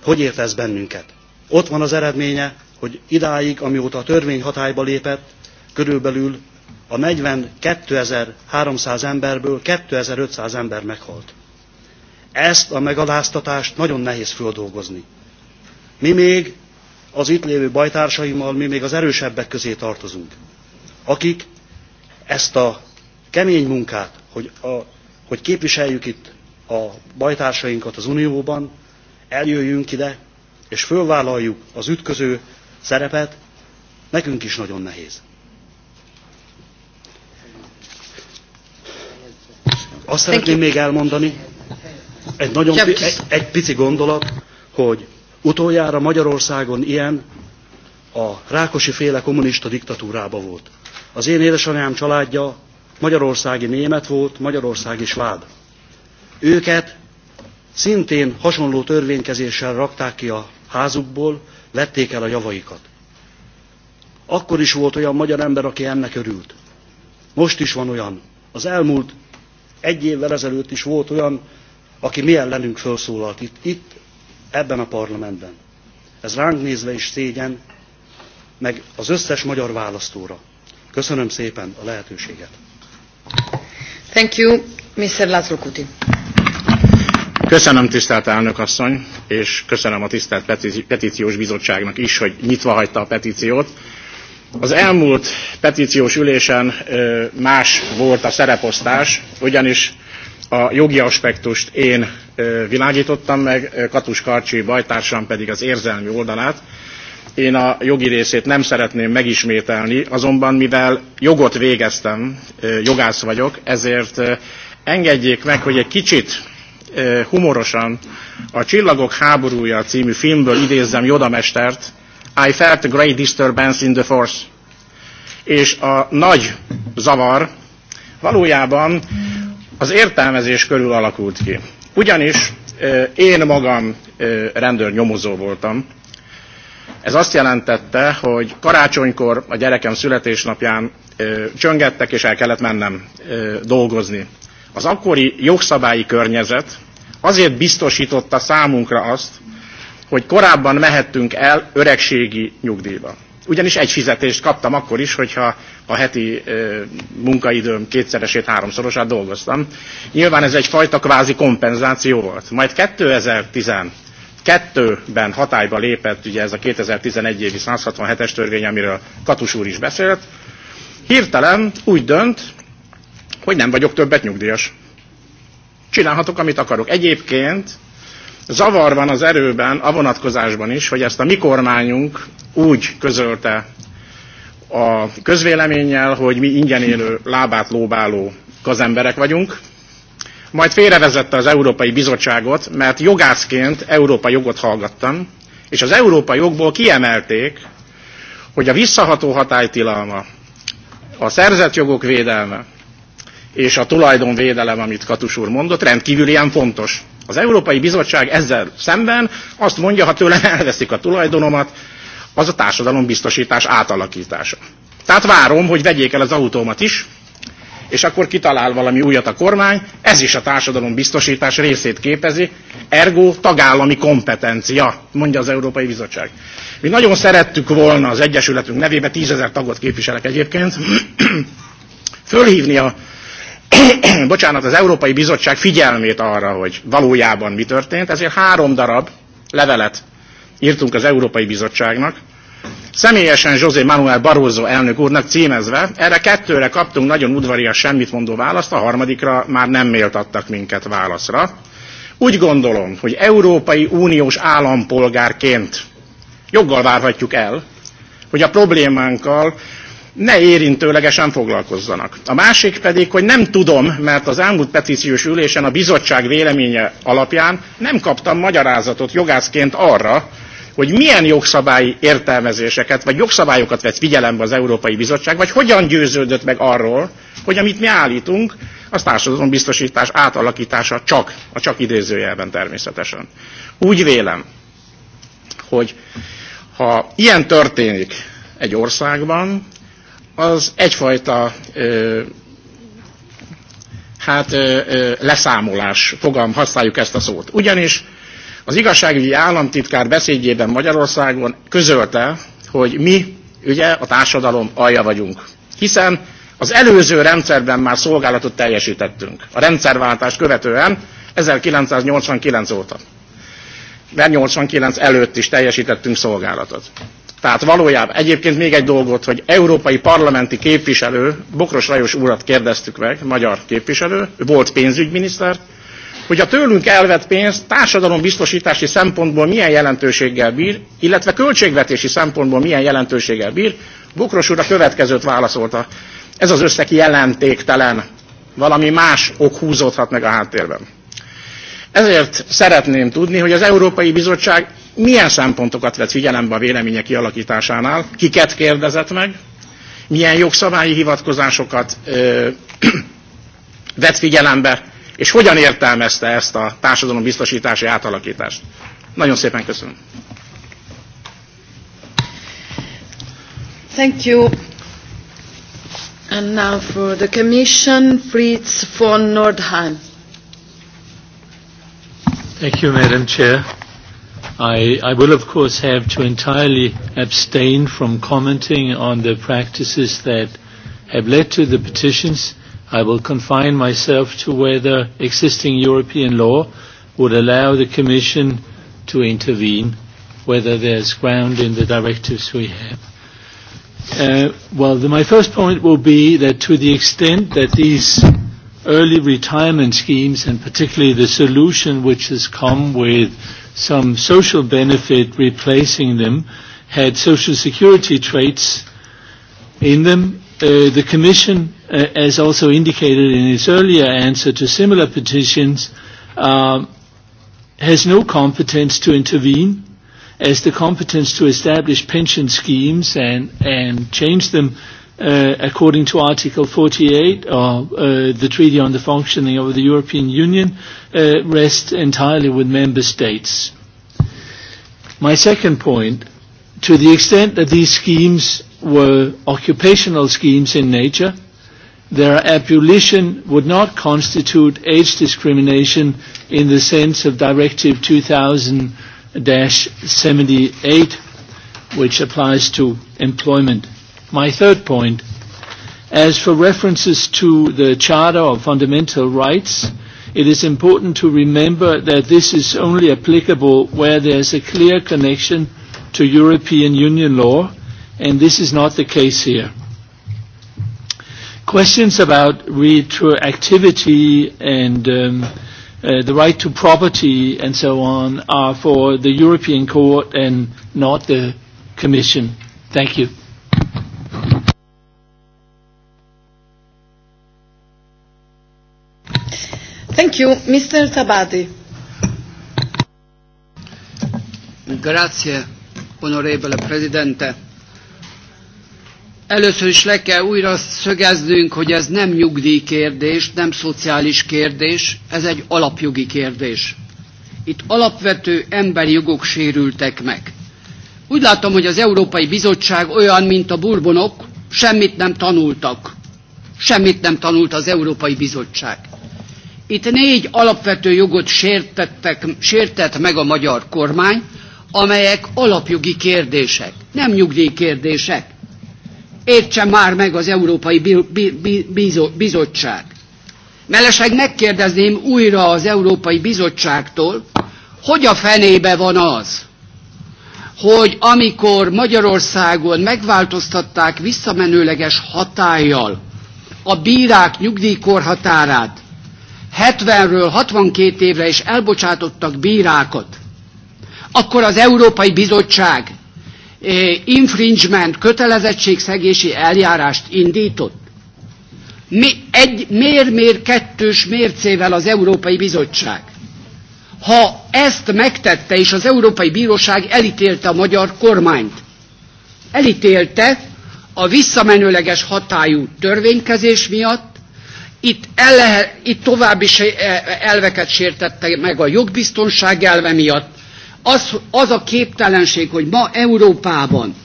hogy ért ez bennünket? Ott van az eredménye, hogy idáig, amióta a törvény hatályba lépett, körülbelül a 42.300 emberből 2.500 ember meghalt. Ezt a megaláztatást nagyon nehéz földolgozni. Mi még az itt lévő bajtársaimmal, mi még az erősebbek közé tartozunk, akik ezt a kemény munkát, hogy, a, hogy képviseljük itt a bajtársainkat az Unióban, eljöjjünk ide, és fölvállaljuk az ütköző szerepet, nekünk is nagyon nehéz. Azt Thank szeretném you. még elmondani, egy, nagyon pi, egy, egy pici gondolat, hogy utoljára Magyarországon ilyen a Rákosi féle kommunista diktatúrába volt. Az én édesanyám családja magyarországi német volt, magyarországi sváb. Őket szintén hasonló törvénykezéssel rakták ki a házukból, vették el a javaikat. Akkor is volt olyan magyar ember, aki ennek örült. Most is van olyan. Az elmúlt egy évvel ezelőtt is volt olyan, aki mi ellenünk felszólalt itt, itt, ebben a parlamentben. Ez ránk nézve is szégyen, meg az összes magyar választóra. Köszönöm szépen a lehetőséget. Thank you, Mr. László Kuti. Köszönöm tisztelt elnök asszony, és köszönöm a tisztelt petíciós bizottságnak is, hogy nyitva hagyta a petíciót Az elmúlt petíciós ülésen más volt a szereposztás, ugyanis a jogi aspektust én világítottam meg, Katus Karcsi bajtársam pedig az érzelmi oldalát. Én a jogi részét nem szeretném megismételni, azonban mivel jogot végeztem, jogász vagyok, ezért engedjék meg, hogy egy kicsit humorosan a Csillagok háborúja című filmből idézzem Joda mestert, I felt a great disturbance in the force. És a nagy zavar valójában az értelmezés körül alakult ki. Ugyanis én magam rendőrnyomozó voltam. Ez azt jelentette, hogy karácsonykor a gyerekem születésnapján csöngettek, és el kellett mennem dolgozni. Az akkori jogszabályi környezet azért biztosította számunkra azt, hogy korábban mehettünk el öregségi nyugdíjba. Ugyanis egy fizetést kaptam akkor is, hogyha a heti ö, munkaidőm kétszeresét, háromszorosát dolgoztam. Nyilván ez egyfajta kvázi kompenzáció volt. Majd 2012-ben hatályba lépett ugye ez a 2011 évi 167-es törvény, amiről Katus úr is beszélt. Hirtelen úgy dönt, hogy nem vagyok többet nyugdíjas. Csinálhatok, amit akarok. Egyébként zavar van az erőben, a vonatkozásban is, hogy ezt a mi kormányunk úgy közölte a közvéleménnyel, hogy mi ingyen élő, lábát lóbáló gazemberek vagyunk, majd félrevezette az Európai Bizottságot, mert jogászként Európa jogot hallgattam, és az Európa jogból kiemelték, hogy a visszaható hatálytilalma, a szerzett jogok védelme, és a tulajdonvédelem, amit Katus úr mondott, rendkívül ilyen fontos. Az Európai Bizottság ezzel szemben azt mondja, ha tőlem elveszik a tulajdonomat, az a társadalombiztosítás átalakítása. Tehát várom, hogy vegyék el az autómat is, és akkor kitalál valami újat a kormány, ez is a társadalombiztosítás részét képezi, ergo tagállami kompetencia, mondja az Európai Bizottság. Mi nagyon szerettük volna az Egyesületünk nevébe, tízezer tagot képviselek egyébként, fölhívni a bocsánat, az Európai Bizottság figyelmét arra, hogy valójában mi történt, ezért három darab levelet írtunk az Európai Bizottságnak, személyesen José Manuel Barroso elnök úrnak címezve, erre kettőre kaptunk nagyon udvarias semmit mondó választ, a harmadikra már nem méltattak minket válaszra. Úgy gondolom, hogy Európai Uniós állampolgárként joggal várhatjuk el, hogy a problémánkkal ne érintőlegesen foglalkozzanak. A másik pedig, hogy nem tudom, mert az elmúlt petíciós ülésen a bizottság véleménye alapján nem kaptam magyarázatot jogászként arra, hogy milyen jogszabályi értelmezéseket, vagy jogszabályokat vett figyelembe az Európai Bizottság, vagy hogyan győződött meg arról, hogy amit mi állítunk, az társadalombiztosítás átalakítása csak, a csak idézőjelben természetesen. Úgy vélem, hogy ha ilyen történik egy országban, az egyfajta ö, hát ö, ö, leszámolás fogalm, használjuk ezt a szót. Ugyanis az igazságügyi államtitkár beszédjében Magyarországon közölte, hogy mi ugye a társadalom alja vagyunk. Hiszen az előző rendszerben már szolgálatot teljesítettünk. A rendszerváltás követően 1989 óta. Mert 89 előtt is teljesítettünk szolgálatot. Tehát valójában egyébként még egy dolgot, hogy európai parlamenti képviselő, Bokros Lajos úrat kérdeztük meg, magyar képviselő, ő volt pénzügyminiszter, hogy a tőlünk elvett pénz társadalombiztosítási szempontból milyen jelentőséggel bír, illetve költségvetési szempontból milyen jelentőséggel bír. Bokros úr a következőt válaszolta. Ez az összeg jelentéktelen. Valami más ok húzódhat meg a háttérben. Ezért szeretném tudni, hogy az Európai Bizottság milyen szempontokat vett figyelembe a vélemények kialakításánál, kiket kérdezett meg, milyen jogszabályi hivatkozásokat ö, vett figyelembe, és hogyan értelmezte ezt a társadalombiztosítási átalakítást. Nagyon szépen köszönöm. Thank you. And now for the Commission, Fritz von Nordheim. Thank you, Madam Chair. I, I will, of course, have to entirely abstain from commenting on the practices that have led to the petitions. I will confine myself to whether existing European law would allow the Commission to intervene, whether there's ground in the directives we have. Uh, well, the, my first point will be that to the extent that these early retirement schemes, and particularly the solution which has come with uh, some social benefit replacing them, had social security traits in them. Uh, the Commission, uh, as also indicated in its earlier answer to similar petitions, uh, has no competence to intervene, as the competence to establish pension schemes and, and change them uh, uh, according to Article 48 of uh, the Treaty on the Functioning of the European Union, uh, rest entirely with member states. My second point, to the extent that these schemes were occupational schemes in nature, their abolition would not constitute age discrimination in the sense of Directive 2000-78, which applies to employment my third point. As for references to the Charter of Fundamental Rights, it is important to remember that this is only applicable where there is a clear connection to European Union law, and this is not the case here. Questions about retroactivity and um, uh, the right to property and so on are for the European Court and not the Commission. Thank you. Thank you. Mr. Tabati. Grazie, onorevole Presidente. Először is le kell újra szögeznünk, hogy ez nem nyugdíjkérdés, nem szociális kérdés, ez egy alapjogi kérdés. Itt alapvető emberi jogok sérültek meg. Úgy látom, hogy az Európai Bizottság olyan, mint a burbonok, semmit nem tanultak. Semmit nem tanult az Európai Bizottság. Itt négy alapvető jogot sértettek, sértett meg a magyar kormány, amelyek alapjogi kérdések, nem nyugdíjkérdések. Értse már meg az Európai Bizottság. Mellesleg megkérdezném újra az Európai Bizottságtól, hogy a fenébe van az, hogy amikor Magyarországon megváltoztatták visszamenőleges hatállyal a bírák nyugdíjkorhatárát, 70-ről 62 évre is elbocsátottak bírákat, akkor az Európai Bizottság eh, infringement, kötelezettségszegési eljárást indított. Mi egy mér-mér kettős mércével az Európai Bizottság. Ha ezt megtette, és az Európai Bíróság elítélte a magyar kormányt, elítélte a visszamenőleges hatályú törvénykezés miatt, Itt, ele, itt további e, elveket sértette meg a jogbiztonság elve miatt. Az, az a képtelenség, hogy ma Európában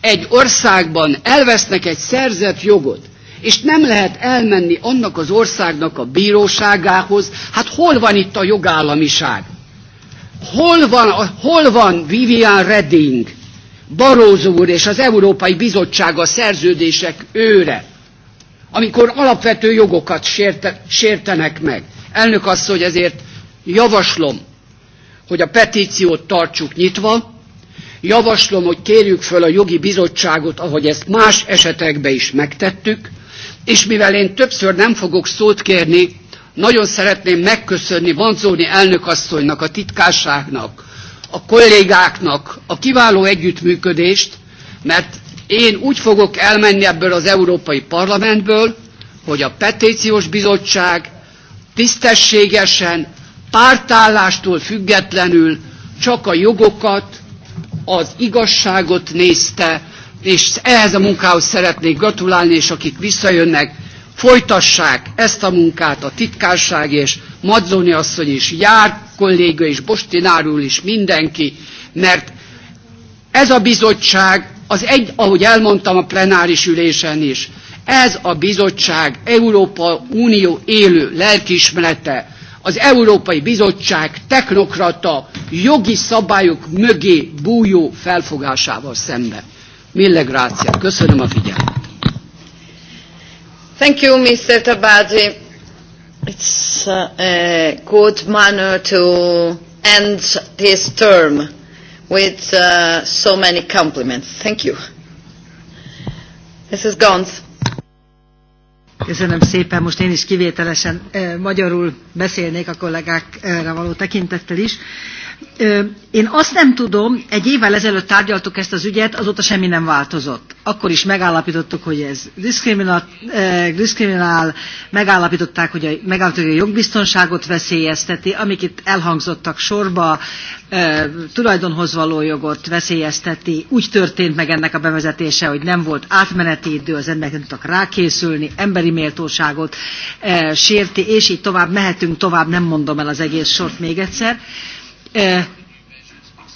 egy országban elvesznek egy szerzett jogot, és nem lehet elmenni annak az országnak a bíróságához, hát hol van itt a jogállamiság? Hol van, hol van Vivian Redding, Barózó úr és az Európai Bizottság a szerződések őre? amikor alapvető jogokat sérte, sértenek meg. Elnök asszony, ezért javaslom, hogy a petíciót tartsuk nyitva, javaslom, hogy kérjük föl a jogi bizottságot, ahogy ezt más esetekben is megtettük, és mivel én többször nem fogok szót kérni, nagyon szeretném megköszönni Vanzóni elnökasszonynak, a titkárságnak, a kollégáknak a kiváló együttműködést, mert Én úgy fogok elmenni ebből az Európai Parlamentből, hogy a petíciós bizottság tisztességesen, pártállástól függetlenül csak a jogokat, az igazságot nézte, és ehhez a munkához szeretnék gratulálni, és akik visszajönnek, folytassák ezt a munkát a titkárság és Madzoni asszony is, Jár kolléga is, Bostinárul is, mindenki, mert ez a bizottság Az egy, ahogy elmondtam a plenáris ülésen is, ez a bizottság Európa Unió élő lelkismerete, az Európai Bizottság technokrata jogi szabályok mögé bújó felfogásával szemben. Mille grácia. Köszönöm a figyelmet. Thank you, Mr. Tabazzi. It's a, uh, a good manner to end his term with uh, so many compliments. Thank you. Mrs. Gons. Köszönöm szépen, most én is kivételesen eh, magyarul beszélnék a kollégákra eh, való tekintettel is. Eh, Én azt nem tudom, egy évvel ezelőtt tárgyaltuk ezt az ügyet, azóta semmi nem változott. Akkor is megállapítottuk, hogy ez diszkriminál, eh, diszkriminál megállapították, hogy a, megállapították, hogy a jogbiztonságot veszélyezteti, amik itt elhangzottak sorba, eh, tulajdonhoz való jogot veszélyezteti. Úgy történt meg ennek a bevezetése, hogy nem volt átmeneti idő, az emberek nem tudtak rákészülni, emberi méltóságot eh, sérti, és így tovább mehetünk tovább, nem mondom el az egész sort még egyszer. Eh, Eh,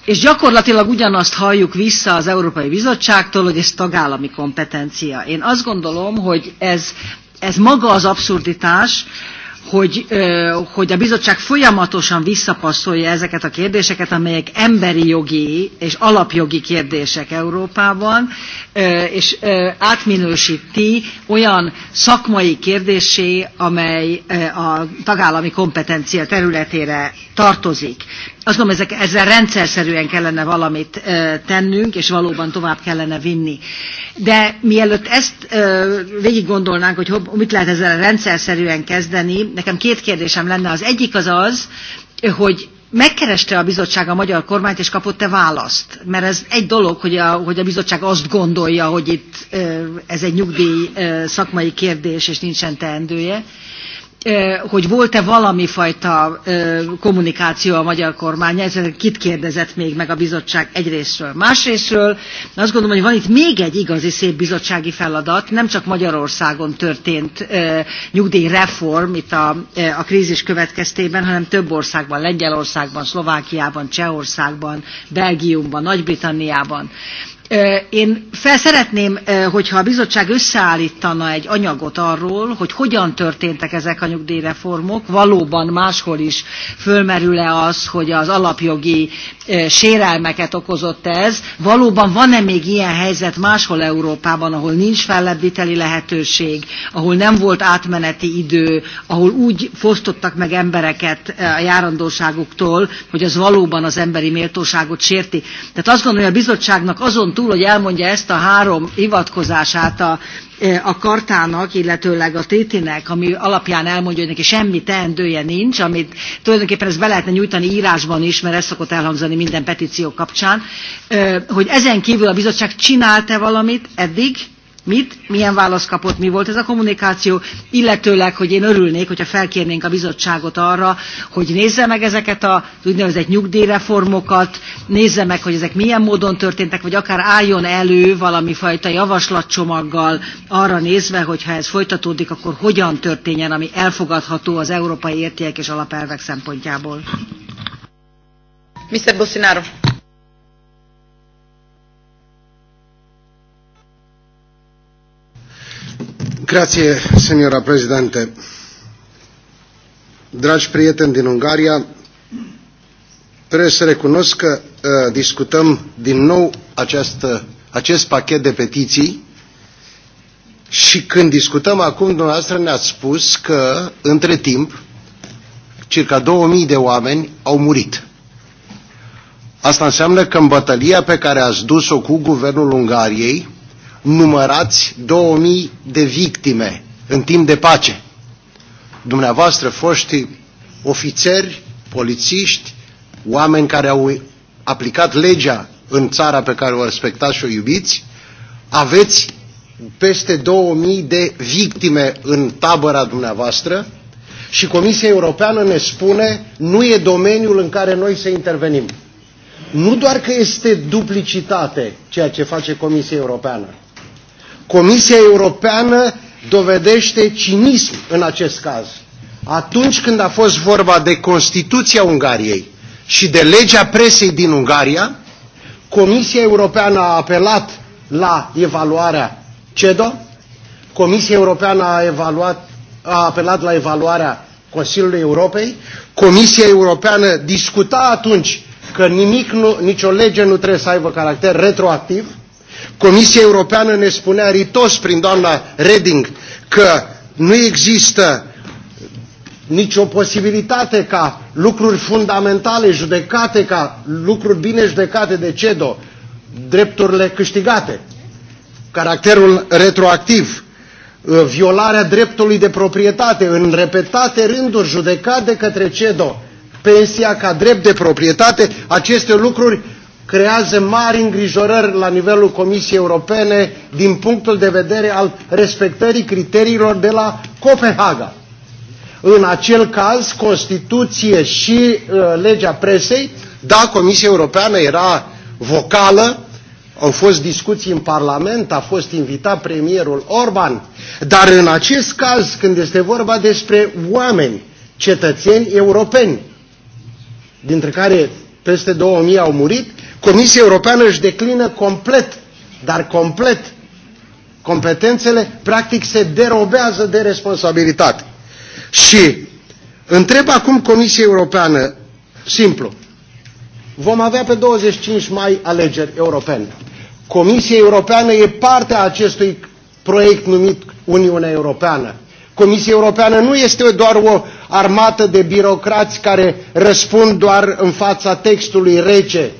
és gyakorlatilag ugyanazt halljuk vissza az Európai Bizottságtól, hogy ez tagállami kompetencia. Én azt gondolom, hogy ez, ez maga az abszurditás, hogy, ö, hogy a bizottság folyamatosan visszapasszolja ezeket a kérdéseket, amelyek emberi jogi és alapjogi kérdések Európában, ö, és ö, átminősíti olyan szakmai kérdésé, amely ö, a tagállami kompetencia területére tartozik. Azt gondolom, ezek, ezzel rendszerszerűen kellene valamit ö, tennünk, és valóban tovább kellene vinni. De mielőtt ezt ö, végig gondolnánk, hogy hob, mit lehet ezzel rendszerszerűen kezdeni, nekem két kérdésem lenne. Az egyik az az, hogy Megkereste a bizottság a magyar kormányt, és kapott-e választ? Mert ez egy dolog, hogy a, hogy a bizottság azt gondolja, hogy itt ez egy nyugdíj szakmai kérdés, és nincsen teendője hogy volt-e valami fajta kommunikáció a magyar kormány, ezzel kit kérdezett még meg a bizottság egyrésztről. Másrésztről azt gondolom, hogy van itt még egy igazi szép bizottsági feladat, nem csak Magyarországon történt nyugdíjreform itt a, a krízis következtében, hanem több országban, Lengyelországban, Szlovákiában, Csehországban, Belgiumban, Nagy-Britanniában. Én fel szeretném, hogyha a bizottság összeállítana egy anyagot arról, hogy hogyan történtek ezek a nyugdíjreformok, valóban máshol is fölmerül-e az, hogy az alapjogi sérelmeket okozott ez, valóban van-e még ilyen helyzet máshol Európában, ahol nincs fellebbviteli lehetőség, ahol nem volt átmeneti idő, ahol úgy fosztottak meg embereket a járandóságuktól, hogy az valóban az emberi méltóságot sérti. Tehát azt gondolom, hogy a bizottságnak azon túl, hogy elmondja ezt a három hivatkozását a, e, a kartának, illetőleg a TT-nek, ami alapján elmondja, hogy neki semmi teendője nincs, amit tulajdonképpen ezt be lehetne nyújtani írásban is, mert ez szokott elhangzani minden petíció kapcsán, e, hogy ezen kívül a bizottság csinálta valamit eddig, mit, milyen választ kapott, mi volt ez a kommunikáció, illetőleg, hogy én örülnék, hogyha felkérnénk a bizottságot arra, hogy nézze meg ezeket az úgynevezett nyugdíjreformokat, nézze meg, hogy ezek milyen módon történtek, vagy akár álljon elő valami fajta javaslatcsomaggal arra nézve, hogy ha ez folytatódik, akkor hogyan történjen, ami elfogadható az európai értékek és alapelvek szempontjából. Mr. Bosinaro. Grație, seniora prezidente. Dragi prieteni din Ungaria, trebuie să recunosc că uh, discutăm din nou această, acest pachet de petiții și când discutăm acum, dumneavoastră ne-ați spus că, între timp, circa 2000 de oameni au murit. Asta înseamnă că în bătălia pe care ați dus-o cu guvernul Ungariei, numărați 2000 de victime în timp de pace. Dumneavoastră, foști ofițeri, polițiști, oameni care au aplicat legea în țara pe care o respectați și o iubiți, aveți peste 2000 de victime în tabăra dumneavoastră și Comisia Europeană ne spune nu e domeniul în care noi să intervenim. Nu doar că este duplicitate ceea ce face Comisia Europeană, Comisia Europeană dovedește cinism în acest caz. Atunci când a fost vorba de Constituția Ungariei și de legea presei din Ungaria, Comisia Europeană a apelat la evaluarea CEDO, Comisia Europeană a, evaluat, a apelat la evaluarea Consiliului Europei, Comisia Europeană discuta atunci că nimic nu, nicio lege nu trebuie să aibă caracter retroactiv, Comisia Europeană ne spunea ritos prin doamna Reding că nu există nicio posibilitate ca lucruri fundamentale judecate, ca lucruri bine judecate de CEDO, drepturile câștigate, caracterul retroactiv, uh, violarea dreptului de proprietate, în repetate rânduri judecat de către CEDO, pensia ca drept de proprietate, aceste lucruri creează mari îngrijorări la nivelul Comisiei Europene din punctul de vedere al respectării criteriilor de la Copenhaga. În acel caz, Constituție și uh, legea presei, da, Comisia Europeană era vocală, au fost discuții în Parlament, a fost invitat premierul Orban, dar în acest caz, când este vorba despre oameni, cetățeni europeni, dintre care peste 2000 au murit, Comisia Europeană își declină complet, dar complet, competențele, practic se derobează de responsabilitate. Și întreb acum Comisia Europeană, simplu, vom avea pe 25 mai alegeri europene. Comisia Europeană e parte a acestui proiect numit Uniunea Europeană. Comisia Europeană nu este doar o armată de birocrați care răspund doar în fața textului rece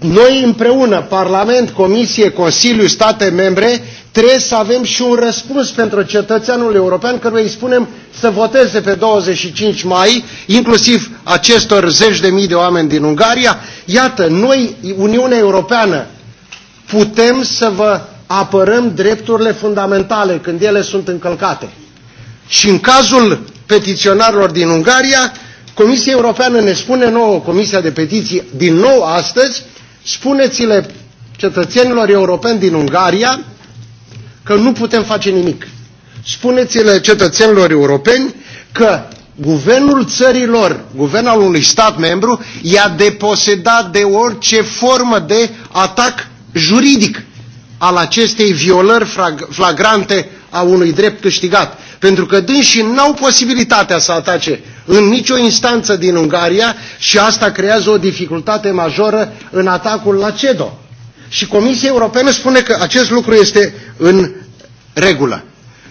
noi împreună, Parlament, Comisie, Consiliu, state membre, trebuie să avem și un răspuns pentru cetățeanul european căruia îi spunem să voteze pe 25 mai, inclusiv acestor zeci de mii de oameni din Ungaria. Iată, noi, Uniunea Europeană, putem să vă apărăm drepturile fundamentale când ele sunt încălcate. Și în cazul petiționarilor din Ungaria, Comisia Europeană ne spune nouă, Comisia de Petiții, din nou astăzi, spuneți-le cetățenilor europeni din Ungaria că nu putem face nimic. Spuneți-le cetățenilor europeni că guvernul țărilor, guvern al unui stat membru, i-a deposedat de orice formă de atac juridic al acestei violări flagrante a unui drept câștigat, pentru că dânsii n-au posibilitatea să atace în nicio instanță din Ungaria și asta creează o dificultate majoră în atacul la CEDO. Și Comisia Europeană spune că acest lucru este în regulă.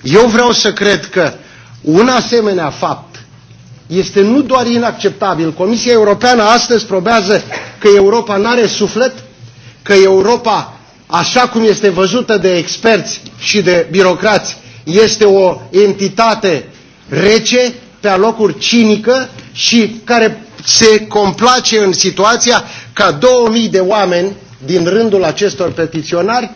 Eu vreau să cred că un asemenea fapt este nu doar inacceptabil. Comisia Europeană astăzi probează că Europa nu are suflet, că Europa așa cum este văzută de experți și de birocrați, este o entitate rece, pe alocuri cinică și care se complace în situația ca 2000 de oameni din rândul acestor petiționari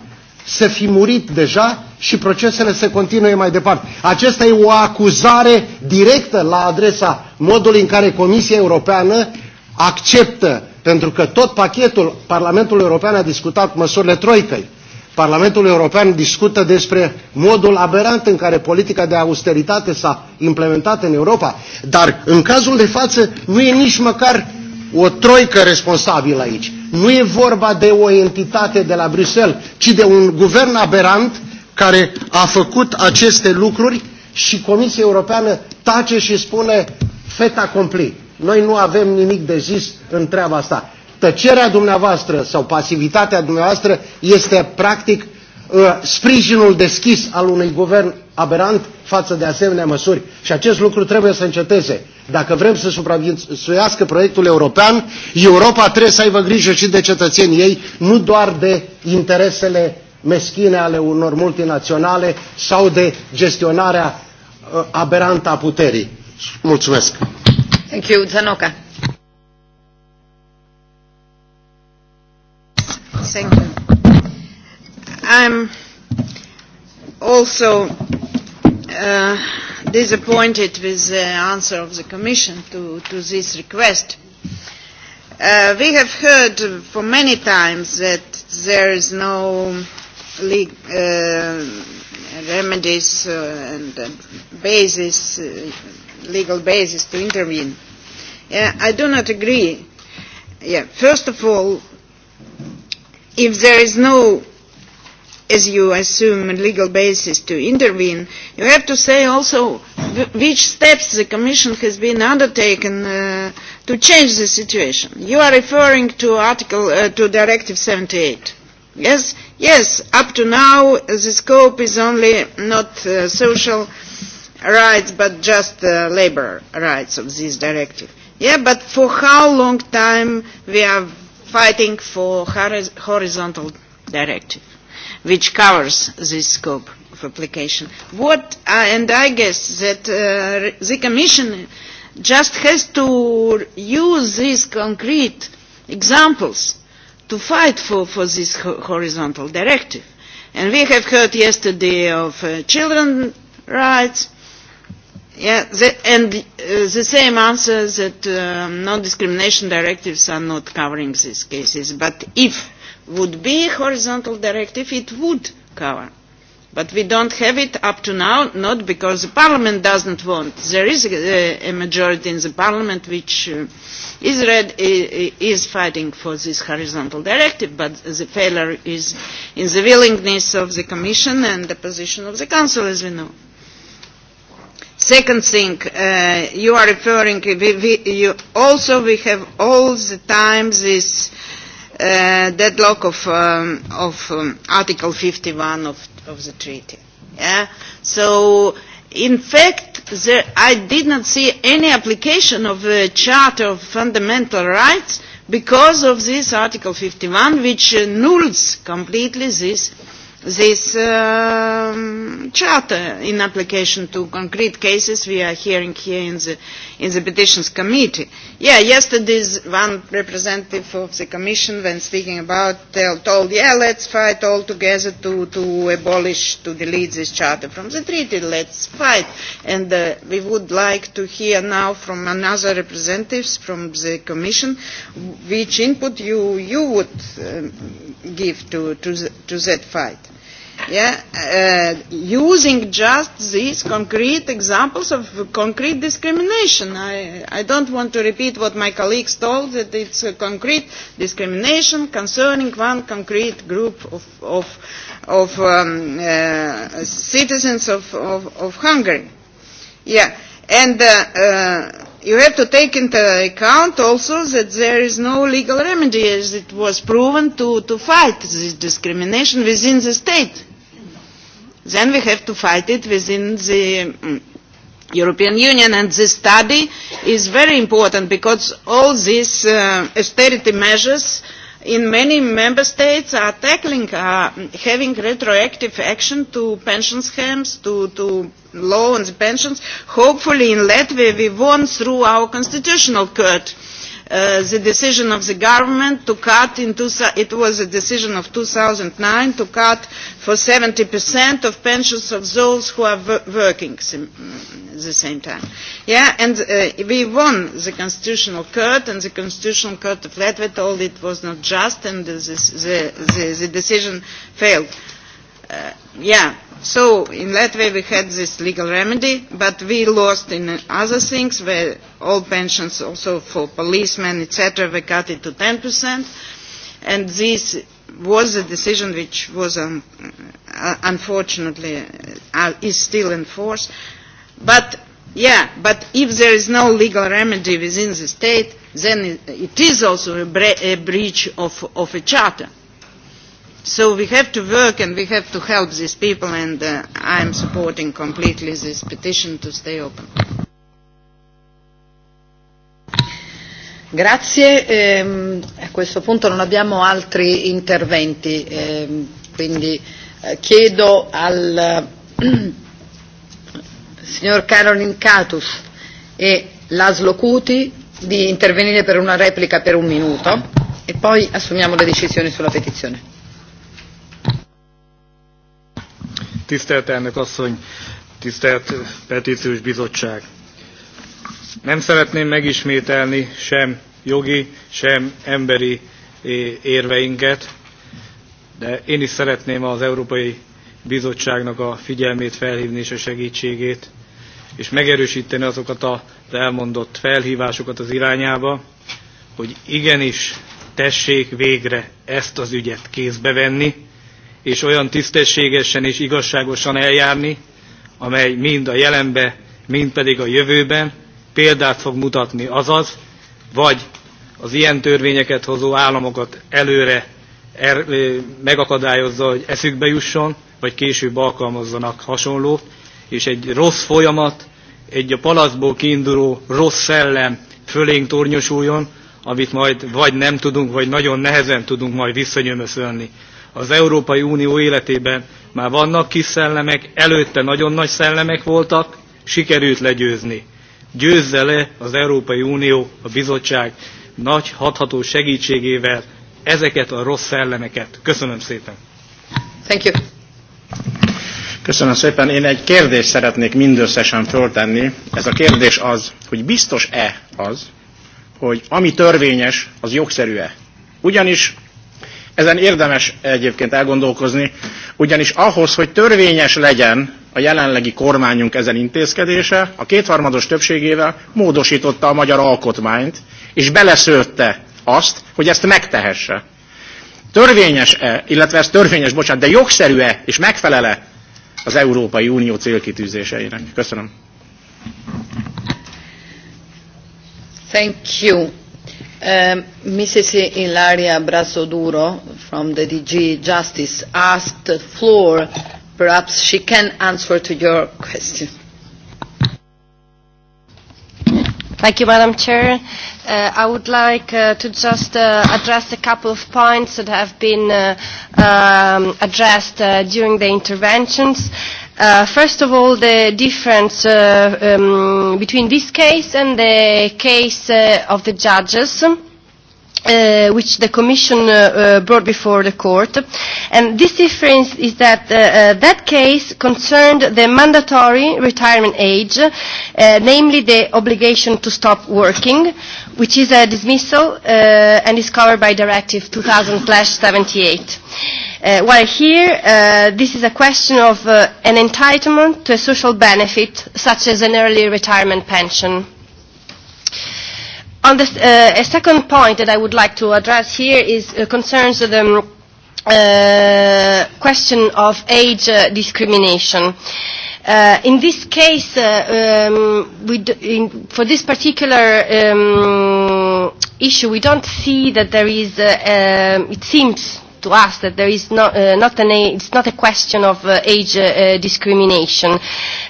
să fi murit deja și procesele să continue mai departe. Acesta e o acuzare directă la adresa modului în care Comisia Europeană acceptă Pentru că tot pachetul Parlamentului European a discutat măsurile troicăi. Parlamentul European discută despre modul aberant în care politica de austeritate s-a implementat în Europa, dar în cazul de față nu e nici măcar o troică responsabilă aici. Nu e vorba de o entitate de la Bruxelles, ci de un guvern aberant care a făcut aceste lucruri și Comisia Europeană tace și spune feta complet. Noi nu avem nimic de zis în treaba asta. Tăcerea dumneavoastră sau pasivitatea dumneavoastră este practic uh, sprijinul deschis al unui guvern aberant față de asemenea măsuri. Și acest lucru trebuie să înceteze. Dacă vrem să supraviețuiască proiectul european, Europa trebuie să aibă grijă și de cetățenii ei, nu doar de interesele meschine ale unor multinaționale sau de gestionarea uh, aberantă a puterii. Mulțumesc! Thank you, Zanoka. Thank you. I'm also uh, disappointed with the answer of the Commission to, to this request. Uh, we have heard for many times that there is no league, uh, remedies uh, and uh, basis uh, legal basis to intervene. Yeah, I do not agree. Yeah, first of all, if there is no, as you assume, legal basis to intervene, you have to say also which steps the Commission has been undertaken uh, to change the situation. You are referring to Article uh, to Directive 78. Yes, yes. Up to now, the scope is only not uh, social rights, but just uh, labor rights of this directive. Yeah, but for how long time we are fighting for horizontal directive, which covers this scope of application. What, uh, and I guess that uh, the Commission just has to use these concrete examples to fight for, for this ho horizontal directive. And we have heard yesterday of uh, children rights, Yeah, the, and uh, the same answer that um, non-discrimination directives are not covering these cases. But if would be a horizontal directive, it would cover. But we don't have it up to now, not because the Parliament doesn't want. There is a, a majority in the Parliament which uh, is, read, is fighting for this horizontal directive, but the failure is in the willingness of the Commission and the position of the Council, as we know. Second thing, uh, you are referring, we, we, you also we have all the time this uh, deadlock of, um, of um, Article 51 of, of the treaty. Yeah? So, in fact, there, I did not see any application of the Charter of Fundamental Rights because of this Article 51, which uh, nulls completely this uh, this um, charter in application to concrete cases we are hearing here in the, in the petitions committee. Yeah, yesterday's one representative of the commission when speaking about uh, told, yeah, let's fight all together to, to abolish, to delete this charter from the treaty, let's fight. And uh, we would like to hear now from another representatives from the commission which input you, you would um, give to, to, the, to that fight yeah, uh, using just these concrete examples of concrete discrimination. I, I don't want to repeat what my colleagues told, that it's a concrete discrimination concerning one concrete group of, of, of um, uh, citizens of, of, of Hungary. Yeah, and uh, uh, you have to take into account also that there is no legal remedy as it was proven to, to fight this discrimination within the state Then we have to fight it within the mm, European Union and this study is very important because all these uh, austerity measures in many member states are tackling uh, having retroactive action to pension schemes, to, to loans, pensions. Hopefully in Latvia we won through our constitutional court. Uh, Uh, the decision of the government to cut in two, it was a decision of 2009 to cut for 70% of pensions of those who are working sim, mm, the same time. Yeah, and uh, we won the constitutional court and the constitutional court of Latvia told it was not just and this, the, the, the decision failed. Uh, yeah, so in Latvia we had this legal remedy, but we lost in other things where all pensions also for policemen, etc., were cut to 10%. And this was a decision which was um, uh, unfortunately uh, uh, is still in force. But yeah, but if there is no legal remedy within the state, then it, it is also a, bre a breach of, of a charter. So we have to work and we have to help these people, and uh, I am supporting completely this petition to stay open. Grazie, ehm, a questo punto non abbiamo altri interventi, ehm, quindi eh, chiedo al eh, signor Carolin Catus e Laszlo Cuti di intervenire per una replica per un minuto e poi assumiamo le decisioni sulla petizione. Tisztelt elnök asszony, tisztelt petíciós bizottság! Nem szeretném megismételni sem jogi, sem emberi érveinket, de én is szeretném az Európai Bizottságnak a figyelmét felhívni és a segítségét, és megerősíteni azokat az elmondott felhívásokat az irányába, hogy igenis tessék végre ezt az ügyet kézbe venni, és olyan tisztességesen és igazságosan eljárni, amely mind a jelenbe, mind pedig a jövőben példát fog mutatni, azaz, vagy az ilyen törvényeket hozó államokat előre er, megakadályozza, hogy eszükbe jusson, vagy később alkalmazzanak hasonlót, és egy rossz folyamat, egy a palaszból kiinduló rossz szellem fölénk tornyosuljon, amit majd vagy nem tudunk, vagy nagyon nehezen tudunk majd visszanyömöszölni. Az Európai Unió életében már vannak kis szellemek, előtte nagyon nagy szellemek voltak, sikerült legyőzni. Győzze le az Európai Unió, a bizottság nagy hatható segítségével ezeket a rossz szellemeket. Köszönöm szépen. Thank you. Köszönöm szépen. Én egy kérdést szeretnék mindösszesen föltenni. Ez a kérdés az, hogy biztos-e az, hogy ami törvényes, az jogszerű-e? Ugyanis ezen érdemes egyébként elgondolkozni, ugyanis ahhoz, hogy törvényes legyen a jelenlegi kormányunk ezen intézkedése, a kétharmados többségével módosította a magyar alkotmányt, és beleszőtte azt, hogy ezt megtehesse. Törvényes-e, illetve ez törvényes, bocsánat, de jogszerű-e és megfelele az Európai Unió célkitűzéseinek? Köszönöm. Thank you. Um, Mrs. Ilaria Brasoduro from the DG Justice asked the floor. Perhaps she can answer to your question. Thank you, Madam Chair. Uh, I would like uh, to just uh, address a couple of points that have been uh, um, addressed uh, during the interventions. Uh, Uh, first of all, the difference uh, um, between this case and the case uh, of the judges. Uh, uh, which the Commission uh, uh, brought before the court. And this difference is that uh, uh, that case concerned the mandatory retirement age, uh, namely the obligation to stop working, which is a dismissal uh, and is covered by Directive 2000-78. Uh, while here, uh, this is a question of uh, an entitlement to a social benefit, such as an early retirement pension. On this, uh, a second point that I would like to address here is uh, concerns the um, uh, question of age uh, discrimination. Uh, Uh, in this case, uh, um, we d in, for this particular um, issue, we don't see that there is, uh, um, it seems to us that there is not, uh, not an, it's not a question of uh, age uh, uh, discrimination.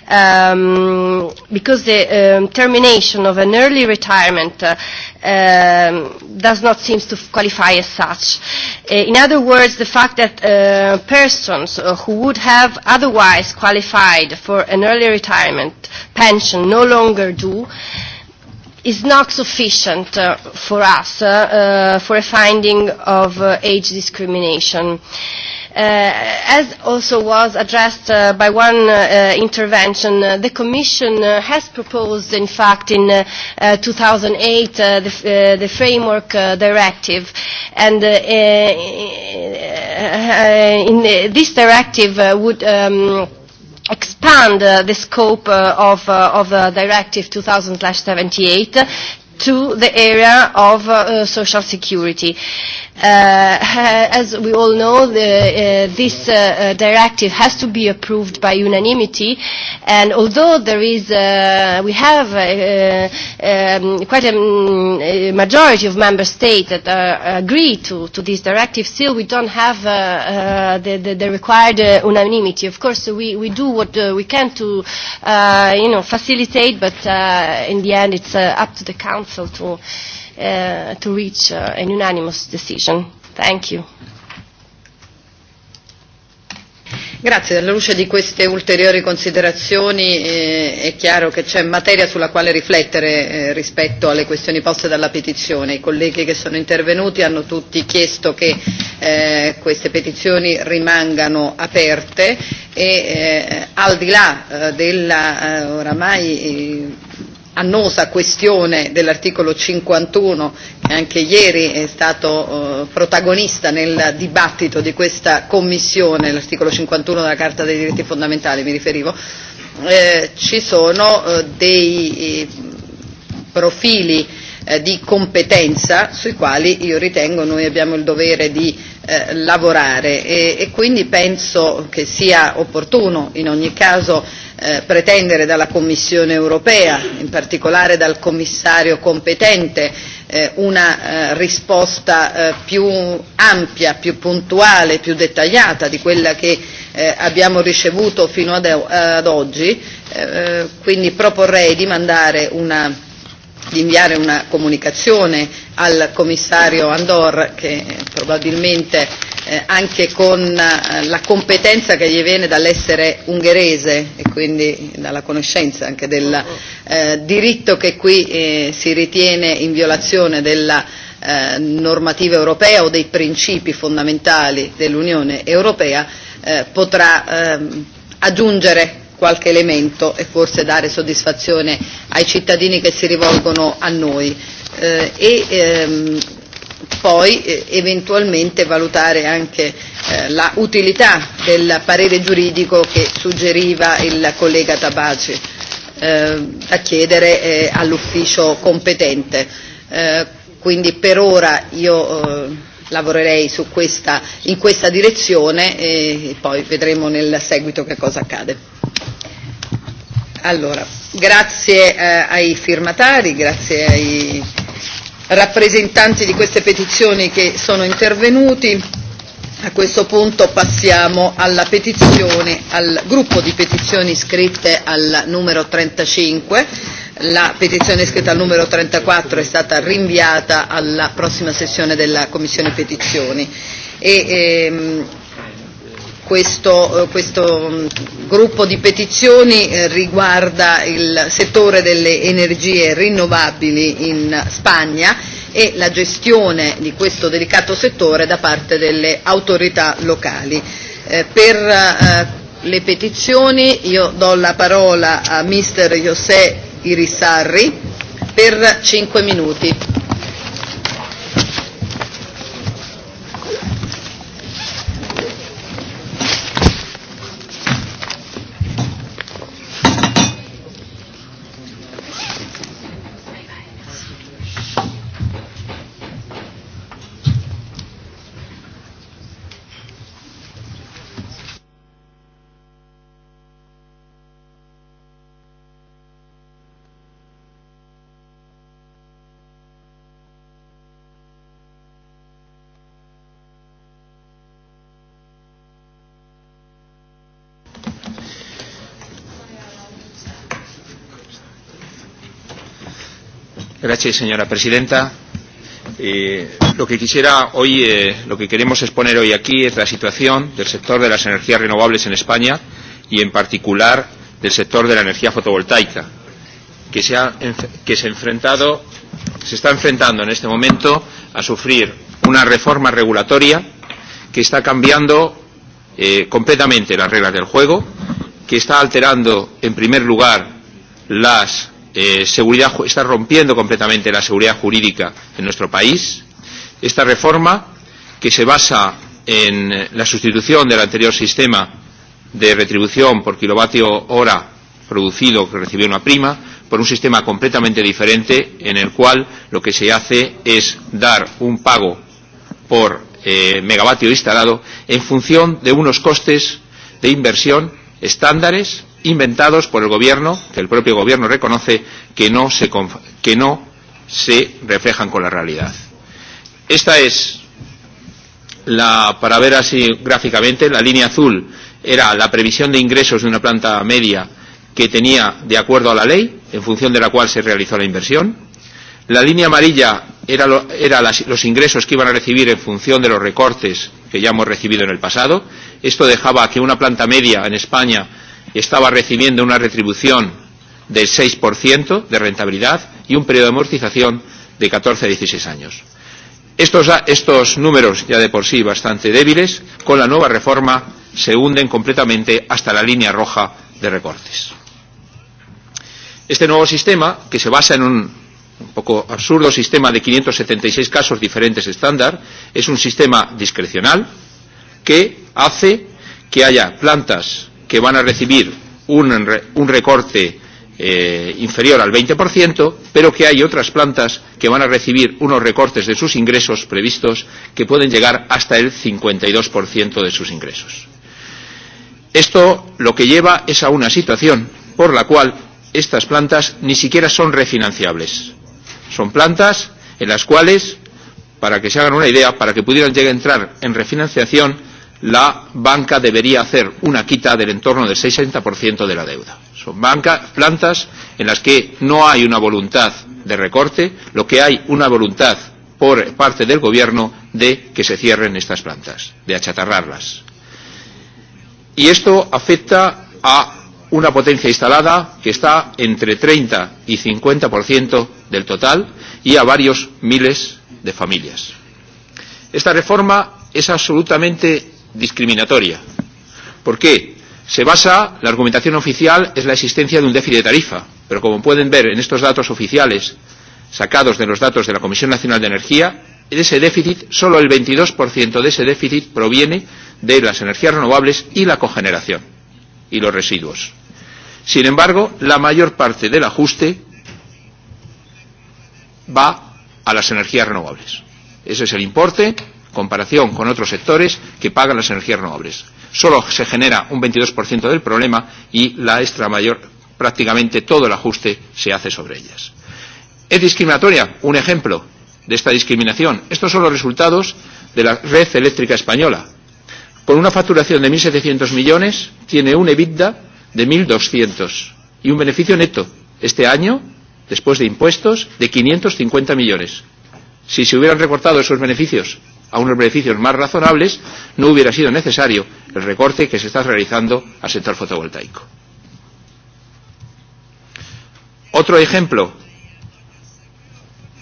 Um, because the um, termination of an early retirement uh, um, does not seem to qualify as such. Uh, in other words, the fact that uh, persons uh, who would have otherwise qualified for an early retirement pension no longer do uh, is not sufficient uh, for us uh, uh, for a finding of uh, age discrimination. Uh, as also was addressed uh, by one uh, uh, intervention, uh, the Commission uh, has proposed, in fact, in uh, uh, 2008, uh, the, uh, the Framework uh, Directive. And uh, uh, uh in, uh, this directive uh, would um, expand uh, the scope uh, of, uh, of uh, Directive 2000-78 to the area of uh, uh social security. Uh, as we all know, the, uh, this uh, uh, directive has to be approved by unanimity, and although there is, uh, we have uh, um, quite a, um, a majority of member states that uh, agree to, to this directive, still we don't have uh, uh, the, the, the required uh, unanimity. Of course, we, we do what uh, we can to, uh, you know, facilitate, but uh, in the end, it's uh, up to the Council to. Uh, uh, to reach uh, an unanimous decision. Thank you. Grazie, alla luce di queste ulteriori considerazioni eh, è chiaro che c'è materia sulla quale riflettere eh, rispetto alle questioni poste dalla petizione. I colleghi che sono intervenuti hanno tutti chiesto che eh, queste petizioni rimangano aperte e eh, al di là eh, della eh, oramai eh, annosa questione dell'articolo 51 che anche ieri è stato eh, protagonista nel dibattito di questa commissione, l'articolo 51 della Carta dei diritti fondamentali mi riferivo, eh, ci sono eh, dei eh, profili eh, di competenza sui quali io ritengo noi abbiamo il dovere di eh, lavorare e, e quindi penso che sia opportuno in ogni caso eh, eh, pretendere dalla Commissione europea, in particolare dal commissario competente, eh, una eh, risposta eh, più ampia, più puntuale, più dettagliata di quella che eh, abbiamo ricevuto fino ad, ad oggi. Eh, eh, quindi proporrei di mandare una di inviare una comunicazione al commissario Andor che eh, probabilmente eh, anche con eh, la competenza che gli viene dall'essere ungherese e quindi dalla conoscenza anche del eh, diritto che qui eh, si ritiene in violazione della eh, normativa europea o dei principi fondamentali dell'Unione Europea eh, potrà eh, aggiungere qualche elemento e forse dare soddisfazione ai cittadini che si rivolgono a noi. Eh, e, ehm, poi eh, eventualmente valutare anche eh, la utilità del parere giuridico che suggeriva il collega Tabaci eh, da chiedere eh, all'ufficio competente. Eh, quindi per ora io eh, lavorerei su questa, in questa direzione eh, e poi vedremo nel seguito che cosa accade. Allora, grazie eh, ai firmatari, grazie ai rappresentanti di queste petizioni che sono intervenuti. A questo punto passiamo alla petizione, al gruppo di petizioni iscritte al numero 35. La petizione iscritta al numero 34 è stata rinviata alla prossima sessione della Commissione Petizioni e ehm, questo, eh, questo mm, gruppo di petizioni eh, riguarda il settore delle energie rinnovabili in Spagna e la gestione di questo delicato settore da parte delle autorità locali. Eh, per eh, le petizioni io do la parola a Mr. José Irisarri per 5 minuti. Gracias, señora presidenta. Eh, lo que quisiera hoy, eh, lo que queremos exponer hoy aquí es la situación del sector de las energías renovables en España y, en particular, del sector de la energía fotovoltaica, que se, ha, que se, ha enfrentado, se está enfrentando en este momento a sufrir una reforma regulatoria que está cambiando eh, completamente las reglas del juego, que está alterando, en primer lugar, las eh, seguridad, está rompiendo completamente la seguridad jurídica en nuestro país. Esta reforma, que se basa en la sustitución del anterior sistema de retribución por kilovatio hora producido que recibió una prima, por un sistema completamente diferente en el cual lo que se hace es dar un pago por eh, megavatio instalado en función de unos costes de inversión estándares inventados por el Gobierno, que el propio Gobierno reconoce que no se, que no se reflejan con la realidad. Esta es la, para ver así gráficamente, la línea azul era la previsión de ingresos de una planta media que tenía de acuerdo a la ley, en función de la cual se realizó la inversión. La línea amarilla era, lo, era las, los ingresos que iban a recibir en función de los recortes que ya hemos recibido en el pasado. Esto dejaba que una planta media en España estaba recibiendo una retribución del 6% de rentabilidad y un periodo de amortización de 14 a 16 años. Estos, estos números, ya de por sí bastante débiles, con la nueva reforma se hunden completamente hasta la línea roja de recortes. Este nuevo sistema, que se basa en un, un poco absurdo sistema de 576 casos diferentes estándar, es un sistema discrecional que hace que haya plantas que van a recibir un, un recorte eh, inferior al 20%, pero que hay otras plantas que van a recibir unos recortes de sus ingresos previstos que pueden llegar hasta el 52% de sus ingresos. Esto lo que lleva es a una situación por la cual estas plantas ni siquiera son refinanciables. Son plantas en las cuales, para que se hagan una idea, para que pudieran llegar a entrar en refinanciación, la banca debería hacer una quita del entorno del 60% de la deuda. Son bancas, plantas en las que no hay una voluntad de recorte, lo que hay una voluntad por parte del gobierno de que se cierren estas plantas, de achatarrarlas. Y esto afecta a una potencia instalada que está entre 30 y 50% del total y a varios miles de familias. Esta reforma es absolutamente discriminatoria. ¿Por qué? Se basa, la argumentación oficial es la existencia de un déficit de tarifa, pero como pueden ver en estos datos oficiales sacados de los datos de la Comisión Nacional de Energía, de ese déficit, solo el 22% de ese déficit proviene de las energías renovables y la cogeneración y los residuos. Sin embargo, la mayor parte del ajuste va a las energías renovables. Ese es el importe comparación con otros sectores que pagan las energías renovables. Solo se genera un 22% del problema y la extra mayor, prácticamente todo el ajuste se hace sobre ellas. ¿Es discriminatoria? Un ejemplo de esta discriminación. Estos son los resultados de la red eléctrica española. Con una facturación de 1.700 millones, tiene un EBITDA de 1.200 y un beneficio neto este año, después de impuestos, de 550 millones. Si se hubieran recortado esos beneficios a unos beneficios más razonables, no hubiera sido necesario el recorte que se está realizando al sector fotovoltaico. Otro ejemplo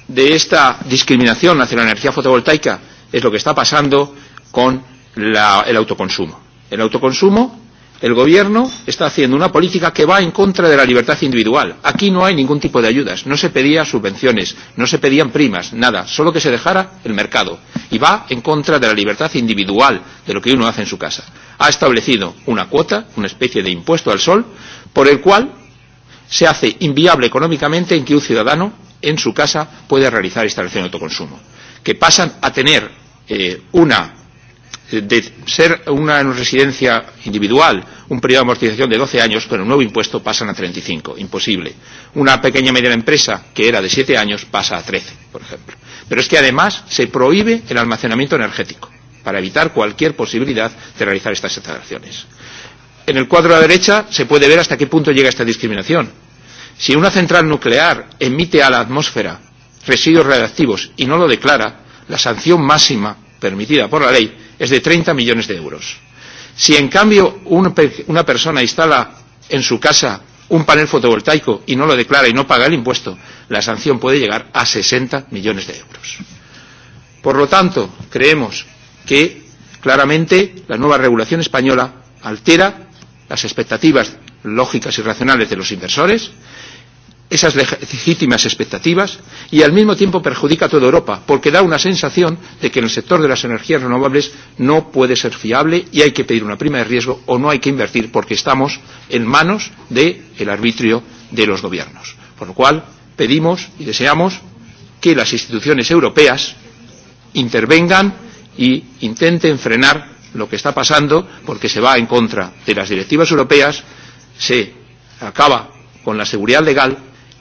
de esta discriminación hacia la energía fotovoltaica es lo que está pasando con la, el autoconsumo. El autoconsumo El gobierno está haciendo una política que va en contra de la libertad individual. Aquí no hay ningún tipo de ayudas, no se pedían subvenciones, no se pedían primas, nada, solo que se dejara el mercado. Y va en contra de la libertad individual, de lo que uno hace en su casa. Ha establecido una cuota, una especie de impuesto al sol, por el cual se hace inviable económicamente en que un ciudadano en su casa pueda realizar instalación de autoconsumo. Que pasan a tener eh, una Eh, de ser una residencia individual un periodo de amortización de 12 años, con el nuevo impuesto pasan a 35, imposible. Una pequeña y mediana empresa que era de 7 años pasa a 13, por ejemplo. Pero es que además se prohíbe el almacenamiento energético para evitar cualquier posibilidad de realizar estas exageraciones. En el cuadro a la derecha se puede ver hasta qué punto llega esta discriminación. Si una central nuclear emite a la atmósfera residuos radiactivos y no lo declara, la sanción máxima permitida por la ley es de 30 millones de euros. Si, en cambio, una, una persona instala en su casa un panel fotovoltaico y no lo declara y no paga el impuesto, la sanción puede llegar a 60 millones de euros. Por lo tanto, creemos que claramente la nueva regulación española altera las expectativas lógicas y racionales de los inversores, esas legítimas expectativas y al mismo tiempo perjudica a toda Europa, porque da una sensación de que en el sector de las energías renovables no puede ser fiable y hay que pedir una prima de riesgo o no hay que invertir porque estamos en manos del de arbitrio de los gobiernos. Por lo cual, pedimos y deseamos que las instituciones europeas intervengan y intenten frenar lo que está pasando porque se va en contra de las directivas europeas, se acaba con la seguridad legal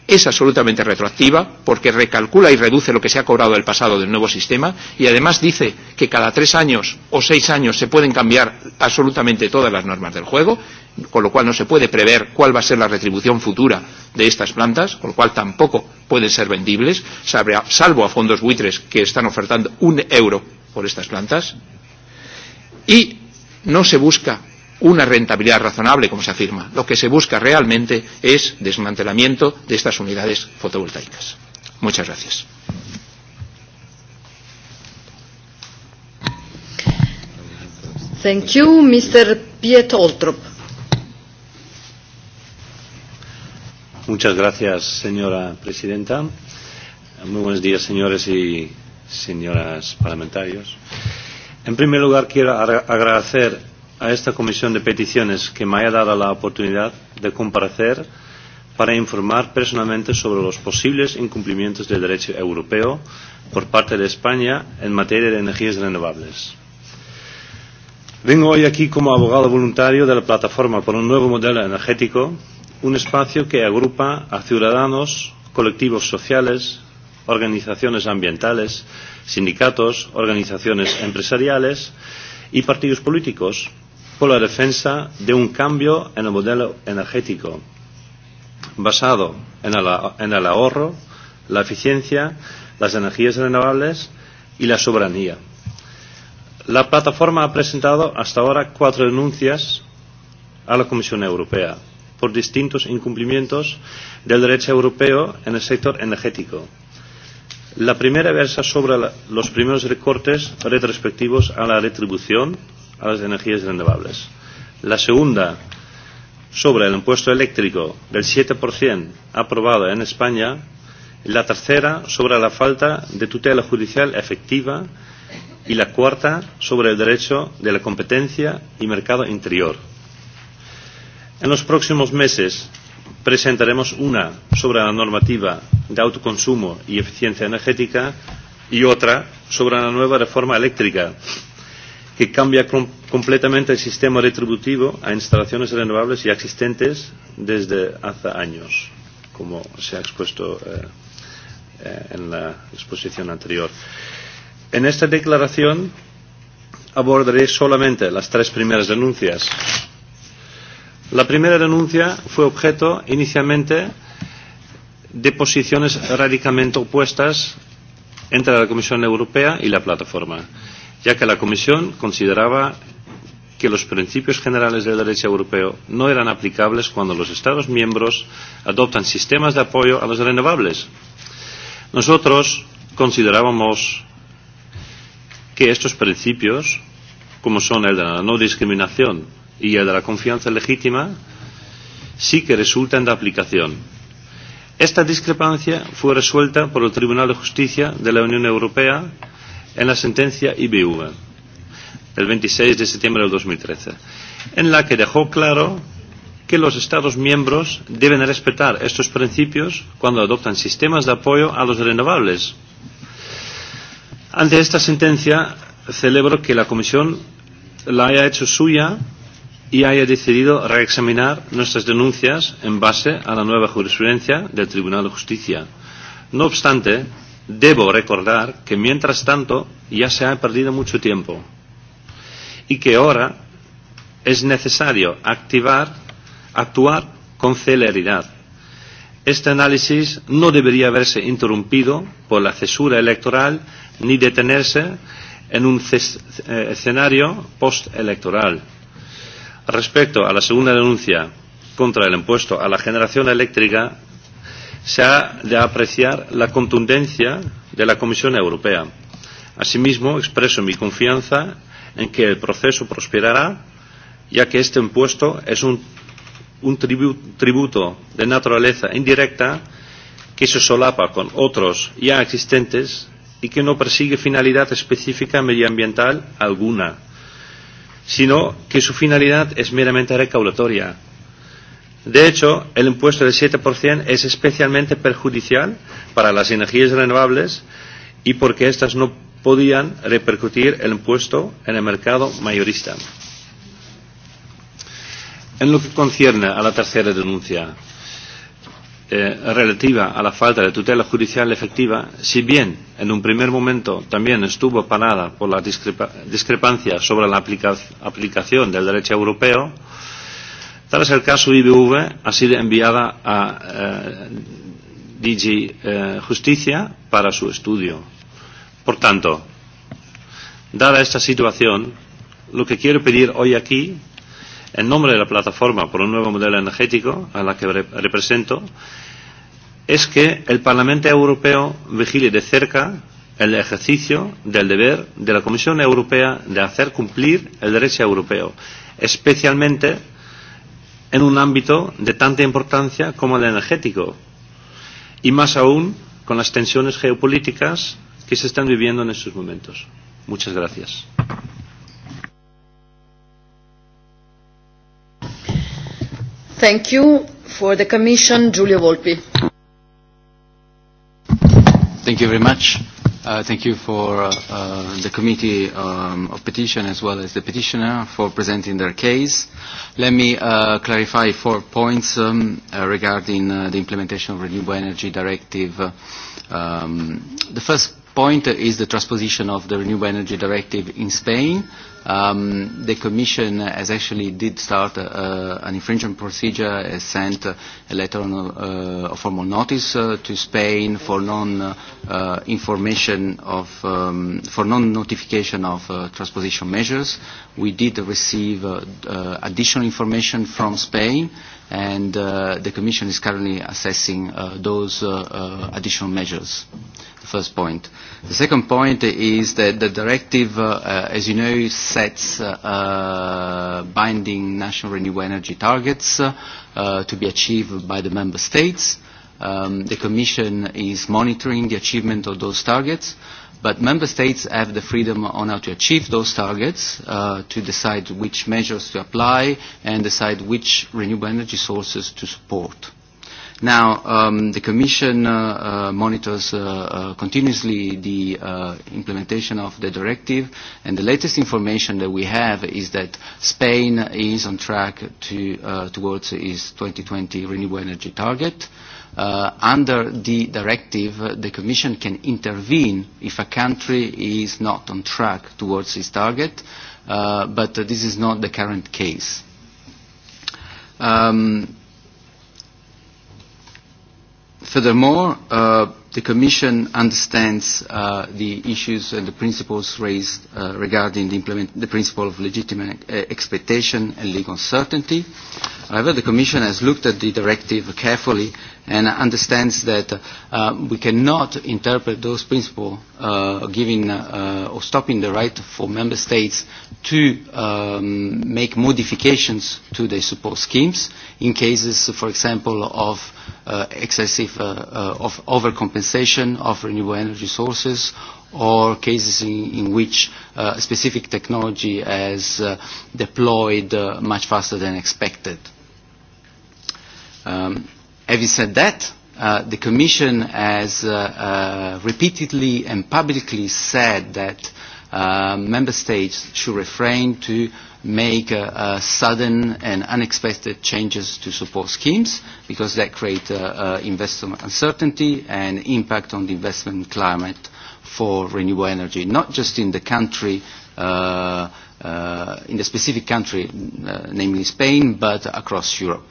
es absolutamente retroactiva porque recalcula y reduce lo que se ha cobrado del pasado del nuevo sistema y además dice que cada tres años o seis años se pueden cambiar absolutamente todas las normas del juego, con lo cual no se puede prever cuál va a ser la retribución futura de estas plantas, con lo cual tampoco pueden ser vendibles, salvo a fondos buitres que están ofertando un euro por estas plantas. Y no se busca una rentabilidad razonable, como se afirma. Lo que se busca realmente es desmantelamiento de estas unidades fotovoltaicas. Muchas gracias. Thank you, Mr. Piet Oltrop. Muchas gracias, señora presidenta. Muy buenos días, señores y señoras parlamentarios. En primer lugar, quiero agradecer a esta Comisión de Peticiones que me haya dado la oportunidad de comparecer para informar personalmente sobre los posibles incumplimientos del derecho europeo por parte de España en materia de energías renovables. Vengo hoy aquí como abogado voluntario de la Plataforma por un Nuevo Modelo Energético, un espacio que agrupa a ciudadanos, colectivos sociales, organizaciones ambientales, sindicatos, organizaciones empresariales y partidos políticos por la defensa de un cambio en el modelo energético basado en el, en el ahorro, la eficiencia, las energías renovables y la soberanía. La plataforma ha presentado hasta ahora cuatro denuncias a la Comisión Europea por distintos incumplimientos del derecho europeo en el sector energético. La primera versa sobre la, los primeros recortes retrospectivos a la retribución a las energías renovables. La segunda, sobre el impuesto eléctrico del 7% aprobado en España. La tercera, sobre la falta de tutela judicial efectiva. Y la cuarta, sobre el derecho de la competencia y mercado interior. En los próximos meses presentaremos una sobre la normativa de autoconsumo y eficiencia energética y otra sobre la nueva reforma eléctrica que cambia com completamente el sistema retributivo a instalaciones renovables ya existentes desde hace años, como se ha expuesto eh, eh, en la exposición anterior. En esta declaración abordaré solamente las tres primeras denuncias. La primera denuncia fue objeto inicialmente de posiciones radicalmente opuestas entre la Comisión Europea y la plataforma. Eh, ya que la Comisión consideraba que los principios generales del derecho europeo no eran aplicables cuando los Estados miembros adoptan sistemas de apoyo a las renovables. Nosotros considerábamos que estos principios, como son el de la no discriminación y el de la confianza legítima, sí que resultan de aplicación. Esta discrepancia fue resuelta por el Tribunal de Justicia de la Unión Europea en la sentencia IBV del 26 de septiembre del 2013, en la que dejó claro que los Estados miembros deben respetar estos principios cuando adoptan sistemas de apoyo a los renovables. Ante esta sentencia, celebro que la Comisión la haya hecho suya y haya decidido reexaminar nuestras denuncias en base a la nueva jurisprudencia del Tribunal de Justicia. No obstante, Debo recordar que mientras tanto ya se ha perdido mucho tiempo y que ahora es necesario activar, actuar con celeridad. Este análisis no debería haberse interrumpido por la cesura electoral ni detenerse en un eh, escenario postelectoral. Respecto a la segunda denuncia contra el impuesto a la generación eléctrica, se ha de apreciar la contundencia de la Comisión Europea. Asimismo, expreso mi confianza en que el proceso prosperará, ya que este impuesto es un, un tributo de naturaleza indirecta que se solapa con otros ya existentes y que no persigue finalidad específica medioambiental alguna, sino que su finalidad es meramente recaudatoria De hecho, el impuesto del 7% es especialmente perjudicial para las energías renovables y porque éstas no podían repercutir el impuesto en el mercado mayorista. En lo que concierne a la tercera denuncia, eh, relativa a la falta de tutela judicial efectiva, si bien en un primer momento también estuvo parada por la discrepa discrepancia sobre la aplica aplicación del derecho europeo, eh, Tal es el caso, IBV ha sido enviada a eh, DG eh, Justicia para su estudio. Por tanto, dada esta situación, lo que quiero pedir hoy aquí, en nombre de la Plataforma por un Nuevo Modelo Energético, a la que rep represento, es que el Parlamento Europeo vigile de cerca el ejercicio del deber de la Comisión Europea de hacer cumplir el derecho europeo, especialmente en un ámbito de tanta importancia como el energético, y más aún con las tensiones geopolíticas que se están viviendo en estos momentos. Muchas gracias. Thank you. For the Commission, Giulio Volpi. Thank you very much. Uh, thank you for uh, uh, the Committee um, of Petition as well as the petitioner for presenting their case. Let me uh, clarify four points um, uh, regarding uh, the implementation of Renewable Energy Directive. Uh, um, the first point is the transposition of the Renewable Energy Directive in Spain Um, the Commission has actually did start uh, uh an infringement procedure, has sent uh, a letter on uh, a uh, formal notice uh, to Spain for non-information uh, of, um, for non-notification of uh, transposition measures. We did receive uh, uh, additional information from Spain and uh, the Commission is currently assessing uh, those uh, uh, additional measures the first point. The second point is that the directive, uh, uh, as you know, sets uh, uh, binding national renewable energy targets uh, uh, to be achieved by the member states. Um, the Commission is monitoring the achievement of those targets, but member states have the freedom on how to achieve those targets, uh, to decide which measures to apply and decide which renewable energy sources to support. Uh, Now, um, the Commission uh, uh, monitors uh, uh, continuously the uh, implementation of the directive, and the latest information that we have is that Spain is on track to, uh, towards its 2020 renewable energy target. Uh, under the directive, uh, the Commission can intervene if a country is not on track towards its target, uh, but uh, this is not the current case. Um, Furthermore, uh, the Commission understands uh, the issues and the principles raised uh, regarding the, implement the principle of legitimate uh, expectation and legal certainty. Uh, However, the Commission has looked at the directive carefully and understands that uh, we cannot interpret those principles uh, giving uh, or stopping the right for member states to um, make modifications to their support schemes in cases, for example, of uh, excessive uh, uh, of overcompensation of renewable energy sources or cases in, in which uh, specific technology has uh, deployed uh, much faster than expected. Uh, Um, having said that, uh, the Commission has uh, uh, repeatedly and publicly said that uh, member states should refrain to make uh, uh, sudden and unexpected changes to support schemes because that create uh, uh, investment uncertainty and impact on the investment climate for renewable energy, not just in the country, uh, uh, in the specific country, uh, namely Spain, but across Europe.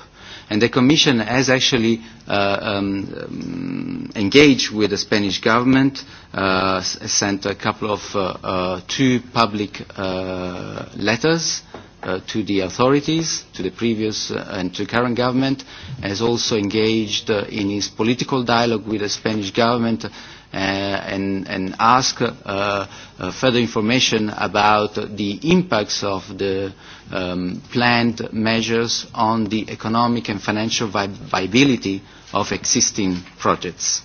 And the Commission has actually uh, um, um engaged with the Spanish government, uh, sent a couple of uh, uh, two public uh, letters uh, to the authorities, to the previous uh, and to current government, has also engaged uh, in its political dialogue with the Spanish government uh, and, and ask uh, uh, further information about the impacts of the um, planned measures on the economic and financial vi viability of existing projects.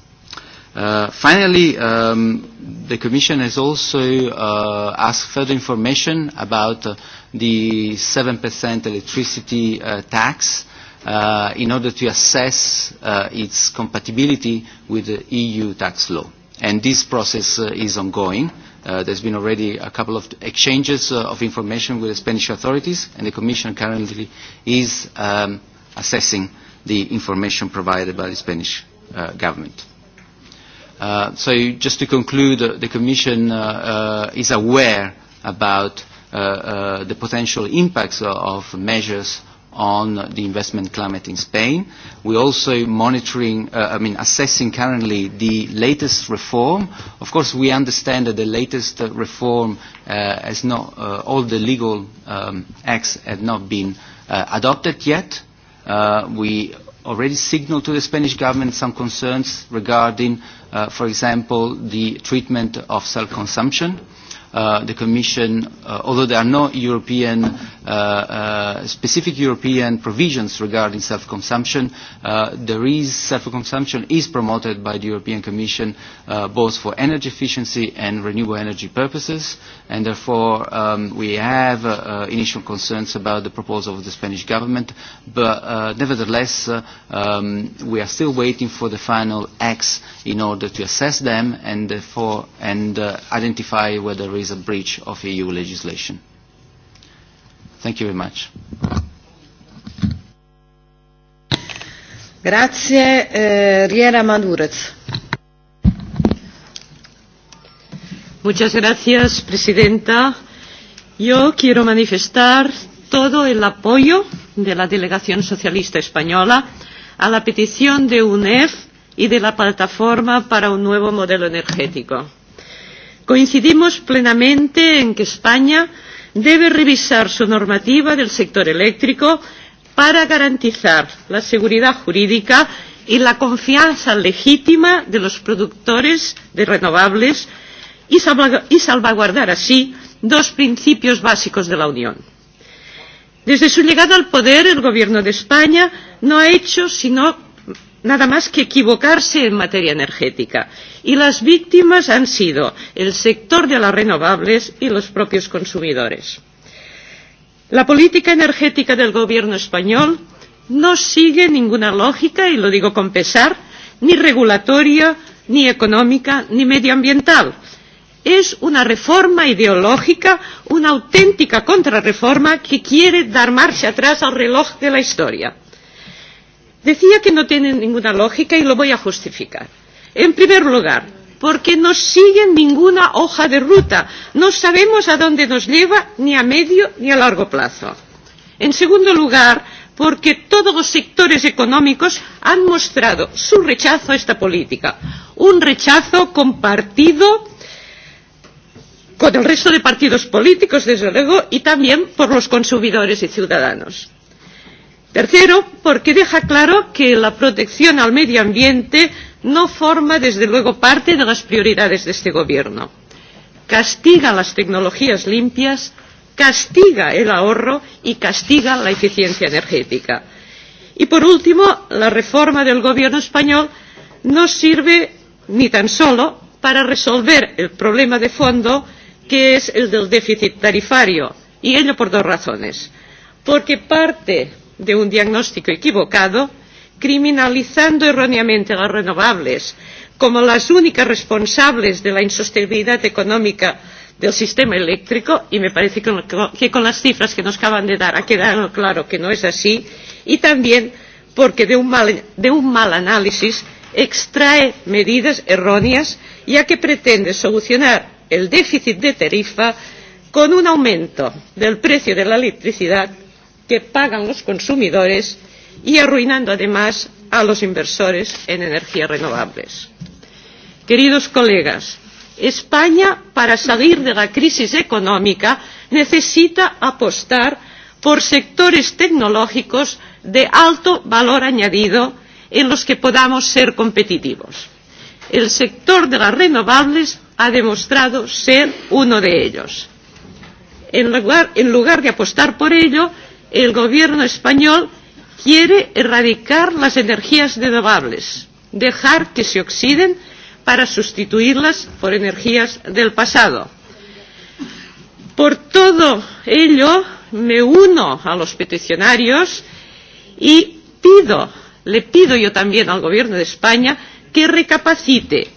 Uh, finally, um, the Commission has also uh, asked further information about uh, the 7% electricity uh, tax uh, in order to assess uh, its compatibility with the EU tax law. And this process uh, is ongoing. Uh, there's been already a couple of exchanges uh, of information with the Spanish authorities, and the Commission currently is um, assessing the information provided by the Spanish uh, government. Uh, so just to conclude, uh, the Commission uh, uh, is aware about uh, uh, the potential impacts uh, of measures on the investment climate in Spain. We're also monitoring, uh, I mean, assessing currently the latest reform. Of course, we understand that the latest uh, reform uh, has not, uh, all the legal um, acts have not been uh, adopted yet. Uh, we already signaled to the Spanish government some concerns regarding, uh, for example, the treatment of self-consumption. Uh, uh, the Commission, uh, although there are no European, uh, uh, specific European provisions regarding self-consumption, uh, there is self-consumption is promoted by the European Commission uh, both for energy efficiency and renewable energy purposes, and therefore um, we have uh, uh, initial concerns about the proposal of the Spanish government, but uh, nevertheless uh, um, we are still waiting for the final acts in order to assess them and therefore and uh, identify whether there is is a breach of EU legislation. Thank you very much. Grazie, eh, Riera Madurez. Muchas gracias, Presidenta. Yo quiero manifestar todo el apoyo de la Delegación Socialista Española a la petición de UNEF y de la Plataforma para un Nuevo Modelo Energético Coincidimos plenamente en que España debe revisar su normativa del sector eléctrico para garantizar la seguridad jurídica y la confianza legítima de los productores de renovables y salvaguardar así dos principios básicos de la Unión. Desde su llegada al poder, el Gobierno de España no ha hecho sino nada más que equivocarse en materia energética. Y las víctimas han sido el sector de las renovables y los propios consumidores. La política energética del gobierno español no sigue ninguna lógica, y lo digo con pesar, ni regulatoria, ni económica, ni medioambiental. Es una reforma ideológica, una auténtica contrarreforma que quiere dar marcha atrás al reloj de la historia Decía que no tiene ninguna lógica y lo voy a justificar. En primer lugar, porque no siguen ninguna hoja de ruta. No sabemos a dónde nos lleva ni a medio ni a largo plazo. En segundo lugar, porque todos los sectores económicos han mostrado su rechazo a esta política. Un rechazo compartido con el resto de partidos políticos, desde luego, y también por los consumidores y ciudadanos. Tercero, porque deja claro que la protección al medio ambiente no forma, desde luego, parte de las prioridades de este Gobierno. Castiga las tecnologías limpias, castiga el ahorro y castiga la eficiencia energética. Y, por último, la reforma del Gobierno español no sirve ni tan solo para resolver el problema de fondo que es el del déficit tarifario, y ello por dos razones. Porque parte de un diagnóstico equivocado, criminalizando erróneamente las renovables como las únicas responsables de la insostenibilidad económica del sistema eléctrico, y me parece que, que con las cifras que nos acaban de dar ha quedado claro que no es así, y también porque de un mal, de un mal análisis extrae medidas erróneas, ya que pretende solucionar el déficit de tarifa con un aumento del precio de la electricidad que pagan los consumidores y arruinando además a los inversores en energías renovables. Queridos colegas, España, para salir de la crisis económica, necesita apostar por sectores tecnológicos de alto valor añadido en los que podamos ser competitivos. El sector de las renovables ha demostrado ser uno de ellos. En lugar, en lugar de apostar por ello, el gobierno español quiere erradicar las energías renovables, dejar que se oxiden para sustituirlas por energías del pasado. Por todo ello, me uno a los peticionarios y pido, le pido yo también al Gobierno de España que recapacite,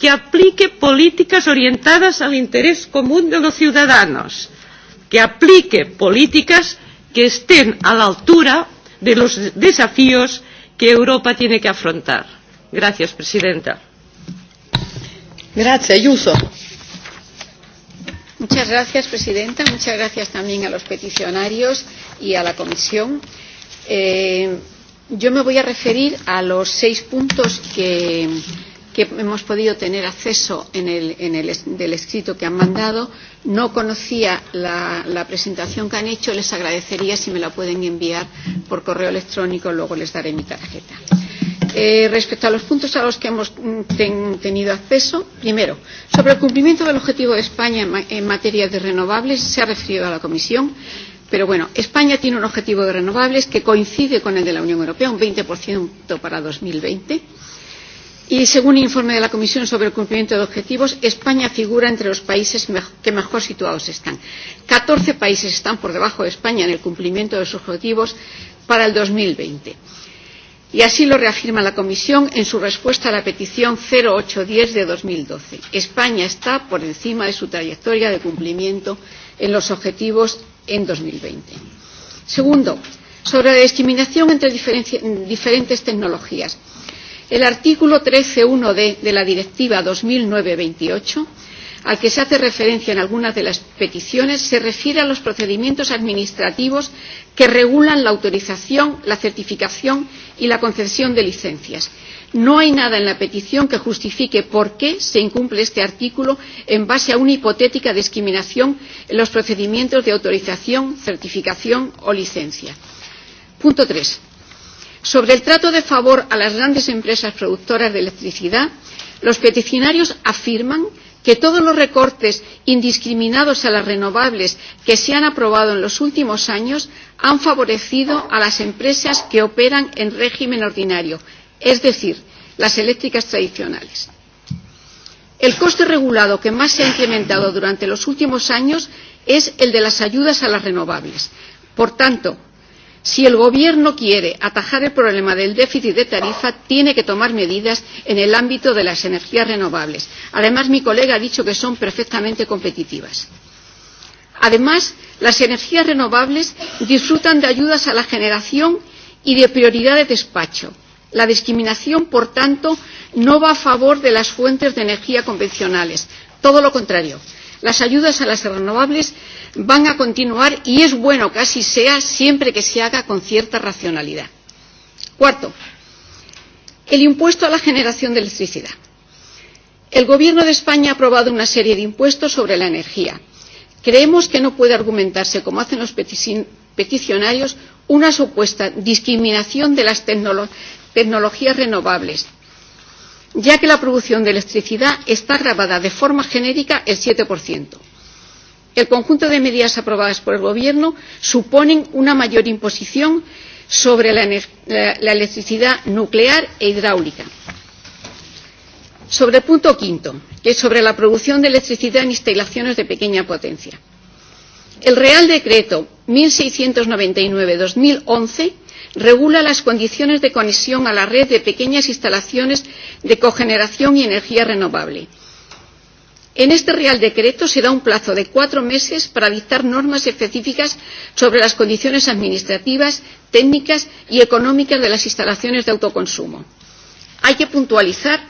que aplique políticas orientadas al interés común de los ciudadanos, que aplique políticas que estén a la altura de los desafíos que Europa tiene que afrontar. Gracias, Presidenta. Gracias, Ayuso. Muchas gracias, Presidenta. Muchas gracias también a los peticionarios y a la Comisión. Eh, yo me voy a referir a los seis puntos que que hemos podido tener acceso en el, en el, del escrito que han mandado. No conocía la, la presentación que han hecho. Les agradecería si me la pueden enviar por correo electrónico. Luego les daré mi tarjeta. Eh, respecto a los puntos a los que hemos mm, ten, tenido acceso, primero, sobre el cumplimiento del objetivo de España en, ma en materia de renovables, se ha referido a la Comisión. Pero bueno, España tiene un objetivo de renovables que coincide con el de la Unión Europea, un 20% para 2020. Y según el informe de la Comisión sobre el cumplimiento de objetivos, España figura entre los países que mejor situados están. 14 países están por debajo de España en el cumplimiento de sus objetivos para el 2020. Y así lo reafirma la Comisión en su respuesta a la petición 0810 de 2012. España está por encima de su trayectoria de cumplimiento en los objetivos en 2020. Segundo, sobre la discriminación entre diferentes tecnologías. El artículo 13.1d de la Directiva 2009-28, al que se hace referencia en algunas de las peticiones, se refiere a los procedimientos administrativos que regulan la autorización, la certificación y la concesión de licencias. No hay nada en la petición que justifique por qué se incumple este artículo en base a una hipotética discriminación en los procedimientos de autorización, certificación o licencia. Punto 3 Sobre el trato de favor a las grandes empresas productoras de electricidad, los peticionarios afirman que todos los recortes indiscriminados a las renovables que se han aprobado en los últimos años han favorecido a las empresas que operan en régimen ordinario, es decir, las eléctricas tradicionales. El coste regulado que más se ha incrementado durante los últimos años es el de las ayudas a las renovables. Por tanto, Si el Gobierno quiere atajar el problema del déficit de tarifa, tiene que tomar medidas en el ámbito de las energías renovables. Además, mi colega ha dicho que son perfectamente competitivas. Además, las energías renovables disfrutan de ayudas a la generación y de prioridad de despacho. La discriminación, por tanto, no va a favor de las fuentes de energía convencionales. Todo lo contrario. Las ayudas a las renovables van a continuar y es bueno que así sea siempre que se haga con cierta racionalidad. Cuarto, el impuesto a la generación de electricidad. El Gobierno de España ha aprobado una serie de impuestos sobre la energía. Creemos que no puede argumentarse, como hacen los peticionarios, una supuesta discriminación de las tecnolo tecnologías renovables, ya que la producción de electricidad está grabada de forma genérica el 7% el conjunto de medidas aprobadas por el gobierno suponen una mayor imposición sobre la, la, la electricidad nuclear e hidráulica. Sobre el punto quinto, que es sobre la producción de electricidad en instalaciones de pequeña potencia. El Real Decreto 1699-2011 regula las condiciones de conexión a la red de pequeñas instalaciones de cogeneración y energía renovable En este Real Decreto se da un plazo de cuatro meses para dictar normas específicas sobre las condiciones administrativas, técnicas y económicas de las instalaciones de autoconsumo. Hay que puntualizar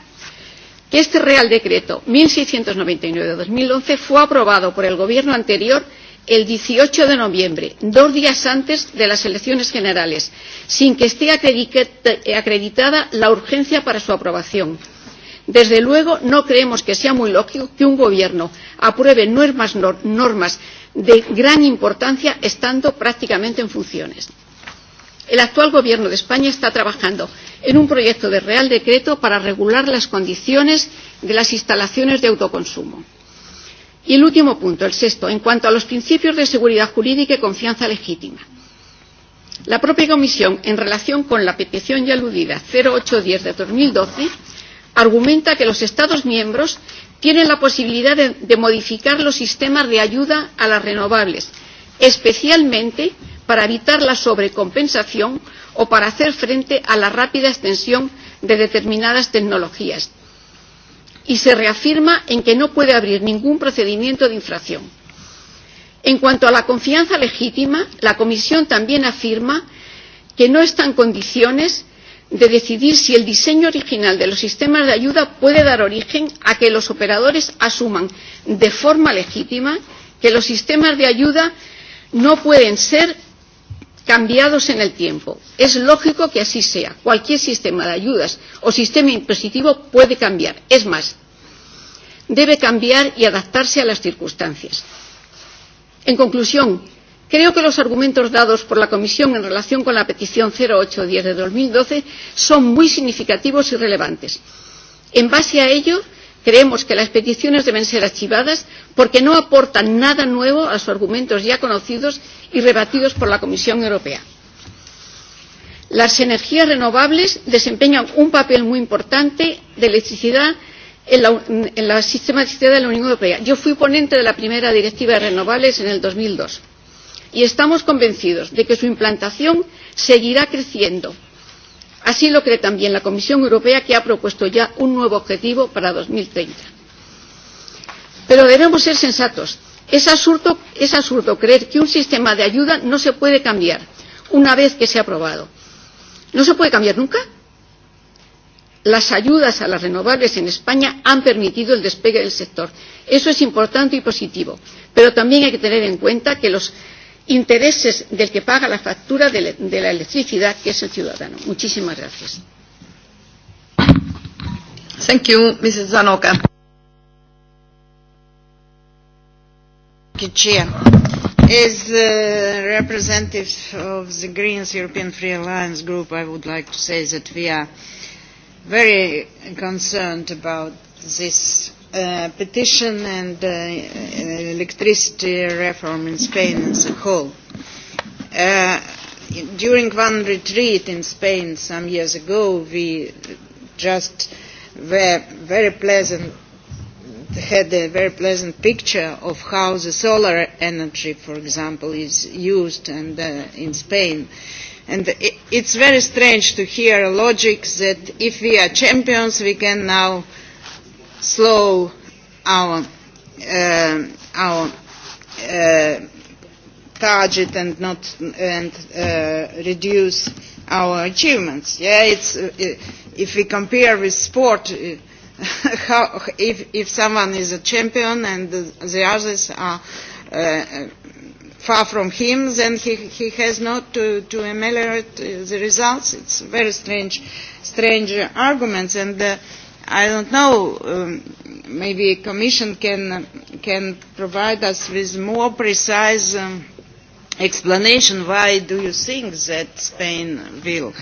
que este Real Decreto 1699-2011 fue aprobado por el Gobierno anterior el 18 de noviembre, dos días antes de las elecciones generales, sin que esté acreditada la urgencia para su aprobación Desde luego, no creemos que sea muy lógico que un gobierno apruebe normas, normas de gran importancia estando prácticamente en funciones. El actual Gobierno de España está trabajando en un proyecto de Real Decreto para regular las condiciones de las instalaciones de autoconsumo. Y el último punto, el sexto, en cuanto a los principios de seguridad jurídica y confianza legítima. La propia Comisión, en relación con la petición ya aludida 0810 de 2012, argumenta que los Estados miembros tienen la posibilidad de, de modificar los sistemas de ayuda a las renovables, especialmente para evitar la sobrecompensación o para hacer frente a la rápida extensión de determinadas tecnologías. Y se reafirma en que no puede abrir ningún procedimiento de infracción. En cuanto a la confianza legítima, la Comisión también afirma que no está en condiciones de decidir si el diseño original de los sistemas de ayuda puede dar origen a que los operadores asuman de forma legítima que los sistemas de ayuda no pueden ser cambiados en el tiempo. Es lógico que así sea. Cualquier sistema de ayudas o sistema impositivo puede cambiar. Es más, debe cambiar y adaptarse a las circunstancias. En conclusión, Creo que los argumentos dados por la Comisión en relación con la petición 0810 de 2012 son muy significativos y relevantes. En base a ello, creemos que las peticiones deben ser archivadas porque no aportan nada nuevo a los argumentos ya conocidos y rebatidos por la Comisión Europea. Las energías renovables desempeñan un papel muy importante de electricidad en, la, en el sistema de electricidad de la Unión Europea. Yo fui ponente de la primera directiva de renovables en el 2002 y estamos convencidos de que su implantación seguirá creciendo. Así lo cree también la Comisión Europea, que ha propuesto ya un nuevo objetivo para 2030. Pero debemos ser sensatos. Es absurdo, es absurdo creer que un sistema de ayuda no se puede cambiar una vez que se ha aprobado. ¿No se puede cambiar nunca? Las ayudas a las renovables en España han permitido el despegue del sector. Eso es importante y positivo. Pero también hay que tener en cuenta que los intereses del que paga la factura de, de la electricidad, que es el ciudadano. Muchísimas gracias. Thank you, Mrs. Zanoka. Chair. As uh, representative of the Greens European Free Alliance group, I would like to say that we are very concerned about this uh, petition and uh, electricity reform in Spain as a whole. Uh, during one retreat in Spain some years ago, we just were very pleasant, had a very pleasant picture of how the solar energy, for example, is used and, uh, in Spain. And it, it's very strange to hear a logic that if we are champions, we can now slow our, uh, our uh, target and not and uh, reduce our achievements. Yeah, it's uh, if we compare with sport, uh, how, if if someone is a champion and the, the others are. Uh, far from him, then he, he has not to, to ameliorate the results. It's very strange, strange arguments. And uh, I don't know, um, maybe Commission can, can provide us with more precise um, explanation why do you think that Spain will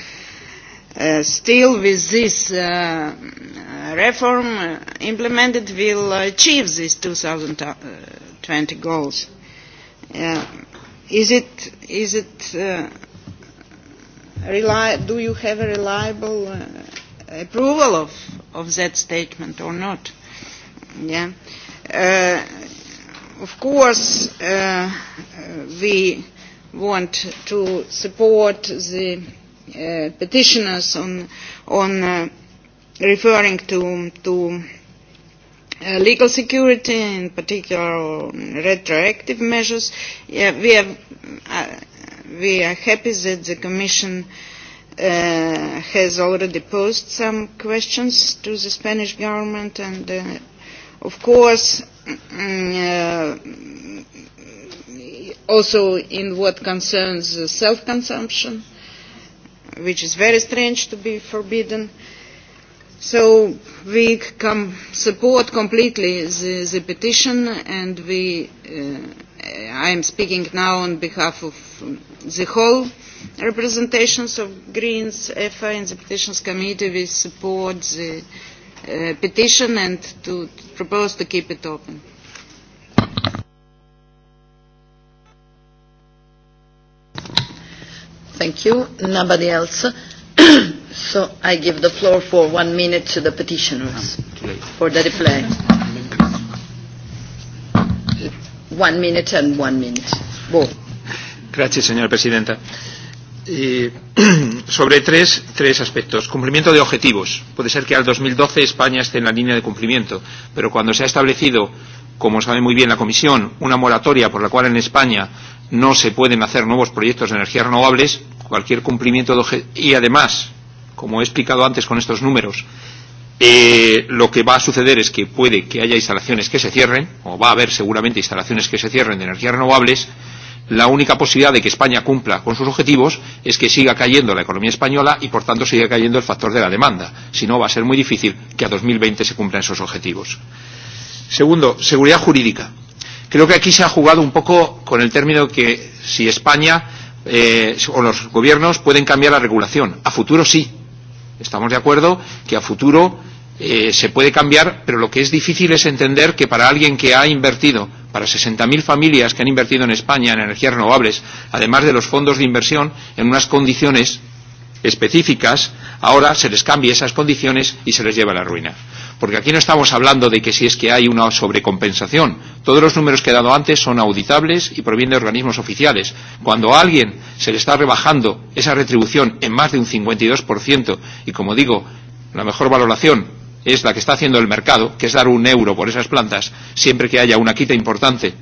uh, still with this uh, reform uh, implemented will achieve these 2020 goals. Uh, is it, is it uh, rely, do you have a reliable uh, approval of, of that statement or not. Yeah. Uh, of course, uh, uh, we want to support the uh, petitioners on, on uh, referring to, to uh, legal security, in particular um, retroactive measures. Yeah, we, have, uh, we are happy that the Commission uh, uh, has already posed some questions to the Spanish government, and uh, of course, mm, uh, also in what concerns self-consumption, which is very strange to be forbidden. So we com support completely the, the petition, and we. Uh, I am speaking now on behalf of the whole representations of Greens, EFA and the Petitions Committee. We support the uh, petition and to propose to keep it open. Thank you. Nobody else? so I give the floor for one minute to the petitioners um, for the reply. One minute and one minute. Both. Gracias, señora presidenta eh, sobre tres, tres aspectos. Cumplimiento de objetivos. Puede ser que al 2012 España esté en la línea de cumplimiento, pero cuando se ha establecido, como sabe muy bien la Comisión, una moratoria por la cual en España no se pueden hacer nuevos proyectos de energías renovables, cualquier cumplimiento de objetivos. Y además, como he explicado antes con estos números, eh, lo que va a suceder es que puede que haya instalaciones que se cierren, o va a haber seguramente instalaciones que se cierren de energías renovables, la única posibilidad de que España cumpla con sus objetivos es que siga cayendo la economía española y, por tanto, siga cayendo el factor de la demanda. Si no, va a ser muy difícil que a 2020 se cumplan esos objetivos. Segundo, seguridad jurídica. Creo que aquí se ha jugado un poco con el término que si España eh, o los gobiernos pueden cambiar la regulación. A futuro sí. Estamos de acuerdo que a futuro eh, se puede cambiar, pero lo que es difícil es entender que para alguien que ha invertido, para 60.000 familias que han invertido en España en energías renovables, además de los fondos de inversión, en unas condiciones específicas, ahora se les cambie esas condiciones y se les lleva a la ruina. Porque aquí no estamos hablando de que si es que hay una sobrecompensación. Todos los números que he dado antes son auditables y provienen de organismos oficiales. Cuando a alguien se le está rebajando esa retribución en más de un 52%, y como digo, la mejor valoración es la que está haciendo el mercado, que es dar un euro por esas plantas, siempre que haya una quita importante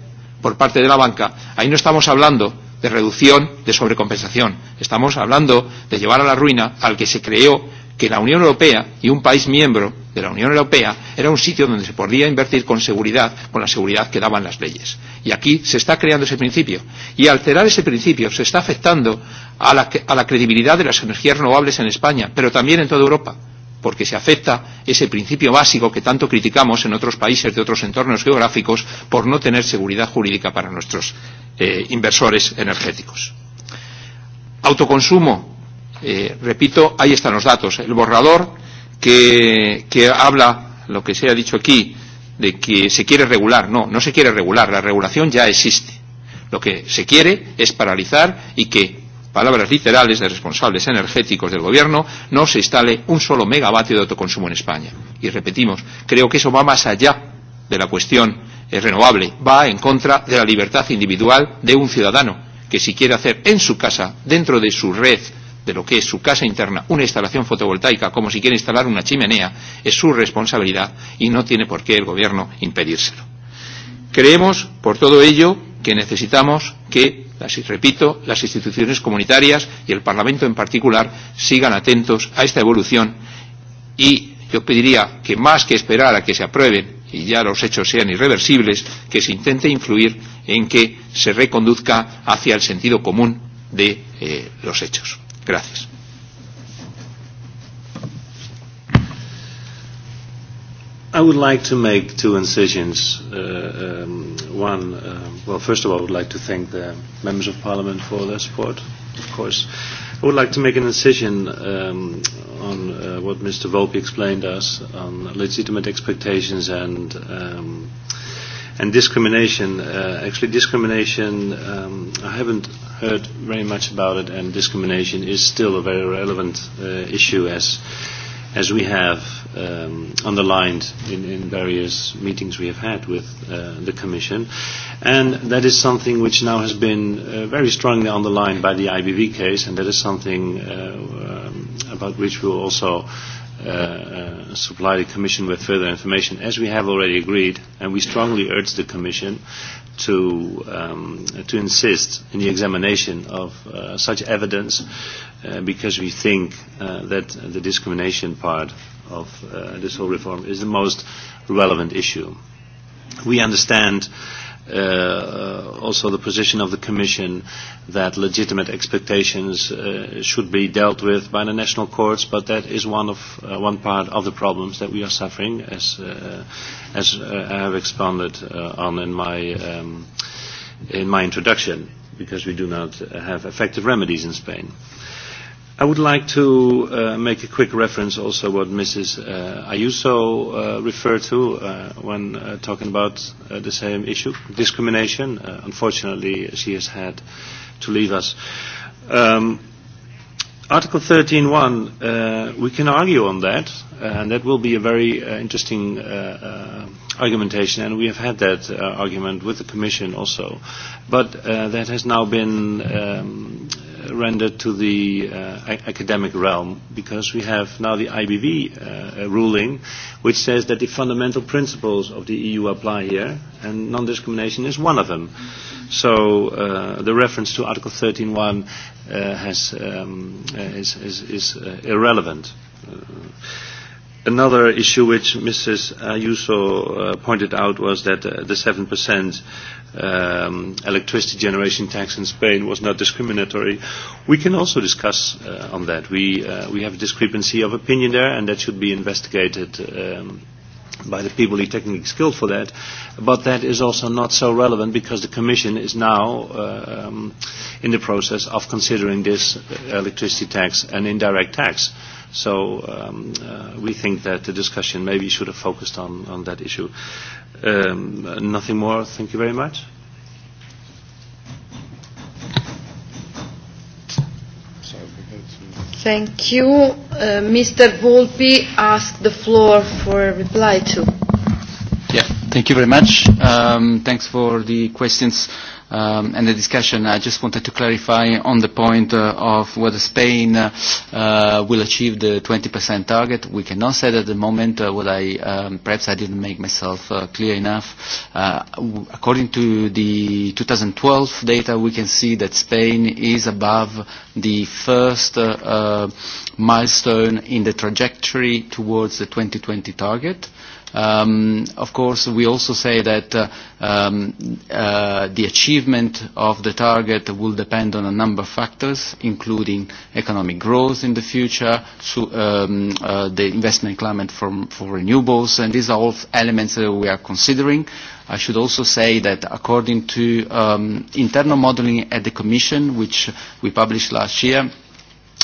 por parte de la banca, ahí no estamos hablando de reducción de sobrecompensación. Estamos hablando de llevar a la ruina al que se creó que la Unión Europea y un país miembro de la Unión Europea era un sitio donde se podía invertir con seguridad, con la seguridad que daban las leyes. Y aquí se está creando ese principio. Y alterar ese principio se está afectando a la, a la credibilidad de las energías renovables en España, pero también en toda Europa porque se afecta ese principio básico que tanto criticamos en otros países de otros entornos geográficos por no tener seguridad jurídica para nuestros eh, inversores energéticos. Autoconsumo. Eh, repito, ahí están los datos. El borrador que, que habla, lo que se ha dicho aquí, de que se quiere regular. No, no se quiere regular. La regulación ya existe. Lo que se quiere es paralizar y que palabras literales de responsables energéticos del Gobierno, no se instale un solo megavatio de autoconsumo en España. Y repetimos, creo que eso va más allá de la cuestión eh, renovable, va en contra de la libertad individual de un ciudadano que si quiere hacer en su casa, dentro de su red, de lo que es su casa interna, una instalación fotovoltaica, como si quiere instalar una chimenea, es su responsabilidad y no tiene por qué el Gobierno impedírselo. Creemos, por todo ello, que necesitamos que, las, repito, las instituciones comunitarias y el Parlamento en particular sigan atentos a esta evolución y yo pediría que más que esperar a que se aprueben y ya los hechos sean irreversibles, que se intente influir en que se reconduzca hacia el sentido común de eh, los hechos. Gracias. I would like to make two incisions. Uh, um, one, uh, well, first of all, I would like to thank the members of parliament for their support, of course. I would like to make an incision um, on uh, what Mr. Volpe explained us on legitimate expectations and um, and discrimination. Uh, actually, discrimination. Um, I haven't heard very much about it, and discrimination is still a very relevant uh, issue as. Uh, as we have um, underlined in, in various meetings we have had with uh, the Commission. And that is something which now has been uh, very strongly underlined by the IBV case, and that is something uh, um, about which we will also uh, uh, uh, supply the Commission with further information, as we have already agreed, and we strongly urge the Commission to, um, to insist in the examination of uh, such evidence uh, because we think uh, that the discrimination part of uh, this whole reform is the most relevant issue. We understand uh, uh, also the position of the Commission that legitimate expectations uh, should be dealt with by the national courts, but that is one of uh, one part of the problems that we are suffering, as uh, as uh, I have expounded uh, on in my um, in my introduction, because we do not have effective remedies in Spain. Uh, I would like to uh, make a quick reference also what Mrs. Uh, Ayuso uh, referred to uh, when uh, talking about uh, the same issue, discrimination. Uh, unfortunately, she has had to leave us. Um, Article 13.1, uh, we can argue on that, uh, and that will be a very uh, interesting uh, uh, argumentation, and we have had that uh, argument with the Commission also. But uh, that has now been um, rendered to the uh, academic realm because we have now the IBV uh, ruling which says that the fundamental principles of the EU apply here and non-discrimination is one of them. So uh, the reference to Article 13.1 uh, has, um, is, is, is uh, irrelevant. Uh, Another issue which Mrs. Ayuso uh, pointed out was that uh, the 7% um, electricity generation tax in Spain was not discriminatory. We can also discuss uh, on that. We, uh, we have a discrepancy of opinion there, and that should be investigated um, by the people who are technically skilled for that. But that is also not so relevant because the Commission is now um, in the process of considering this electricity tax an indirect tax. Uh, So um, uh, we think that the discussion maybe should have focused on, on that issue. Um, nothing more. Thank you very much. Thank you. Uh, Mr. Volpi asked the floor for a reply to. Yeah, thank you very much. Um, thanks for the questions um, and the discussion, I just wanted to clarify on the point uh, of whether Spain uh, uh, will achieve the 20% target. We cannot say that at the moment. Uh, what I um, perhaps I didn't make myself uh, clear enough. Uh, according to the 2012 data, we can see that Spain is above the first uh, uh, milestone in the trajectory towards the 2020 target. Uh, Um, of course, we also say that uh, um, uh, the achievement of the target will depend on a number of factors, including economic growth in the future, so, um, uh, the investment climate from, for renewables, and these are all elements that we are considering. I should also say that according to um, internal modeling at the Commission, which we published last year,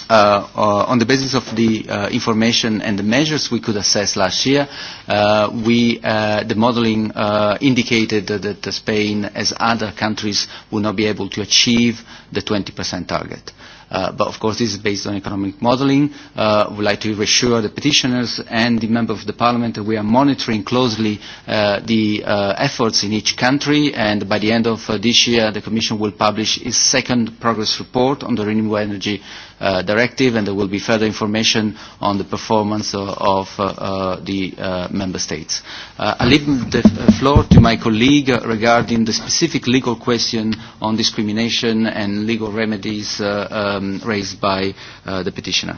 uh, uh, on the basis of the uh, information and the measures we could assess last year, uh, we, uh, the modeling uh, indicated that, that Spain, as other countries, will not be able to achieve the 20% target. Uh, but of course, this is based on economic modeling. Uh, we'd like to reassure the petitioners and the members of the parliament that we are monitoring closely uh, the uh, efforts in each country. And by the end of uh, this year, the Commission will publish its second progress report on the renewable energy uh, directive, and there will be further information on the performance uh, of uh, uh, the uh, member states. Uh, I leave the uh, floor to my colleague regarding the specific legal question on discrimination and legal remedies uh, um, raised by uh, the petitioner.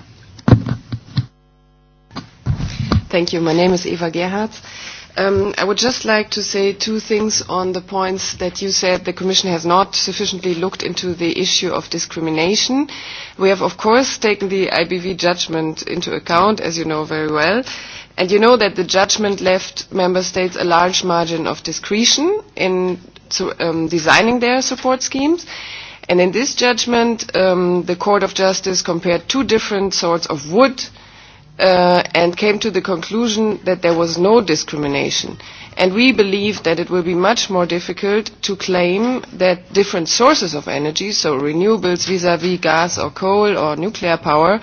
Thank you. My name is Eva Gerhardt. Um, I would just like to say two things on the points that you said the Commission has not sufficiently looked into the issue of discrimination. We have, of course, taken the IBV judgment into account, as you know very well. And you know that the judgment left member states a large margin of discretion in so, um, designing their support schemes. And in this judgment, um, the Court of Justice compared two different sorts of wood uh, uh, and came to the conclusion that there was no discrimination. And we believe that it will be much more difficult to claim that different sources of energy, so renewables vis-à-vis -vis gas or coal or nuclear power,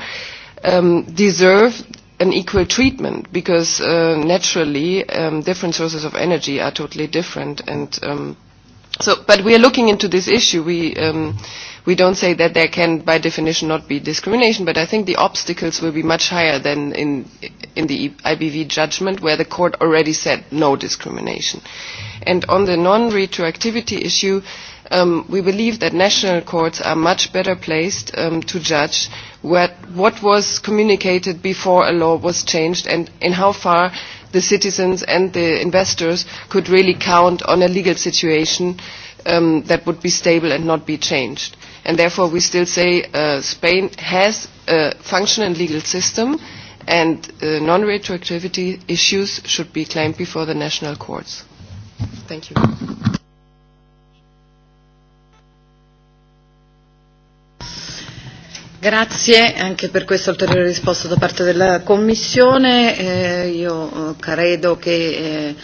um, deserve an equal treatment because uh, naturally um, different sources of energy are totally different. And um, so, but we are looking into this issue. We um, we don't say that there can, by definition, not be discrimination, but I think the obstacles will be much higher than in, in the IBV judgment, where the court already said no discrimination. And on the non-retroactivity issue, um, we believe that national courts are much better placed um, to judge what, what was communicated before a law was changed and in how far the citizens and the investors could really count on a legal situation um, that would be stable and not be changed. And therefore, we still say uh, Spain has a functioning legal system, and uh, non-retroactivity issues should be claimed before the national courts. Thank you. Grazie anche per questa ulteriore risposta da parte della Commissione. Eh, io eh, credo che eh,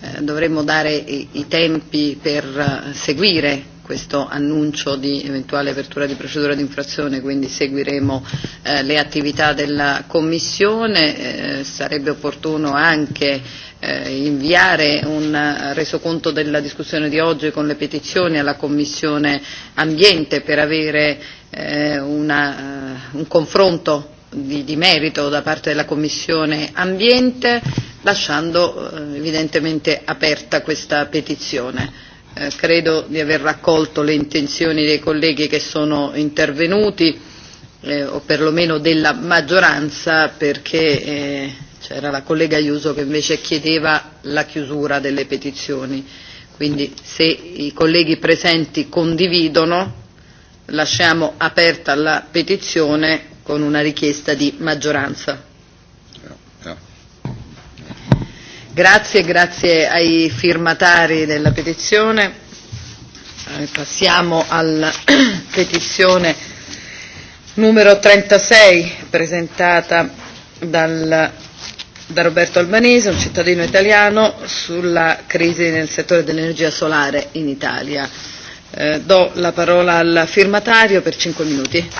eh, dovremmo dare i, i tempi per eh, seguire questo annuncio di eventuale apertura di procedura di infrazione, quindi seguiremo eh, le attività della Commissione. Eh, sarebbe opportuno anche eh, inviare un resoconto della discussione di oggi con le petizioni alla Commissione Ambiente per avere eh, una, eh, un confronto di, di merito da parte della Commissione Ambiente, lasciando eh, evidentemente aperta questa petizione Eh, credo di aver raccolto le intenzioni dei colleghi che sono intervenuti, eh, o perlomeno della maggioranza, perché eh, c'era la collega Iuso che invece chiedeva la chiusura delle petizioni. Quindi se i colleghi presenti condividono, lasciamo aperta la petizione con una richiesta di maggioranza. Grazie, grazie ai firmatari della petizione. Eh, passiamo alla petizione numero 36 presentata dal, da Roberto Albanese, un cittadino italiano, sulla crisi nel settore dell'energia solare in Italia. Eh, do la parola al firmatario per 5 minuti.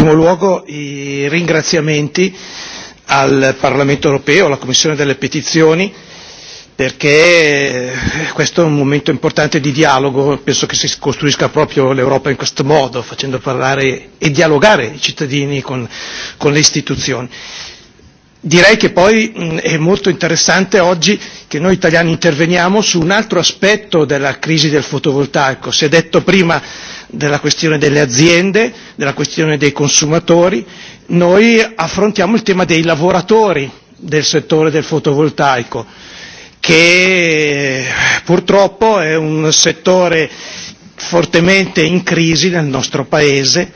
primo luogo i ringraziamenti al Parlamento europeo, alla Commissione delle petizioni, perché questo è un momento importante di dialogo, penso che si costruisca proprio l'Europa in questo modo, facendo parlare e dialogare i cittadini con, con le istituzioni. Direi che poi mh, è molto interessante oggi che noi italiani interveniamo su un altro aspetto della crisi del fotovoltaico. Si è detto prima della questione delle aziende, della questione dei consumatori, noi affrontiamo il tema dei lavoratori del settore del fotovoltaico, che eh, purtroppo è un settore fortemente in crisi nel nostro Paese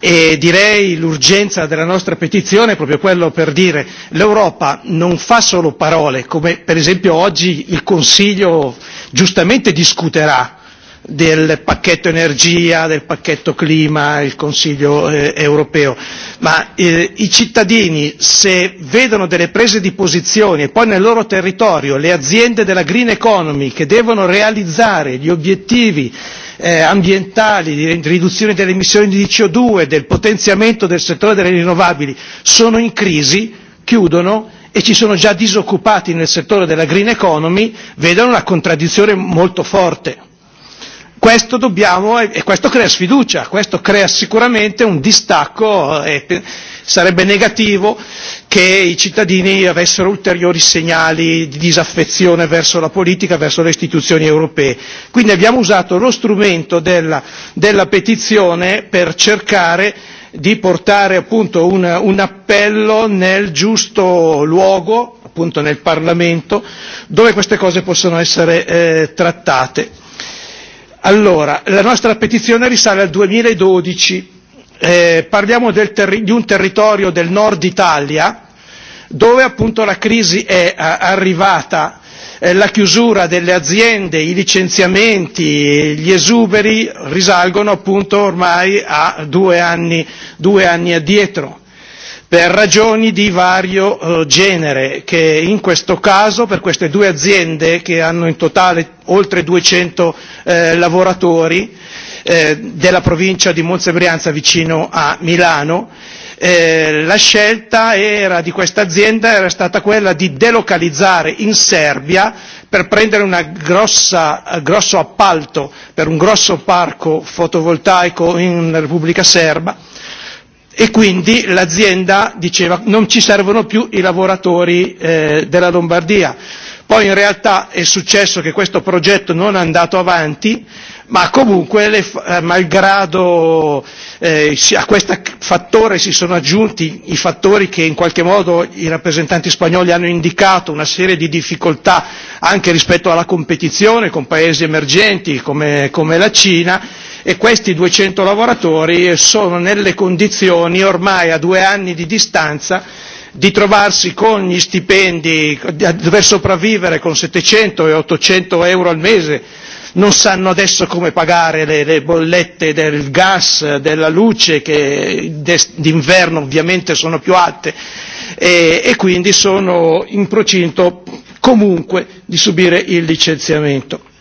e direi l'urgenza della nostra petizione è proprio quello per dire l'Europa non fa solo parole, come per esempio oggi il Consiglio giustamente discuterà del pacchetto energia, del pacchetto clima, il Consiglio eh, europeo, ma eh, i cittadini se vedono delle prese di posizione e poi nel loro territorio le aziende della green economy che devono realizzare gli obiettivi eh, ambientali, di riduzione delle emissioni di CO2, del potenziamento del settore delle rinnovabili sono in crisi, chiudono e ci sono già disoccupati nel settore della green economy, vedono una contraddizione molto forte. Questo dobbiamo, e, e questo crea sfiducia, questo crea sicuramente un distacco eh, e sarebbe negativo che i cittadini avessero ulteriori segnali di disaffezione verso la politica, verso le istituzioni europee. Quindi abbiamo usato lo strumento della, della petizione per cercare di portare appunto un, un appello nel giusto luogo, appunto nel Parlamento, dove queste cose possono essere eh, trattate Allora, la nostra petizione risale al 2012. Eh, parliamo del terri- di un territorio del nord Italia dove appunto la crisi è a- arrivata, eh, la chiusura delle aziende, i licenziamenti, gli esuberi risalgono appunto ormai a due anni, due anni addietro per ragioni di vario eh, genere che in questo caso per queste due aziende che hanno in totale oltre 200 eh, lavoratori eh, della provincia di Monza e Brianza vicino a Milano eh, la scelta era, di questa azienda era stata quella di delocalizzare in Serbia per prendere un eh, grosso appalto per un grosso parco fotovoltaico in Repubblica Serba e quindi l'azienda diceva non ci servono più i lavoratori eh, della Lombardia. Poi in realtà è successo che questo progetto non è andato avanti, ma comunque le, eh, malgrado eh, a questo fattore si sono aggiunti i fattori che in qualche modo i rappresentanti spagnoli hanno indicato, una serie di difficoltà anche rispetto alla competizione con paesi emergenti come, come la Cina e questi 200 lavoratori sono nelle condizioni ormai a due anni di distanza di trovarsi con gli stipendi, a dover sopravvivere con 700 e 800 euro al mese, non sanno adesso come pagare le, le bollette del gas, della luce, che d'inverno ovviamente sono più alte, e, e quindi sono in procinto comunque di subire il licenziamento.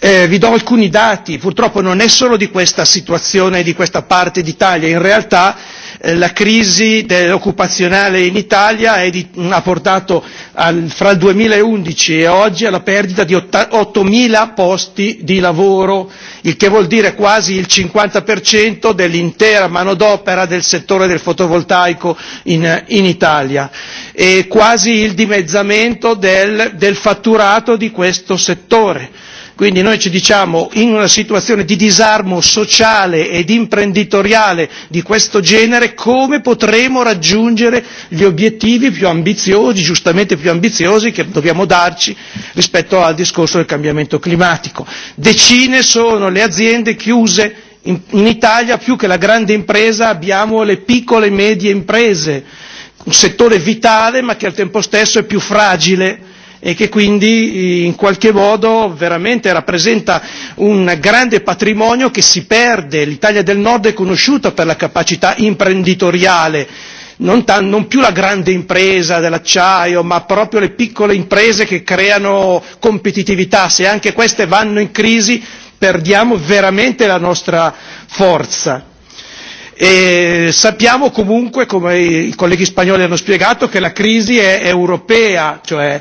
Eh, vi do alcuni dati, purtroppo non è solo di questa situazione, di questa parte d'Italia, in realtà Eh, la crisi occupazionale in Italia è di, ha portato al, fra il 2011 e, e oggi alla perdita di 8.000 posti di lavoro, il che vuol dire quasi il 50% dell'intera manodopera del settore del fotovoltaico in, in Italia e quasi il dimezzamento del, del fatturato di questo settore Quindi noi ci diciamo in una situazione di disarmo sociale ed imprenditoriale di questo genere come potremo raggiungere gli obiettivi più ambiziosi, giustamente più ambiziosi, che dobbiamo darci rispetto al discorso del cambiamento climatico. Decine sono le aziende chiuse in, in Italia, più che la grande impresa abbiamo le piccole e medie imprese, un settore vitale ma che al tempo stesso è più fragile e che quindi eh, in qualche modo veramente rappresenta un grande patrimonio che si perde. L'Italia del Nord è conosciuta per la capacità imprenditoriale, non, tan- non più la grande impresa dell'acciaio, ma proprio le piccole imprese che creano competitività. Se anche queste vanno in crisi perdiamo veramente la nostra forza. E sappiamo comunque, come i colleghi spagnoli hanno spiegato, che la crisi è europea, cioè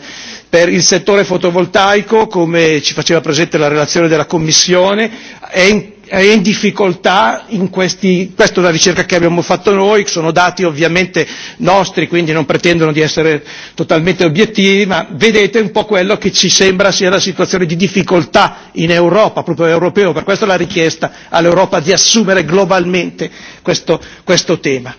Per il settore fotovoltaico, come ci faceva presente la relazione della Commissione, è in, è in difficoltà in questi, questa è una ricerca che abbiamo fatto noi, sono dati ovviamente nostri, quindi non pretendono di essere totalmente obiettivi, ma vedete un po' quello che ci sembra sia la situazione di difficoltà in Europa, proprio europeo, per questo la richiesta all'Europa di assumere globalmente questo, questo tema.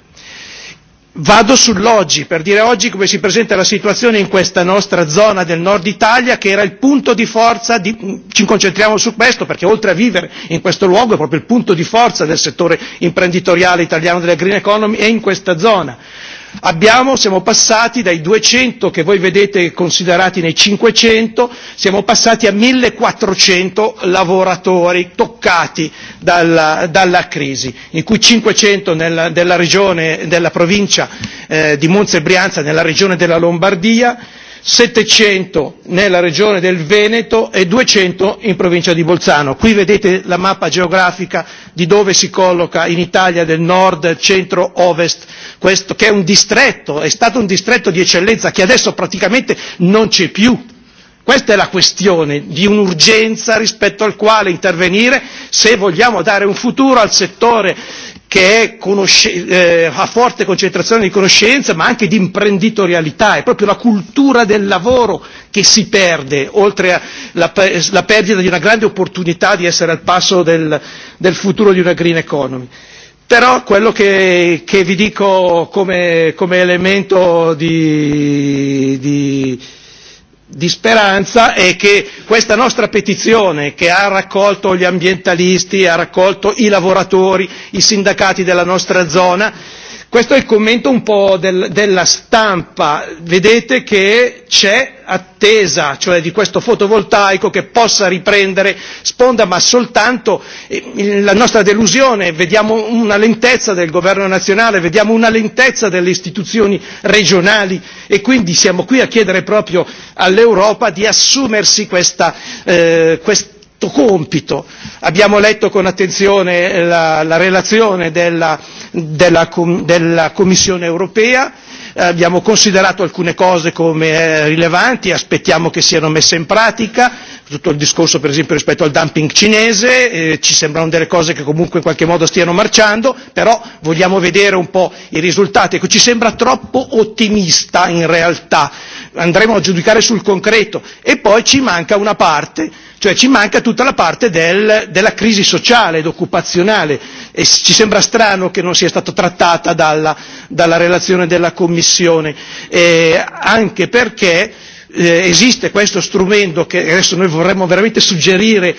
Vado sull'oggi per dire oggi come si presenta la situazione in questa nostra zona del nord Italia che era il punto di forza, di, mm, ci concentriamo su questo perché oltre a vivere in questo luogo è proprio il punto di forza del settore imprenditoriale italiano della green economy è in questa zona. Abbiamo, siamo passati dai 200 che voi vedete considerati nei 500, siamo passati a 1400 lavoratori toccati dalla, dalla crisi, in cui 500 nella, della regione, della provincia eh, di Monza e Brianza, nella regione della Lombardia, settecento nella regione del veneto e duecento in provincia di bolzano qui vedete la mappa geografica di dove si colloca in italia del nord centro ovest questo che è un distretto è stato un distretto di eccellenza che adesso praticamente non c'è più questa è la questione di un'urgenza rispetto al quale intervenire se vogliamo dare un futuro al settore che è conosce- eh, a forte concentrazione di conoscenza ma anche di imprenditorialità, è proprio la cultura del lavoro che si perde, oltre alla pe- la perdita di una grande opportunità di essere al passo del, del futuro di una green economy. Però quello che, che vi dico come, come elemento di, di, eh, di speranza è che questa nostra petizione che ha raccolto gli ambientalisti, ha raccolto i lavoratori, i sindacati della nostra zona, Questo è il commento un po' del, della stampa. Vedete che c'è attesa, cioè di questo fotovoltaico che possa riprendere sponda, ma soltanto eh, la nostra delusione, vediamo una lentezza del governo nazionale, vediamo una lentezza delle istituzioni regionali e quindi siamo qui a chiedere proprio all'Europa di assumersi questa, eh, questa alto compito. Abbiamo letto con attenzione la, la relazione della, della, della Commissione europea, abbiamo considerato alcune cose come eh, rilevanti, aspettiamo che siano messe in pratica, tutto il discorso per esempio rispetto al dumping cinese, eh, ci sembrano delle cose che comunque in qualche modo stiano marciando, però vogliamo vedere un po' i risultati. Ecco, ci sembra troppo ottimista in realtà andremo a giudicare sul concreto e poi ci manca una parte cioè ci manca tutta la parte del, della crisi sociale ed occupazionale e ci sembra strano che non sia stata trattata dalla, dalla relazione della commissione eh, anche perché eh, esiste questo strumento che adesso noi vorremmo veramente suggerire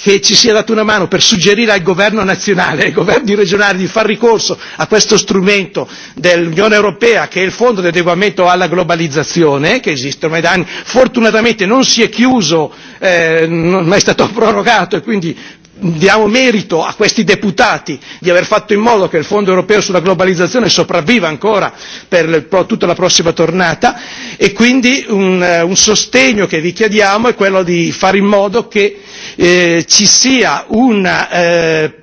che ci sia data una mano per suggerire al governo nazionale, ai governi regionali di far ricorso a questo strumento dell'Unione Europea che è il fondo di adeguamento alla globalizzazione che esiste ormai da anni, fortunatamente non si è chiuso, eh, non è stato prorogato e quindi diamo merito a questi deputati di aver fatto in modo che il fondo europeo sulla globalizzazione sopravviva ancora per tutta la prossima tornata e quindi un, eh, un sostegno che vi chiediamo è quello di fare in modo che eh, ci sia una eh,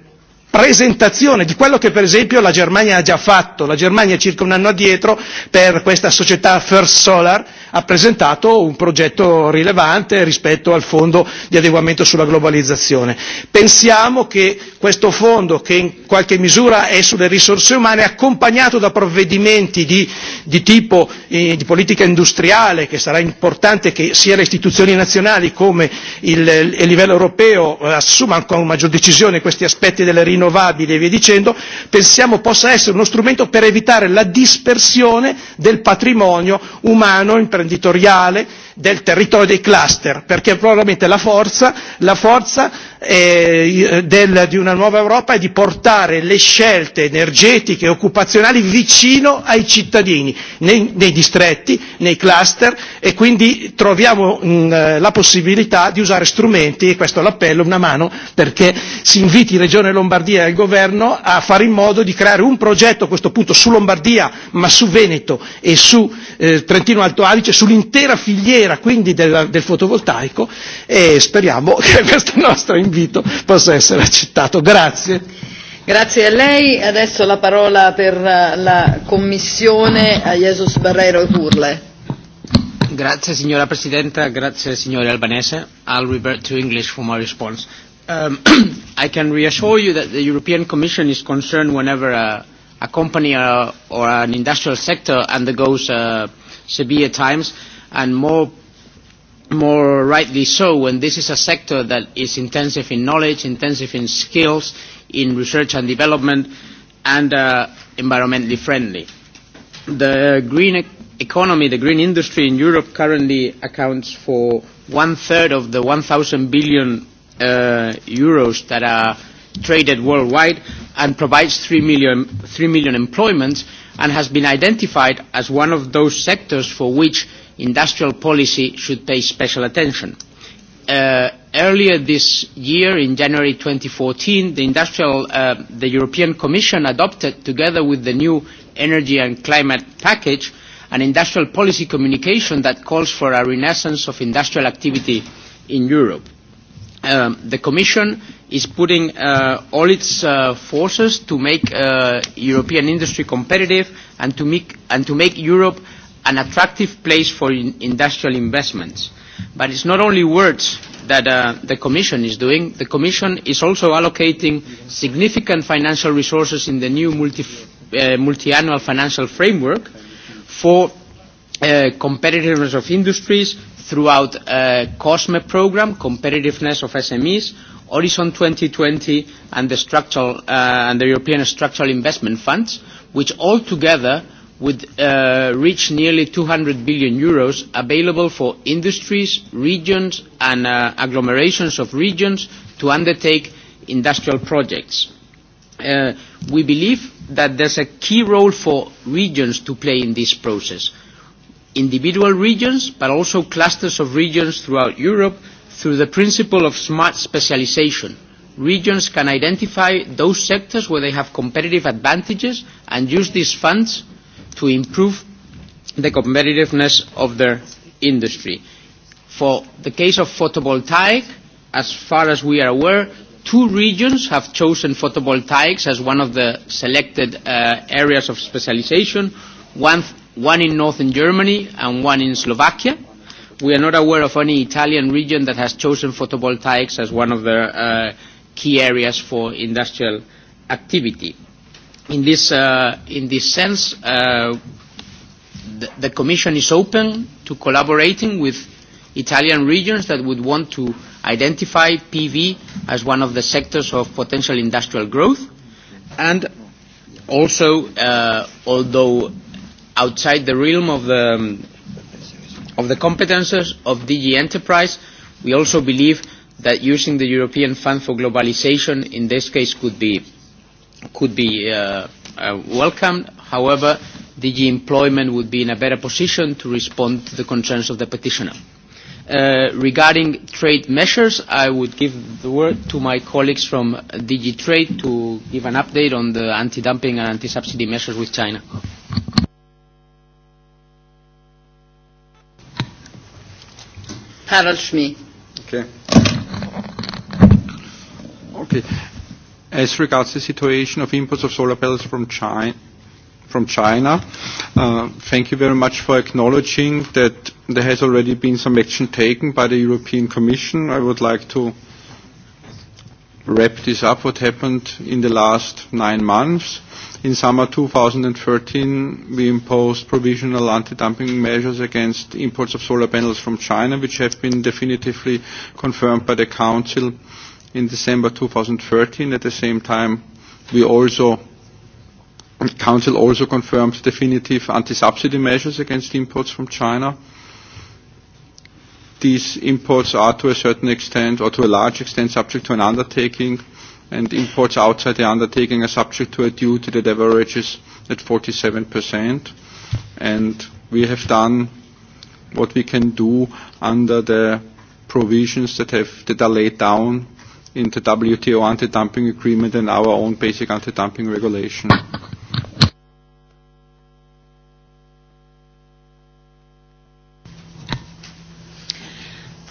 presentazione di quello che per esempio la Germania ha già fatto. La Germania circa un anno addietro per questa società First Solar ha presentato un progetto rilevante rispetto al fondo di adeguamento sulla globalizzazione. Pensiamo che questo fondo, che in qualche misura è sulle risorse umane, accompagnato da provvedimenti di, di tipo eh, di politica industriale, che sarà importante che sia le istituzioni nazionali come il, il livello europeo eh, assumano con maggior decisione questi aspetti delle rinnovabili, rinnovabili e via dicendo, pensiamo possa essere uno strumento per evitare la dispersione del patrimonio umano, imprenditoriale, del territorio dei cluster, perché probabilmente la forza, la forza eh, del, di una nuova Europa è e di portare le scelte energetiche e occupazionali vicino ai cittadini, nei, nei distretti, nei cluster e quindi troviamo mh, mm, la possibilità di usare strumenti, e questo è l'appello, una mano perché si inviti Regione Lombardia e il governo a fare in modo di creare un progetto a questo punto su Lombardia ma su Veneto e su eh, Trentino Alto Adige, sull'intera filiera quindi del, del fotovoltaico e speriamo che questa nostra invito possa essere accettato. Grazie. Grazie a lei. Adesso la parola per eh, la Commissione a Jesus Barreiro e Curle. Grazie signora Presidenta, grazie signore Albanese. I'll revert to English for my response. Um, I can reassure you that the European Commission is concerned whenever a, a company or, uh, or an industrial sector undergoes uh, severe times and more more rightly so, when this is a sector that is intensive in knowledge, intensive in skills, in research and development, and uh, environmentally friendly. The green e-, economy, the green industry in Europe currently accounts for one third of the 1,000 billion uh, euros that are traded worldwide and provides 3 million, 3 million employments and has been identified as one of those sectors for which industrial policy should pay special attention. Uh, earlier this year, in January 2014, the, industrial, uh, the European Commission adopted, together with the new energy and climate package, an industrial policy communication that calls for a renaissance of industrial activity in Europe. Um, the Commission is putting uh, all its uh, forces to make uh, European industry competitive and to make, and to make Europe uh, an attractive place for in industrial investments. But it's not only words that uh, the Commission is doing. The Commission is also allocating significant financial resources in the new multi, uh, multi-annual financial framework for uh, competitiveness of industries throughout uh, COSME program, competitiveness of SMEs, Horizon 2020 and the, structural, uh, and the European Structural Investment Funds, which all together would uh, reach nearly 200 billion euros available for industries, regions and uh, agglomerations of regions to undertake industrial projects. Uh, we believe that there's a key role for regions to play in this process. Individual regions, but also clusters of regions throughout Europe through the principle of smart specialization. Regions can identify those sectors where they have competitive advantages and use these funds to improve the competitiveness of their industry. For the case of photovoltaic, as far as we are aware, two regions have chosen photovoltaics as one of the selected uh, areas of specialization, one, one in northern Germany and one in Slovakia. We are not aware of any Italian region that has chosen photovoltaics as one of the uh, key areas for industrial activity in this, uh, in this sense, uh, the, the Commission is open to collaborating with Italian regions that would want to identify PV as one of the sectors of potential industrial growth. And also, uh, although outside the realm of the, um, of the competences of DG Enterprise, we also believe that using the European Fund for Globalization in this case could be could be uh, uh, welcomed. However, DG Employment would be in a better position to respond to the concerns of the petitioner. Uh, regarding trade measures, I would give the word to my colleagues from DG Trade to give an update on the anti-dumping and anti-subsidy measures with China. Harold Schmee. Okay. Okay. As regards the situation of imports of solar panels from China, from China. Uh, thank you very much for acknowledging that there has already been some action taken by the European Commission. I would like to wrap this up, what happened in the last nine months. In summer 2013, we imposed provisional anti-dumping measures against imports of solar panels from China, which have been definitively confirmed by the Council in December 2013. At the same time, we also Council also confirmed definitive anti-subsidy measures against imports from China. These imports are to a certain extent or to a large extent subject to an undertaking and imports outside the undertaking are subject to a duty that averages at 47%. And we have done what we can do under the provisions that, have, that are laid down in the WTO anti-dumping agreement and our own basic anti-dumping regulation.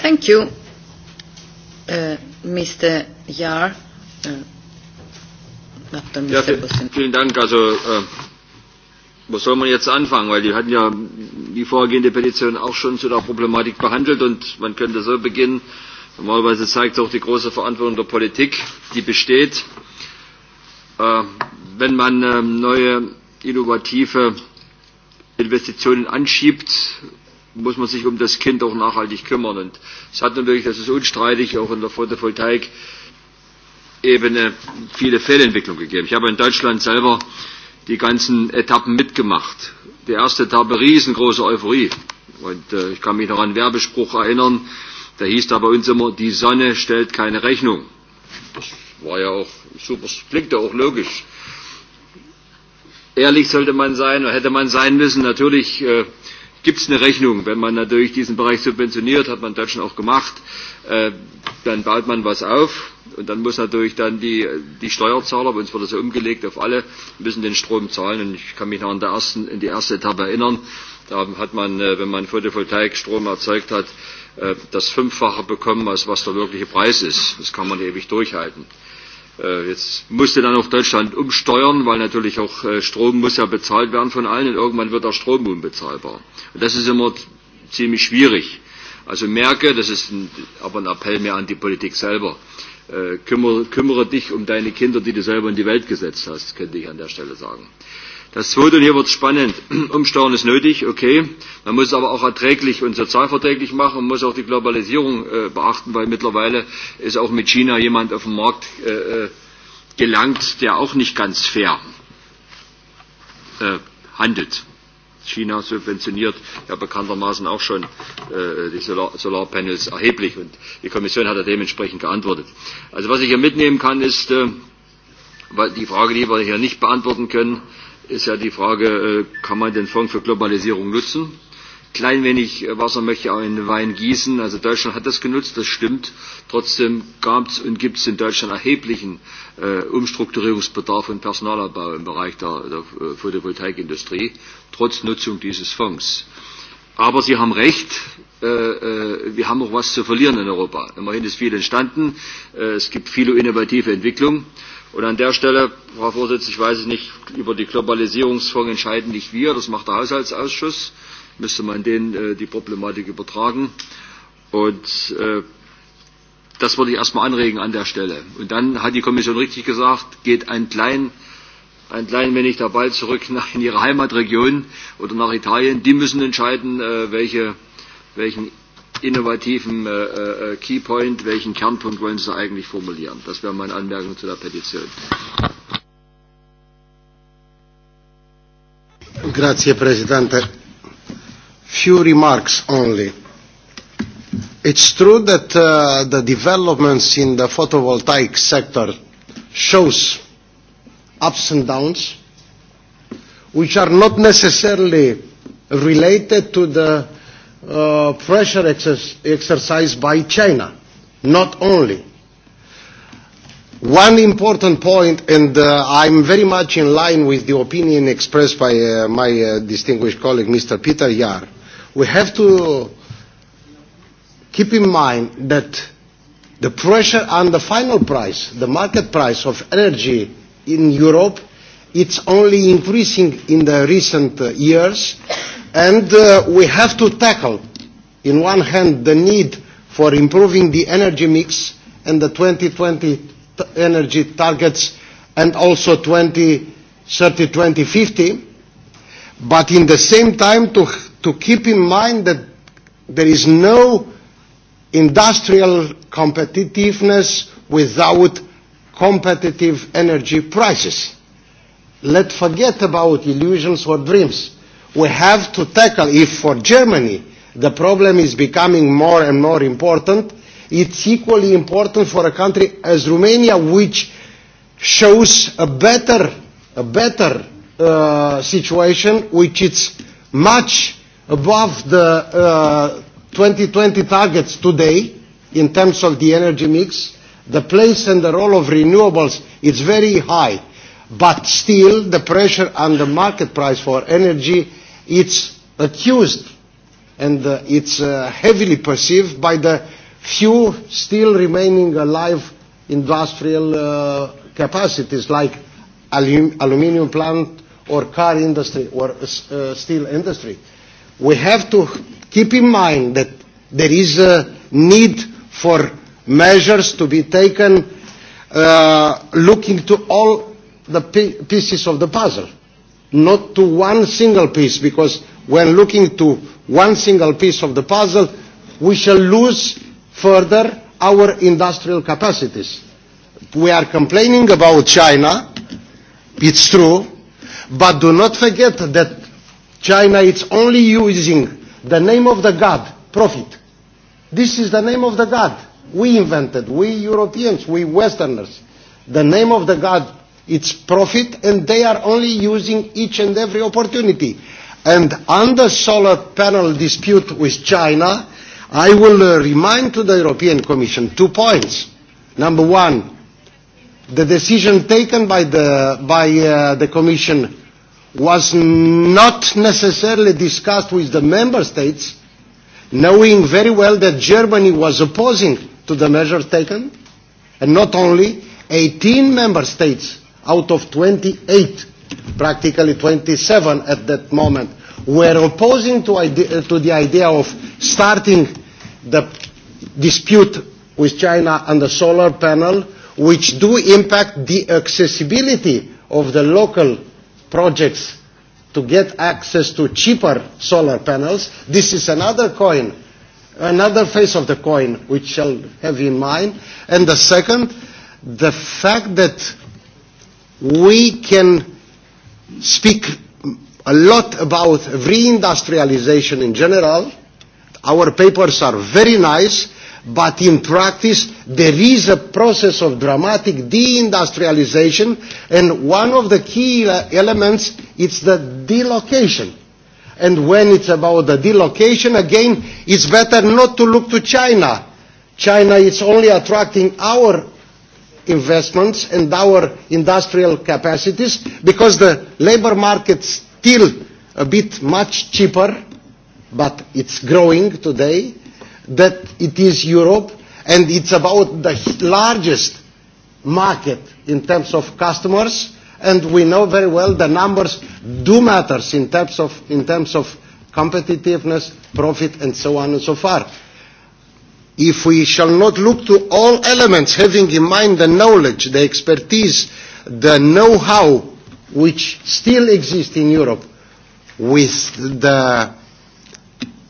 Thank you, uh, Mr. Jahr. Uh, Dr. Mr. Ja, vielen Dank. Also, äh, wo soll man jetzt anfangen? Weil die hatten ja die vorgehende Petition auch schon zu der Problematik behandelt und man könnte so beginnen. Äh, Normalerweise zeigt auch die große Verantwortung der Politik, die besteht, äh, wenn man äh, neue innovative Investitionen anschiebt, muss man sich um das Kind auch nachhaltig kümmern. Und es hat natürlich, das ist unstreitig, auch in der Photovoltaik Ebene viele Fehlentwicklungen gegeben. Ich habe in Deutschland selber die ganzen Etappen mitgemacht. Die erste Etappe riesengroße Euphorie. Und äh, ich kann mich noch an einen Werbespruch erinnern, äh, Da hieß da bei uns immer, die Sonne stellt keine Rechnung. Das war ja auch super, klingt ja auch logisch. Ehrlich sollte man sein, oder hätte man sein müssen. Natürlich äh, gibt es eine Rechnung. Wenn man natürlich diesen Bereich subventioniert, hat man in Deutschland auch gemacht, äh, dann baut man was auf und dann muss natürlich dann die, die Steuerzahler, bei uns wurde das ja umgelegt auf alle, müssen den Strom zahlen. Und ich kann mich noch an, der ersten, in die erste Etappe erinnern. Äh, Da hat man, äh, wenn man Photovoltaikstrom erzeugt hat, äh, das Fünffache bekommen, als was der wirkliche Preis ist. Das kann man ewig durchhalten. Äh, jetzt musste dann auch Deutschland umsteuern, weil natürlich auch Strom muss ja bezahlt werden von allen und irgendwann wird auch Strom unbezahlbar. Und das ist immer ziemlich schwierig. Also merke, das ist ein, aber ein Appell mehr an die Politik selber. Äh, kümmere, kümmere dich um deine Kinder, die du selber in die Welt gesetzt hast, könnte ich an der Stelle sagen. Äh, Das zweite, und hier wird spannend, Umsteuern ist nötig, okay. Man muss es aber auch erträglich und sozialverträglich machen und muss auch die Globalisierung äh, beachten, weil mittlerweile ist auch mit China jemand auf den Markt äh, äh, gelangt, der auch nicht ganz fair äh, handelt. China subventioniert ja bekanntermaßen auch schon äh, die Solar Solarpanels erheblich und die Kommission hat ja dementsprechend geantwortet. Also was ich hier mitnehmen kann, ist äh, die Frage, die wir hier nicht beantworten können, äh, ist ja die Frage, äh, kann man den Fonds für Globalisierung nutzen? Klein wenig äh, Wasser möchte ich auch in den Wein gießen. Also Deutschland hat das genutzt, das stimmt. Trotzdem gab es und gibt es in Deutschland erheblichen äh, Umstrukturierungsbedarf und Personalabbau im Bereich der, der äh, Photovoltaikindustrie, trotz Nutzung dieses Fonds. Aber Sie haben recht, äh, äh, wir haben noch was zu verlieren in Europa. Immerhin ist viel entstanden, äh, es gibt viele innovative Entwicklungen. Äh, Und an der Stelle, Frau Vorsitzende, ich weiß es nicht, über die Globalisierungsfonds entscheiden nicht wir, das macht der Haushaltsausschuss, müsste man denen äh, die Problematik übertragen. Und äh, das würde ich erstmal anregen an der Stelle. Und dann hat die Kommission richtig gesagt, geht ein klein, ein klein wenig der Ball zurück nach, in ihre Heimatregion oder nach Italien. Die müssen entscheiden, äh, welche, welchen innovativen äh, äh, äh, Keypoint, welchen Kernpunkt wollen Sie eigentlich formulieren? Das wäre meine Anmerkung zu der Petition. Grazie Presidente. Few remarks only. It's true that uh, the developments in the photovoltaic sector shows ups and downs, which are not necessarily related to the uh, pressure ex- exercised by China, not only. One important point, and uh, I'm very much in line with the opinion expressed by uh, my uh, distinguished colleague, Mr. Peter Yar. We have to keep in mind that the pressure on the final price, the market price of energy in Europe, it's only increasing in the recent uh, years And uh, we have to tackle, in one hand, the need for improving the energy mix and the 2020 t- energy targets and also 20, 30, 20, 50, but in the same time to, to keep in mind that there is no industrial competitiveness without competitive energy prices. Let's forget about illusions or dreams We have to tackle, if for Germany the problem is becoming more and more important, it's equally important for a country as Romania, which shows a better, a better uh, situation, which is much above the uh, 2020 targets today in terms of the energy mix. The place and the role of renewables is very high, but still the pressure on the market price for energy it's accused and uh, it's uh, heavily perceived by the few still remaining alive industrial uh, capacities like alum aluminium plant or car industry or uh, steel industry. We have to keep in mind that there is a need for measures to be taken uh, looking to all the pieces of the puzzle not to one single piece, because when looking to one single piece of the puzzle, we shall lose further our industrial capacities. We are complaining about China, it's true, but do not forget that China is only using the name of the God, profit. This is the name of the God. We invented, we Europeans, we Westerners. The name of the God, its profit, and they are only using each and every opportunity. And on the solar panel dispute with China, I will uh, remind to the European Commission two points. Number one, the decision taken by the, by, uh, the Commission was not necessarily discussed with the member states, knowing very well that Germany was opposing to the measures taken, and not only 18 member states out of 28, practically 27 at that moment, were opposing to, idea, to the idea of starting the dispute with China on the solar panel, which do impact the accessibility of the local projects to get access to cheaper solar panels. This is another coin, another face of the coin, which shall have in mind. And the second, the fact that we can speak a lot about reindustrialization in general. Our papers are very nice, but in practice there is a process of dramatic deindustrialization and one of the key elements is the delocation. And when it's about the delocation, again, it's better not to look to China. China is only attracting our investments and our industrial capacities because the labor market still a bit much cheaper, but it's growing today, that it is Europe and it's about the largest market in terms of customers and we know very well the numbers do matters in terms of, in terms of competitiveness, profit and so on and so forth if we shall not look to all elements, having in mind the knowledge, the expertise, the know-how which still exists in Europe, with the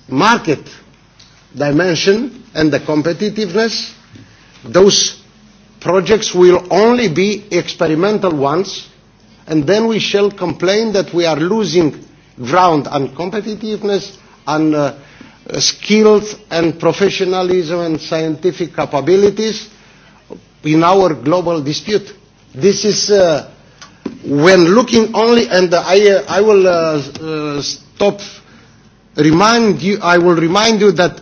market dimension and the competitiveness, those projects will only be experimental ones, and then we shall complain that we are losing ground on competitiveness, on uh, skills and professionalism and scientific capabilities in our global dispute. This is, uh, when looking only, and I, uh, I will uh, uh, stop, remind you, I will remind you that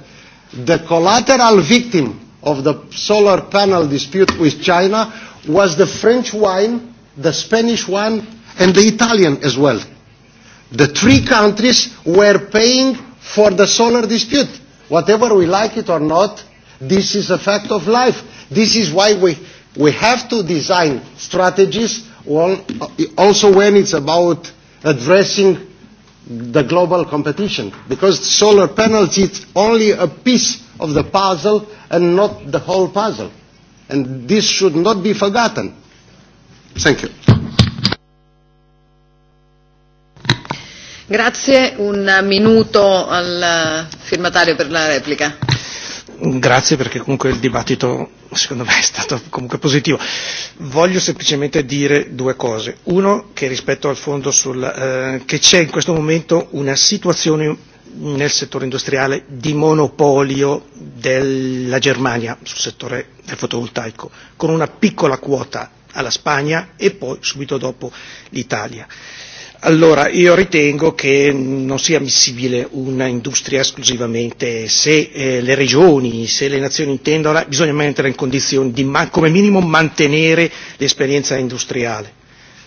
the collateral victim of the solar panel dispute with China was the French wine, the Spanish one, and the Italian as well. The three countries were paying for the solar dispute. Whatever we like it or not, this is a fact of life. This is why we, we have to design strategies all, also when it's about addressing the global competition. Because solar panels, it's only a piece of the puzzle and not the whole puzzle. And this should not be forgotten. Thank you. Grazie, un minuto al firmatario per la replica. Grazie perché comunque il dibattito secondo me è stato comunque positivo. Voglio semplicemente dire due cose. Uno che rispetto al fondo sul, eh, che c'è in questo momento una situazione nel settore industriale di monopolio della Germania sul settore del fotovoltaico, con una piccola quota alla Spagna e poi subito dopo l'Italia. Eh, Allora, io ritengo che non sia ammissibile una industria esclusivamente. Se eh, le regioni, se le nazioni intendono, bisogna mettere in condizioni di, ma- come minimo, mantenere l'esperienza industriale.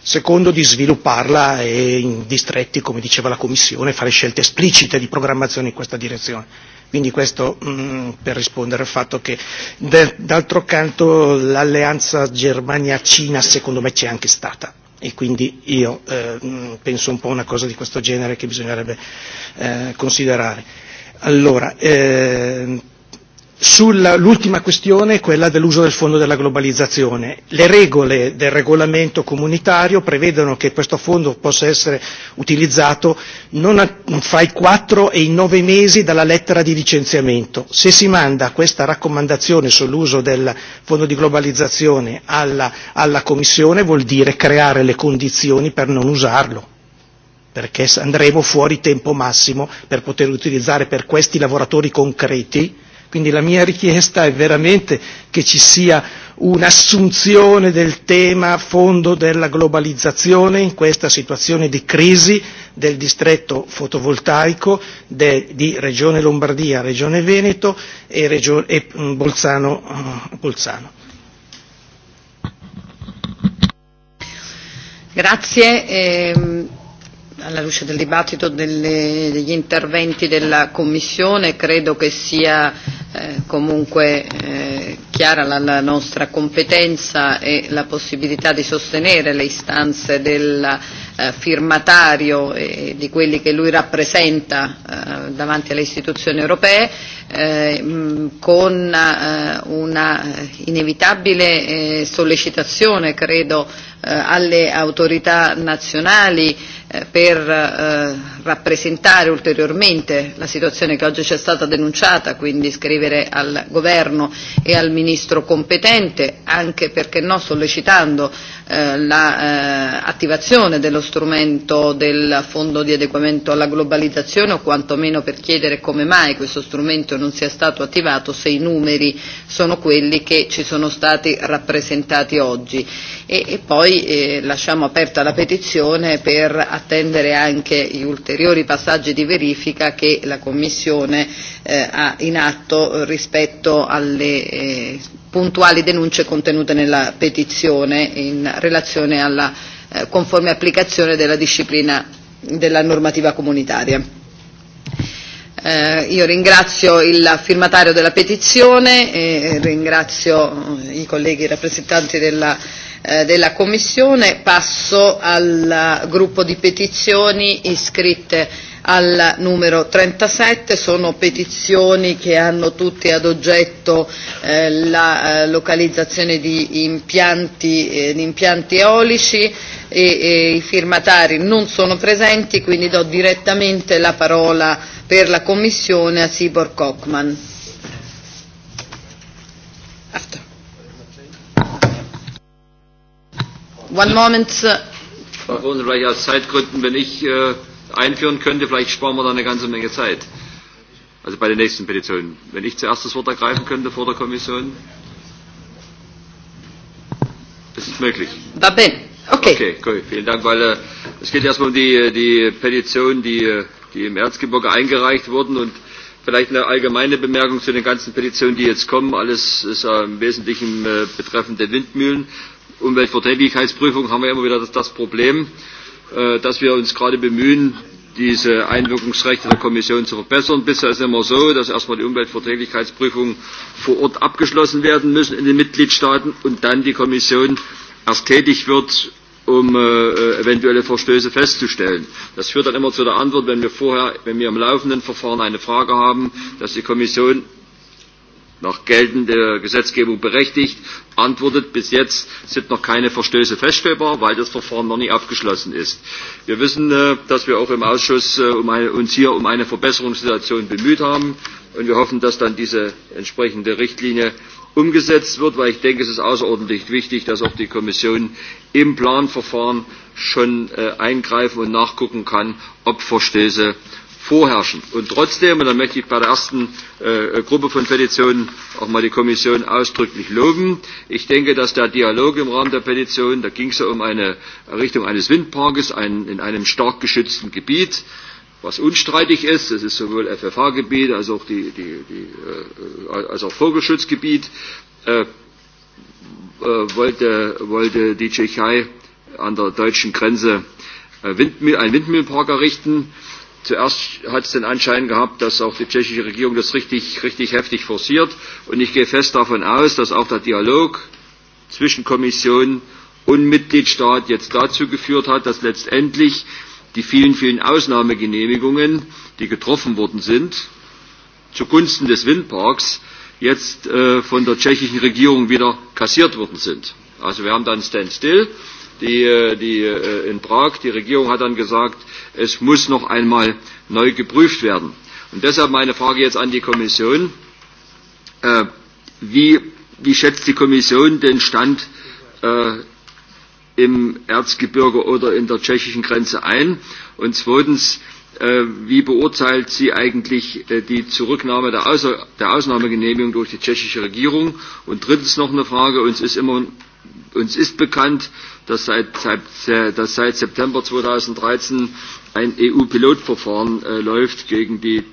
Secondo, di svilupparla e in distretti, come diceva la Commissione, fare scelte esplicite di programmazione in questa direzione. Quindi questo mh, mm, per rispondere al fatto che, d'altro canto, l'alleanza Germania-Cina secondo me c'è anche stata e quindi io eh, penso un po' una cosa di questo genere che bisognerebbe eh, considerare. Allora, eh, Sull'ultima questione, quella dell'uso del fondo della globalizzazione, le regole del regolamento comunitario prevedono che questo fondo possa essere utilizzato non a, fra i 4 e i 9 mesi dalla lettera di licenziamento. Se si manda questa raccomandazione sull'uso del fondo di globalizzazione alla, alla Commissione vuol dire creare le condizioni per non usarlo perché andremo fuori tempo massimo per poter utilizzare per questi lavoratori concreti Quindi la mia richiesta è veramente che ci sia un'assunzione del tema fondo della globalizzazione in questa situazione di crisi del distretto fotovoltaico de, di Regione Lombardia, Regione Veneto e, Regio, e mm, Bolzano. Mm, Bolzano. Grazie. Ehm alla luce del dibattito delle, degli interventi della Commissione credo che sia eh, comunque eh, chiara la, la nostra competenza e la possibilità di sostenere le istanze del eh, firmatario e di quelli che lui rappresenta eh, davanti alle istituzioni europee eh, mh, con eh, una inevitabile eh, sollecitazione credo eh, alle autorità nazionali per eh, rappresentare ulteriormente la situazione che oggi ci è stata denunciata, quindi scrivere al Governo e al Ministro competente, anche perché no, sollecitando eh, l'attivazione la, eh, dello strumento del fondo di adeguamento alla globalizzazione o quantomeno per chiedere come mai questo strumento non sia stato attivato se i numeri sono quelli che ci sono stati rappresentati oggi. E, e poi eh, lasciamo aperta la petizione per attendere anche gli ulteriori passaggi di verifica che la Commissione eh, ha in atto rispetto alle eh, puntuali denunce contenute nella petizione in relazione alla eh, conforme applicazione della disciplina della normativa comunitaria. Eh, io ringrazio il firmatario della petizione e ringrazio eh, i colleghi rappresentanti della, eh, della Commissione. Passo al eh, gruppo di petizioni iscritte al numero 37, sono petizioni che hanno tutte ad oggetto eh, la eh, localizzazione di impianti, eh, di impianti eolici e, e i firmatari non sono presenti, quindi do direttamente la parola per la Commissione a Sibor Kochman. After. One moment. Aus Sidegründen bin ich äh, einführen könnte. Vielleicht sparen wir da eine ganze Menge Zeit. Also bei den nächsten Petitionen. Wenn ich zuerst das Wort ergreifen könnte vor der Kommission. Ist es möglich? Va bene. Okay. Okay, cool. Vielen Dank, weil äh, es geht erstmal um die, äh, die Petition, die, äh, die im Erzgebirge eingereicht wurden und vielleicht eine allgemeine Bemerkung zu den ganzen Petitionen, die jetzt kommen. Alles ist äh, im Wesentlichen äh, betreffend der Windmühlen. Umweltverträglichkeitsprüfung haben wir immer wieder das, das Problem. Äh, Äh, dass wir uns gerade bemühen, diese Einwirkungsrechte der Kommission zu verbessern. Bisher ist es immer so, dass erstmal die Umweltverträglichkeitsprüfungen vor Ort abgeschlossen werden müssen in den Mitgliedstaaten und dann die Kommission erst tätig wird, um äh, eventuelle Verstöße festzustellen. Das führt dann immer zu der Antwort, wenn wir vorher, wenn wir im laufenden Verfahren eine Frage haben, dass die Kommission nach geltender Gesetzgebung berechtigt. Antwortet, bis jetzt sind noch keine Verstöße feststellbar, weil das Verfahren noch nicht abgeschlossen ist. Wir wissen, äh, dass wir auch im Ausschuss äh, um eine, uns hier um eine Verbesserungssituation bemüht haben und wir hoffen, dass dann diese entsprechende Richtlinie umgesetzt wird, weil ich denke, es ist außerordentlich wichtig, dass auch die Kommission im Planverfahren schon äh, eingreifen und nachgucken kann, ob Verstöße vorherrschen. Und trotzdem, und da möchte ich bei der ersten äh, Gruppe von Petitionen auch mal die Kommission ausdrücklich loben, ich denke, dass der Dialog im Rahmen der Petition, da ging es ja um eine Errichtung eines Windparkes ein, in einem stark geschützten Gebiet, was unstreitig ist, es ist sowohl FFH-Gebiet als auch, die, die, die, äh, als auch Vogelschutzgebiet, äh, äh, wollte, wollte die Tschechei an der deutschen Grenze äh, Windmühl, einen Windmühlenpark errichten. Zuerst hat es den Anschein gehabt, dass auch die tschechische Regierung das richtig, richtig heftig forciert. Und ich gehe fest davon aus, dass auch der Dialog zwischen Kommission und Mitgliedstaat jetzt dazu geführt hat, dass letztendlich die vielen, vielen Ausnahmegenehmigungen, die getroffen worden sind, zugunsten des Windparks jetzt äh, von der tschechischen Regierung wieder kassiert worden sind. Also wir haben dann Standstill. still die, äh, die, äh, in Prag. Die Regierung hat dann gesagt, es muss noch einmal neu geprüft werden. Und deshalb meine Frage jetzt an die Kommission. Äh, wie, wie schätzt die Kommission den Stand äh, im Erzgebirge oder in der tschechischen Grenze ein? Und zweitens, äh, wie beurteilt sie eigentlich äh, die Zurücknahme der, Außer der Ausnahmegenehmigung durch die tschechische Regierung? Und drittens noch eine Frage, uns ist immer Uns ist bekannt, dass seit, dass seit September 2013 ein EU-Pilotverfahren äh, läuft gegen die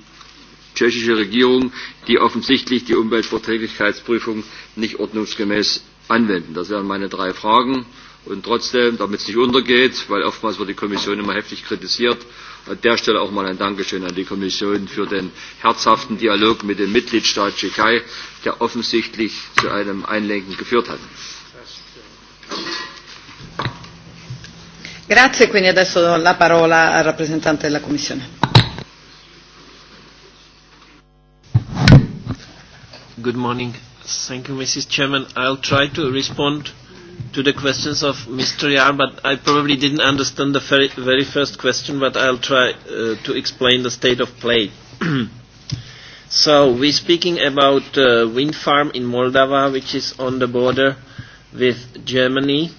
tschechische Regierung, die offensichtlich die Umweltverträglichkeitsprüfung nicht ordnungsgemäß anwenden. Das wären meine drei Fragen. Und trotzdem, damit es nicht untergeht, weil oftmals wird die Kommission immer heftig kritisiert, an der Stelle auch mal ein Dankeschön an die Kommission für den herzhaften Dialog mit dem Mitgliedstaat Tschechei, der offensichtlich zu einem Einlenken geführt hat. Grazie, quindi adesso do la parola al rappresentante della Commissione. Good morning. Thank you, Mrs. Chairman. I'll try to respond to the questions of Mr. Yar, but I probably didn't understand the very, very first question, but I'll try uh, to explain the state of play. so we're speaking about uh, wind farm in Moldova, which is on the border with Germany.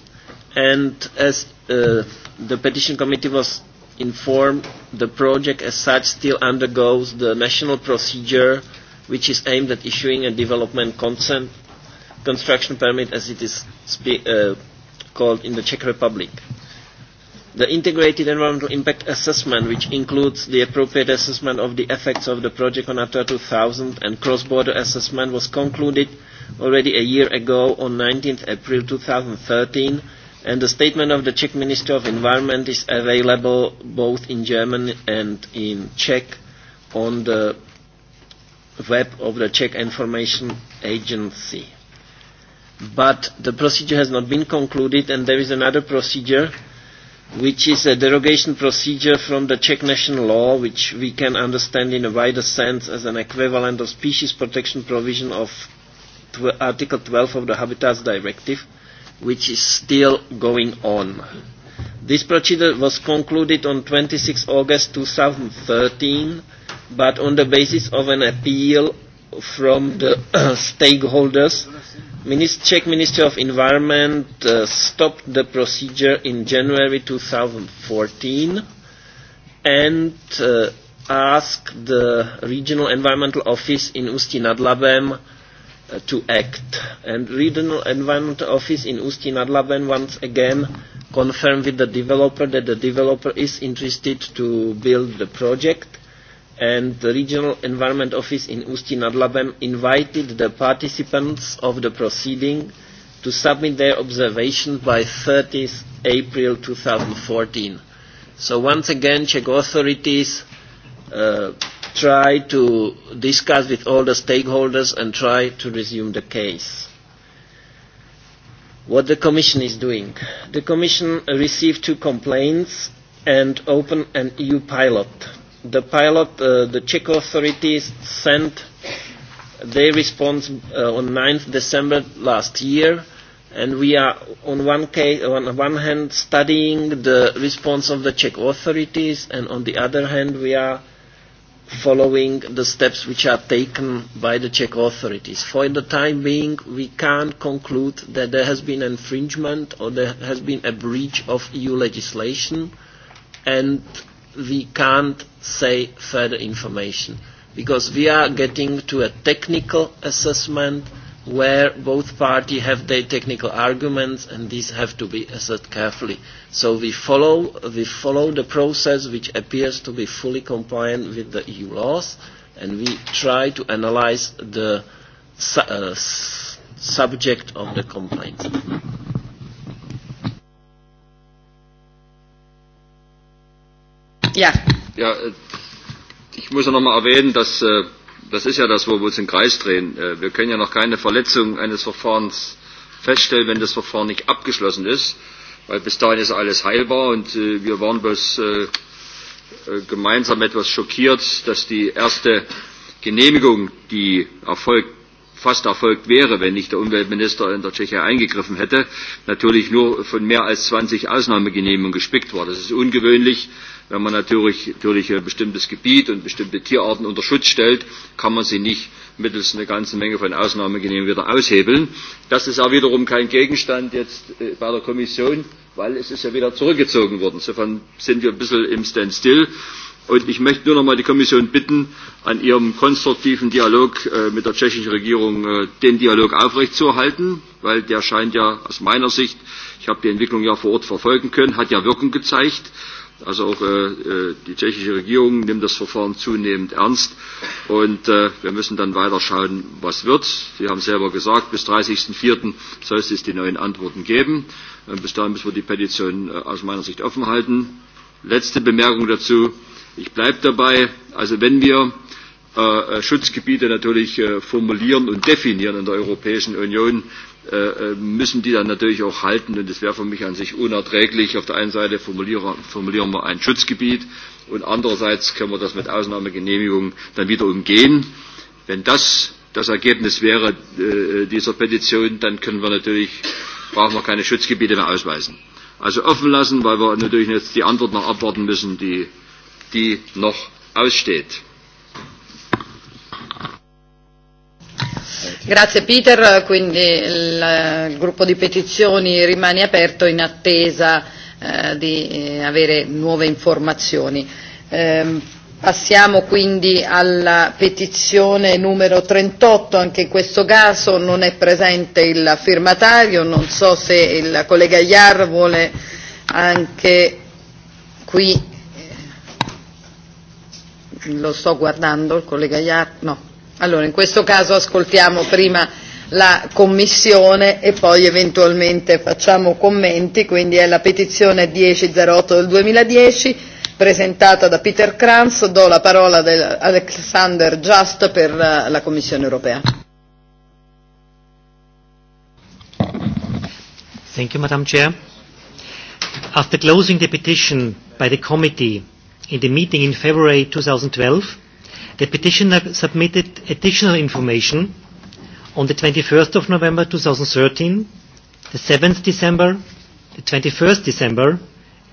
And as uh, the petition committee was informed, the project as such still undergoes the national procedure which is aimed at issuing a development consent construction permit as it is spe- uh, called in the Czech Republic. The integrated environmental impact assessment, which includes the appropriate assessment of the effects of the project on Natura 2000 and cross-border assessment, was concluded already a year ago on 19th April 2013 and the statement of the Czech Minister of Environment is available both in German and in Czech on the web of the Czech Information Agency. But the procedure has not been concluded and there is another procedure which is a derogation procedure from the Czech national law, which we can understand in a wider sense as an equivalent of species protection provision of tw Article 12 of the Habitats Directive, which is still going on. This procedure was concluded on 26 August 2013, but on the basis of an appeal from the stakeholders, Minist Czech Ministry of Environment uh, stopped the procedure in January 2014 and uh, asked the Regional Environmental Office in Ústí nad Labem Uh, to act. And Regional Environment Office in Ústí-nad-Labem once again confirmed with the developer that the developer is interested to build the project and the Regional Environment Office in Ústí-nad-Labem invited the participants of the proceeding to submit their observations by 30th April 2014. So once again, Czech authorities uh, try to discuss with all the stakeholders and try to resume the case. What the Commission is doing. The Commission received two complaints and opened an EU pilot. The pilot, uh, the Czech authorities sent their response uh, on 9th December last year and we are on one, case, on one hand studying the response of the Czech authorities and on the other hand we are following the steps which are taken by the Czech authorities. For the time being, we can't conclude that there has been infringement or there has been a breach of EU legislation, and we can't say further information because we are getting to a technical assessment where both parties have their technical arguments and these have to be assessed carefully. So we follow, we follow the process which appears to be fully compliant with the EU laws and we try to analyze the su uh, subject of the complaints. Ja. Ja, äh, ich muss ja nochmal erwähnen, dass äh, das ist ja das, wo wir uns im Kreis drehen. Äh, wir können ja noch keine Verletzung eines Verfahrens feststellen, wenn das Verfahren nicht abgeschlossen ist, weil bis dahin ist alles heilbar und äh, wir waren bloß äh, äh gemeinsam etwas schockiert, dass die erste Genehmigung, die erfolgt, fast erfolgt wäre, wenn nicht der Umweltminister in der Tschechei eingegriffen hätte, natürlich nur von mehr als 20 Ausnahmegenehmigungen gespickt war. Das ist ungewöhnlich. Wenn man natürlich, natürlich ein bestimmtes Gebiet und bestimmte Tierarten unter Schutz stellt, kann man sie nicht mittels einer ganzen Menge von Ausnahmegenehmigungen wieder aushebeln. Das ist auch wiederum kein Gegenstand jetzt äh, bei der Kommission, weil es ist ja wieder zurückgezogen worden. Insofern sind wir ein bisschen im Standstill. Und ich möchte nur noch mal die Kommission bitten, an ihrem konstruktiven Dialog äh, mit der tschechischen Regierung äh, den Dialog aufrechtzuerhalten weil der scheint ja aus meiner Sicht, ich habe die Entwicklung ja vor Ort verfolgen können, hat ja Wirkung gezeigt. Also auch äh, äh, die tschechische Regierung nimmt das Verfahren zunehmend ernst. Und äh, wir müssen dann weiter schauen, was wird. Sie haben selber gesagt, bis 30.04. soll es die neuen Antworten geben. Äh, bis dahin müssen wir die Petition äh, aus meiner Sicht offen halten. Letzte Bemerkung dazu. Ich bleibe dabei. Also wenn wir äh, äh Schutzgebiete natürlich äh, formulieren und definieren in der Europäischen Union, äh, äh müssen die dann natürlich auch halten. Und es wäre für mich an sich unerträglich. Auf der einen Seite formulieren, formulieren wir ein Schutzgebiet und andererseits können wir das mit Ausnahmegenehmigung dann wieder umgehen. Wenn das das Ergebnis wäre äh, dieser Petition, dann können wir natürlich, brauchen wir keine Schutzgebiete mehr ausweisen. Also offen lassen, weil wir natürlich jetzt die Antwort noch abwarten müssen, die, die noch aussteht. Grazie Peter, quindi il, il gruppo di petizioni rimane aperto in attesa eh, di eh, avere nuove informazioni. Eh, passiamo quindi alla petizione numero 38, anche in questo caso non è presente il firmatario, non so se il collega Iar vuole anche qui lo sto guardando, il collega Iar, no. Allora, in questo caso ascoltiamo prima la Commissione e poi eventualmente facciamo commenti, quindi è la petizione 1008 del 2010 presentata da Peter Kranz, do la parola ad Alexander Just per eh, la Commissione europea. Thank you, Madam Chair. After closing the petition by the committee in the meeting in February 2012, the petitioner submitted additional information on the 21st of November 2013, the 7th December, the 21st December,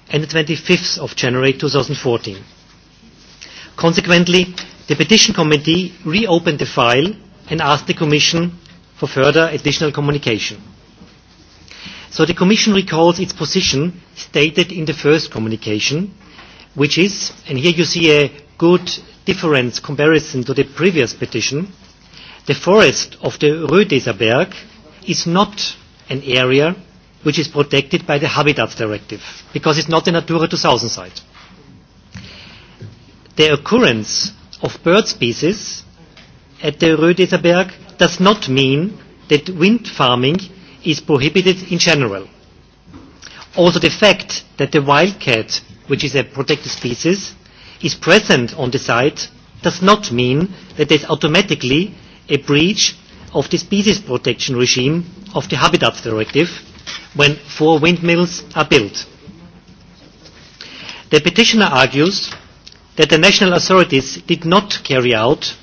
and the 25th of January 2014. Consequently, the petition committee reopened the file and asked the Commission for further additional communication. So the Commission recalls its position stated in the first communication which is, and here you see a good difference comparison to the previous petition, the forest of the Rödeser Berg is not an area which is protected by the Habitats Directive because it's not a Natura 2000 site. The occurrence of bird species at the Rödeser Berg does not mean that wind farming is prohibited in general. Also the fact that the wildcat which is a protected species, is present on the site does not mean that there is automatically a breach of the species protection regime of the Habitats Directive when four windmills are built. The petitioner argues that the national authorities did not carry out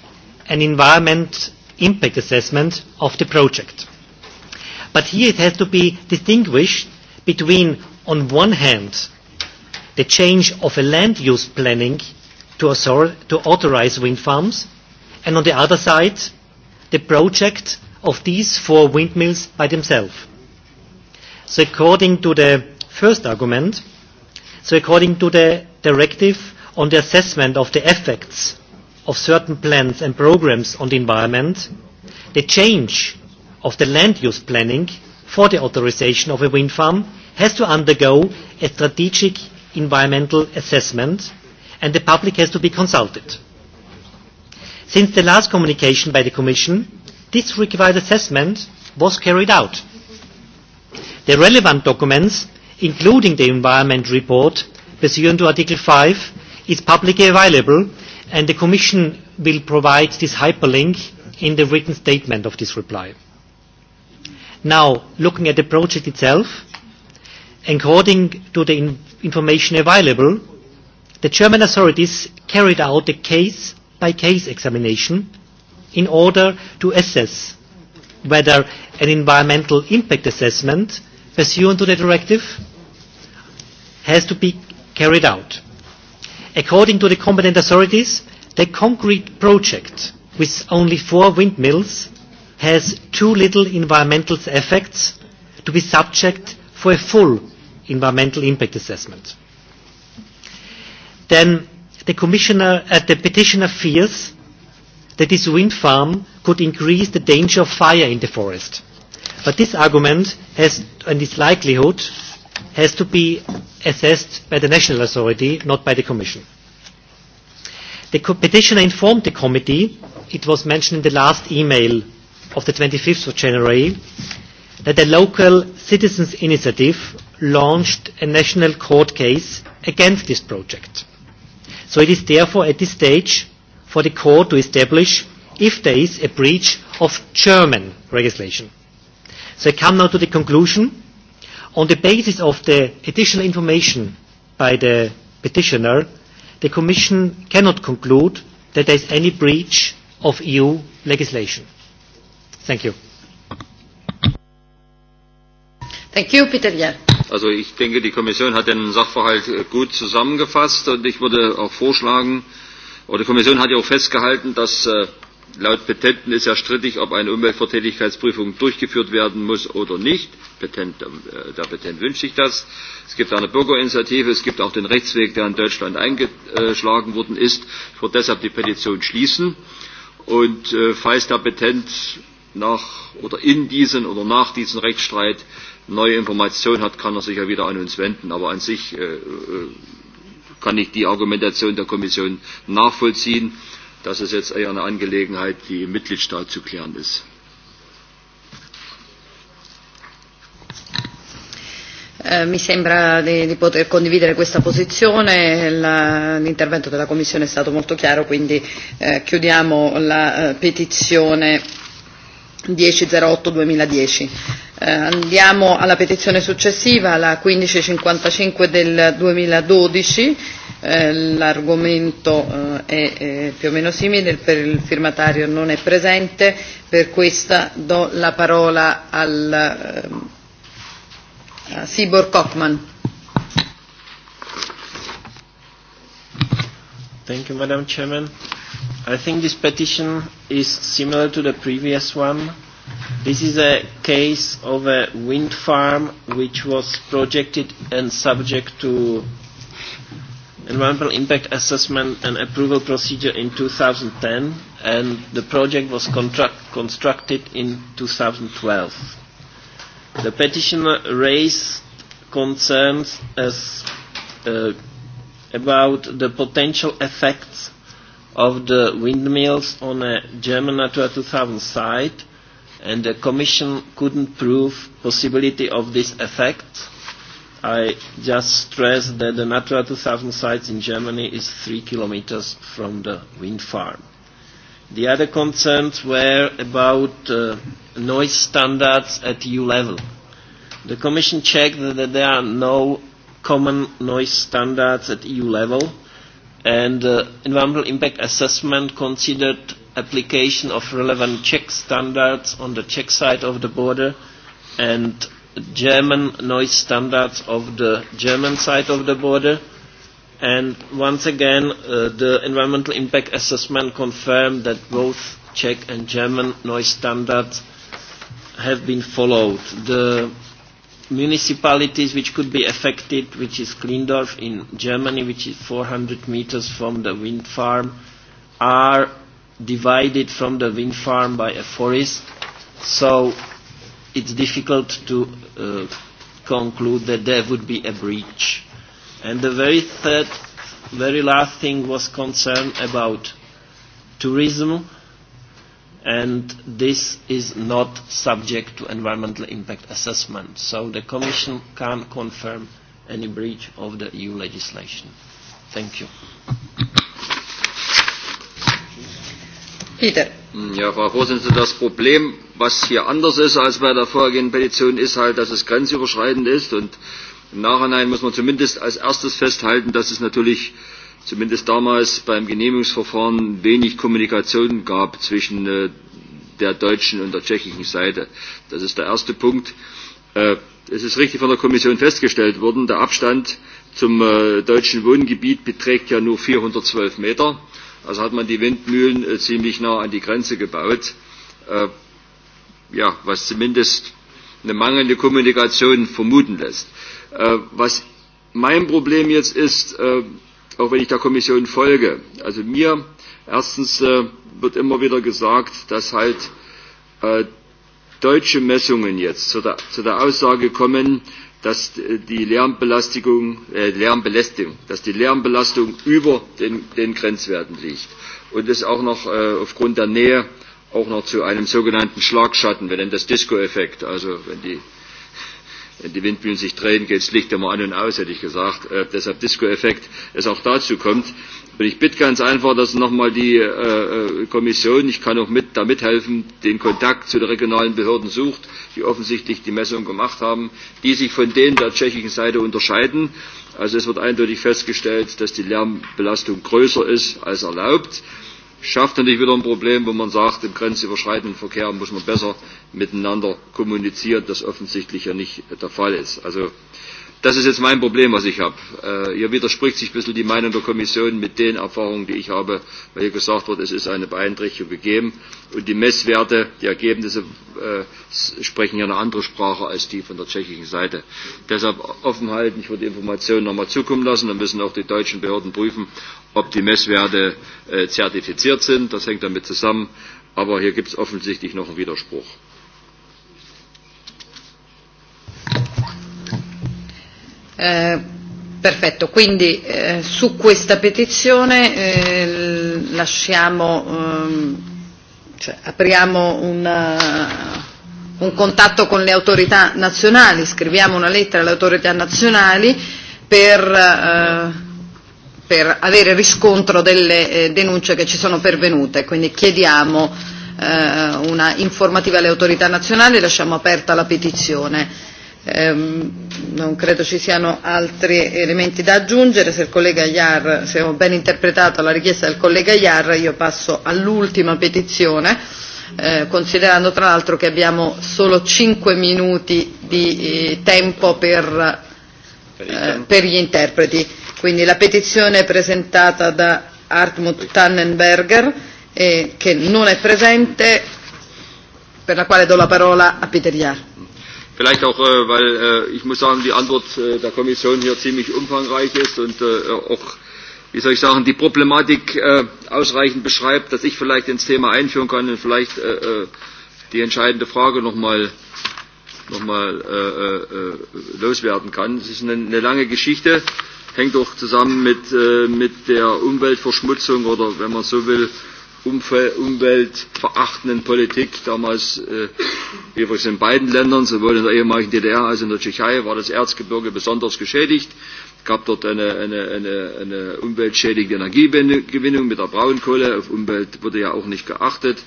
an environment impact assessment of the project. But here it has to be distinguished between, on one hand, the change of a land use planning to, author, to authorize wind farms, and on the other side, the project of these four windmills by themselves. So according to the first argument, so according to the directive on the assessment of the effects of certain plans and programs on the environment, the change of the land use planning for the authorization of a wind farm has to undergo a strategic environmental assessment and the public has to be consulted. Since the last communication by the Commission, this required assessment was carried out. The relevant documents, including the environment report, pursuant to Article 5, is publicly available and the Commission will provide this hyperlink in the written statement of this reply. Now, looking at the project itself, according to the information available, the German authorities carried out a case-by-case -case examination in order to assess whether an environmental impact assessment pursuant to the directive has to be carried out. According to the competent authorities, the concrete project with only four windmills has too little environmental effects to be subject for a full environmental impact assessment. Then the, commissioner, uh, the petitioner fears that this wind farm could increase the danger of fire in the forest. But this argument has, and its likelihood has to be assessed by the national authority, not by the Commission. The petitioner informed the committee, it was mentioned in the last email of the 25th of January, that a local citizens' initiative launched a national court case against this project. So it is therefore at this stage for the court to establish if there is a breach of German legislation. So I come now to the conclusion. On the basis of the additional information by the petitioner, the Commission cannot conclude that there is any breach of EU legislation. Thank you. Thank you, Peter Yer. Also ich denke, die Kommission hat den Sachverhalt äh, gut zusammengefasst und ich würde auch vorschlagen, oder die Kommission hat ja auch festgehalten, dass äh, laut Petenten ist ja strittig, ob eine Umweltverträglichkeitsprüfung durchgeführt werden muss oder nicht. Petent, ähm, äh, der Petent wünscht sich das. Es gibt eine Bürgerinitiative, es gibt auch den Rechtsweg, der in Deutschland eingeschlagen worden ist. Ich würde deshalb die Petition schließen. Und äh, falls der Petent nach oder in diesen oder nach diesem Rechtsstreit neue Informationen hat, kann er sich ja wieder an uns wenden. Aber an sich äh, äh kann ich die Argumentation der Kommission nachvollziehen. Das ist jetzt eher eine Angelegenheit, die im Mitgliedstaat zu klären ist. Eh, mi sembra di, di poter condividere questa posizione, la, l'intervento della Commissione è stato molto chiaro, quindi eh, chiudiamo la eh, petizione 1008-2010. Eh, andiamo alla petizione successiva, la 1555 del 2012. Eh, L'argomento eh, è eh, più o meno simile, per il firmatario non è presente, per questa do la parola al eh, a Sibor Kochman. Thank you, Madam Chairman. I think this petition is similar to the previous one This is a case of a wind farm which was projected and subject to environmental impact assessment and approval procedure in 2010 and the project was contract constructed in 2012. The petitioner raised concerns as uh, about the potential effects of the windmills on a German Natura 2000 site and the Commission couldn't prove possibility of this effect. I just stress that the Natura 2000 site in Germany is three kilometers from the wind farm. The other concerns were about uh, noise standards at EU level. The Commission checked that there are no common noise standards at EU level, and uh, environmental impact assessment considered application of relevant Czech standards on the Czech side of the border and German noise standards of the German side of the border. And once again, uh, the environmental impact assessment confirmed that both Czech and German noise standards have been followed. The municipalities which could be affected, which is Klindorf in Germany, which is 400 meters from the wind farm, are divided from the wind farm by a forest, so it's difficult to uh, conclude that there would be a breach. And the very third, very last thing was concern about tourism, and this is not subject to environmental impact assessment. So the Commission can't confirm any breach of the EU legislation. Thank you. Peter. Ja, Frau Vorsitzende, das Problem, was hier anders ist als bei der vorhergehenden Petition, ist halt, dass es grenzüberschreitend ist. Und im Nachhinein muss man zumindest als erstes festhalten, dass es natürlich zumindest damals beim Genehmigungsverfahren wenig Kommunikation gab zwischen äh, der deutschen und der tschechischen Seite. Das ist der erste Punkt. Äh, es ist richtig von der Kommission festgestellt worden, der Abstand zum äh, deutschen Wohngebiet beträgt ja nur 412 Meter. Also hat man die Windmühlen äh, ziemlich nah an die Grenze gebaut, äh, ja, was zumindest eine mangelnde Kommunikation vermuten lässt. Äh, was mein Problem jetzt ist, äh, auch wenn ich der Kommission folge, also mir erstens äh, wird immer wieder gesagt, dass halt äh, deutsche Messungen jetzt zu der, zu der Aussage kommen, äh, dass die Lärmbelastung, äh, Lärmbelästigung, dass die Lärmbelastung über den, den Grenzwerten liegt und es auch noch äh, aufgrund der Nähe auch noch zu einem sogenannten Schlagschatten, wir nennen das Disco-Effekt, also wenn die, wenn die Windmühlen sich drehen, geht das Licht immer an und aus, hätte ich gesagt, äh, deshalb Disco-Effekt, es auch dazu kommt, Und ich bitte ganz einfach, dass nochmal die äh, äh, Kommission, ich kann auch mit, da mithelfen, den Kontakt zu den regionalen Behörden sucht, die offensichtlich die Messung gemacht haben, die sich von denen der tschechischen Seite unterscheiden. Also es wird eindeutig festgestellt, dass die Lärmbelastung größer ist als erlaubt. Schafft natürlich wieder ein Problem, wo man sagt, im grenzüberschreitenden Verkehr muss man besser miteinander kommunizieren, das offensichtlich ja nicht der Fall ist. Also Das ist jetzt mein Problem, was ich habe. Äh, hier widerspricht sich ein bisschen die Meinung der Kommission mit den Erfahrungen, die ich habe, weil hier gesagt wird, es ist eine Beeinträchtigung gegeben. Und die Messwerte, die Ergebnisse äh, sprechen ja eine andere Sprache als die von der tschechischen Seite. Deshalb offen halten, ich würde die Informationen nochmal zukommen lassen. Dann müssen auch die deutschen Behörden prüfen, ob die Messwerte äh, zertifiziert sind. Das hängt damit zusammen. Aber hier gibt es offensichtlich noch einen Widerspruch. Eh, perfetto, quindi eh, su questa petizione eh, lasciamo, ehm, cioè, apriamo una, un contatto con le autorità nazionali, scriviamo una lettera alle autorità nazionali per, eh, per avere riscontro delle eh, denunce che ci sono pervenute, quindi chiediamo eh, una informativa alle autorità nazionali e lasciamo aperta la petizione. Ehm, non credo ci siano altri elementi da aggiungere. Se il collega Iar, se ho ben interpretato la richiesta del collega Iar, io passo all'ultima petizione, eh, considerando tra l'altro che abbiamo solo 5 minuti di eh, tempo per, eh, per gli interpreti. Quindi la petizione è presentata da Hartmut Tannenberger, eh, che non è presente, per la quale do la parola a Peter Iar. Vielleicht auch, äh, weil äh, ich muss sagen, die Antwort äh, der Kommission hier ziemlich umfangreich ist und äh, auch, wie soll ich sagen, die Problematik äh, ausreichend beschreibt, dass ich vielleicht ins Thema einführen kann und vielleicht äh, äh die entscheidende Frage nochmal noch mal, äh, äh, loswerden kann. Es ist eine, eine lange Geschichte, hängt auch zusammen mit, äh, mit der Umweltverschmutzung oder, wenn man so will, äh, Umfeld, umweltverachtenden Politik damals äh, übrigens in beiden Ländern, sowohl in der ehemaligen DDR als in der Tschechei, war das Erzgebirge besonders geschädigt. Es gab dort eine, eine, eine, eine umweltschädigende Energiegewinnung mit der Braunkohle. Auf Umwelt wurde ja auch nicht geachtet.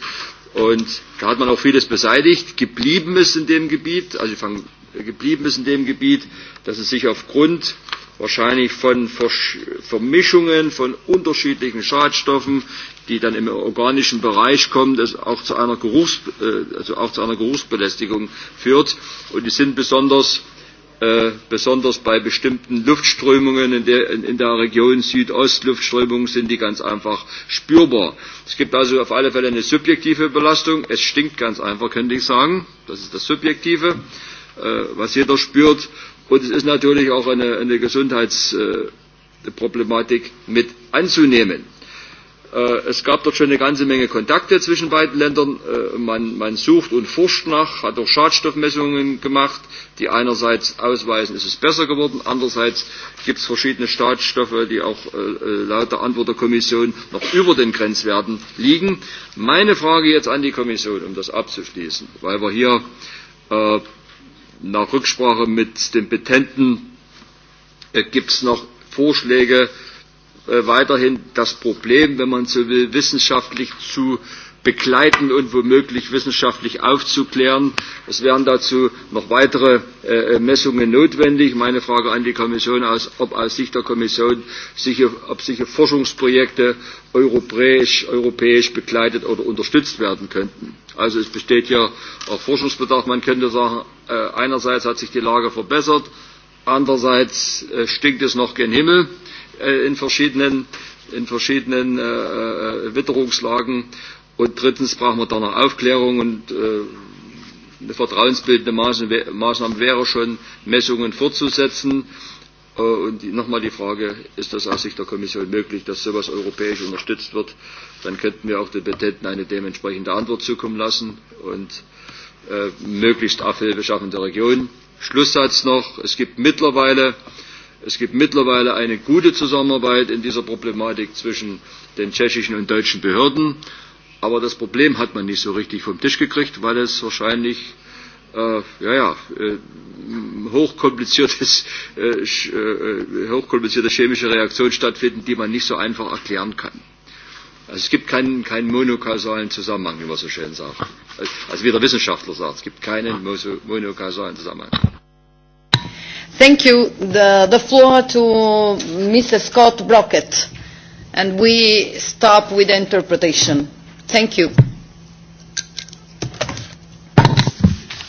Und da hat man auch vieles beseitigt. Geblieben ist in dem Gebiet, also ich fange, geblieben ist in dem Gebiet, dass es sich aufgrund wahrscheinlich von Versch Vermischungen von unterschiedlichen Schadstoffen, die dann im organischen Bereich kommen, das auch zu einer, Geruchs, äh, also auch zu einer Geruchsbelästigung führt. Und die sind besonders, äh, besonders bei bestimmten Luftströmungen in der, in, in der Region Südostluftströmungen sind die ganz einfach spürbar. Es gibt also auf alle Fälle eine subjektive Belastung. Es stinkt ganz einfach, könnte ich sagen. Das ist das Subjektive, äh, was jeder spürt. Und es ist natürlich auch eine, eine Gesundheitsproblematik mit anzunehmen. Äh, es gab dort schon eine ganze Menge Kontakte zwischen beiden Ländern. Äh, man, man sucht und forscht nach, hat auch Schadstoffmessungen gemacht, die einerseits ausweisen, ist es besser geworden, andererseits gibt es verschiedene Schadstoffe, die auch äh, äh laut der Antwort der Kommission noch über den Grenzwerten liegen. Meine Frage jetzt an die Kommission, um das abzuschließen, weil wir hier äh, Nach Rücksprache mit dem Petenten äh, gibt es noch Vorschläge, äh, weiterhin das Problem, wenn man so will, wissenschaftlich zu äh, begleiten und womöglich wissenschaftlich aufzuklären. Es wären dazu noch weitere äh, äh, Messungen notwendig. Meine Frage an die Kommission ist, ob aus Sicht der Kommission sicher, ob sicher Forschungsprojekte europäisch, europäisch begleitet oder unterstützt werden könnten. Also es besteht hier auch Forschungsbedarf. Man könnte sagen, äh, einerseits hat sich die Lage verbessert, andererseits äh, stinkt es noch gen Himmel äh, in verschiedenen in verschiedenen äh, äh Witterungslagen Und drittens brauchen wir da noch Aufklärung und äh, eine vertrauensbildende Maßnahme wäre schon, Messungen fortzusetzen. Äh, und nochmal die Frage, ist das aus Sicht der Kommission möglich, dass sowas europäisch unterstützt wird? Dann könnten wir auch den Petenten eine dementsprechende Antwort zukommen lassen und äh, möglichst Abhilfe schaffen der Region. Schlusssatz noch, es gibt mittlerweile Es gibt mittlerweile eine gute Zusammenarbeit in dieser Problematik zwischen den tschechischen und deutschen Behörden. Aber das Problem hat man nicht so richtig vom Tisch gekriegt, weil es wahrscheinlich äh, ja, ja, äh, hochkompliziertes, äh, sch, äh, äh, hochkomplizierte chemische Reaktionen stattfinden, die man nicht so einfach erklären kann. Also es gibt keinen, keinen monokausalen Zusammenhang, wie man so schön sagt. Also wie der Wissenschaftler sagt, es gibt keinen monokausalen Zusammenhang. Thank you. The, the floor to Mr. Scott Brockett. And we stop with the interpretation. Thank you.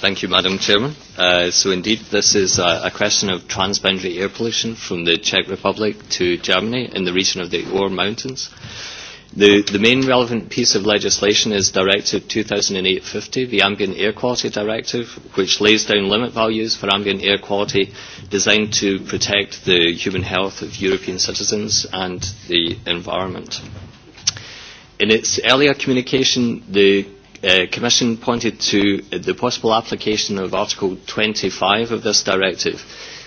Thank you, Madam Chairman. Uh, so indeed, this is a, a question of transboundary air pollution from the Czech Republic to Germany in the region of the Ore Mountains. The, the main relevant piece of legislation is Directive 2008-50, the Ambient Air Quality Directive, which lays down limit values for ambient air quality designed to protect the human health of European citizens and the environment. Uh, In its earlier communication, the uh, Commission pointed to the possible application of Article 25 of this directive,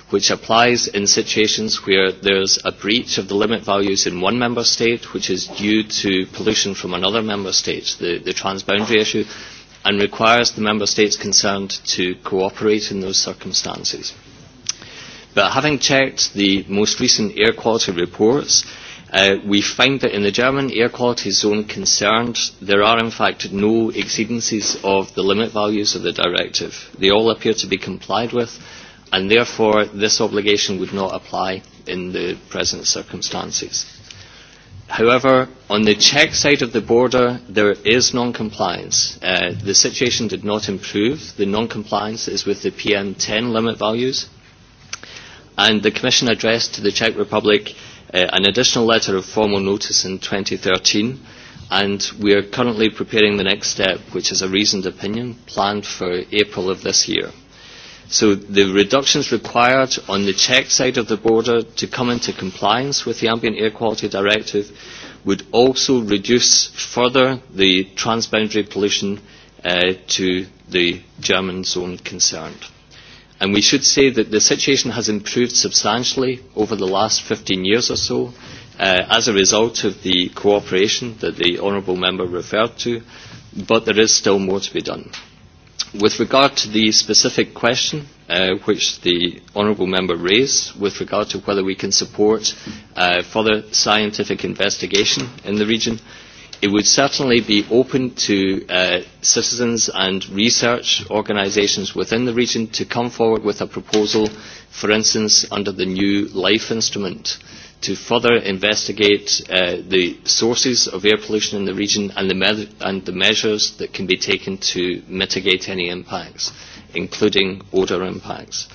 which applies in situations where there's a breach of the limit values in one member state, which is due to pollution from another member state, the, the transboundary issue, and requires the member states concerned to cooperate in those circumstances. But having checked the most recent air quality reports, uh, Uh, we find that in the German air quality zone concerned, there are in fact no exceedances of the limit values of the directive. They all appear to be complied with, and therefore this obligation would not apply in the present circumstances. However, on the Czech side of the border, there is non-compliance. Uh, the situation did not improve. The non-compliance is with the PM10 limit values. And the Commission addressed to the Czech Republic uh, uh, an additional letter of formal notice in 2013, and we are currently preparing the next step, which is a reasoned opinion planned for April of this year. So the reductions required on the Czech side of the border to come into compliance with the Ambient Air Quality Directive would also reduce further the transboundary pollution uh, to the German zone concerned. And we should say that the situation has improved substantially over the last 15 years or so uh, as a result of the cooperation that the Honourable Member referred to, but there is still more to be done. With regard to the specific question uh, which the Honourable Member raised with regard to whether we can support uh, further scientific investigation in the region, uh, it would certainly be open to uh, citizens and research organisations within the region to come forward with a proposal, for instance, under the new LIFE instrument, to further investigate uh, the sources of air pollution in the region and the, me- and the measures that can be taken to mitigate any impacts, including odour impacts.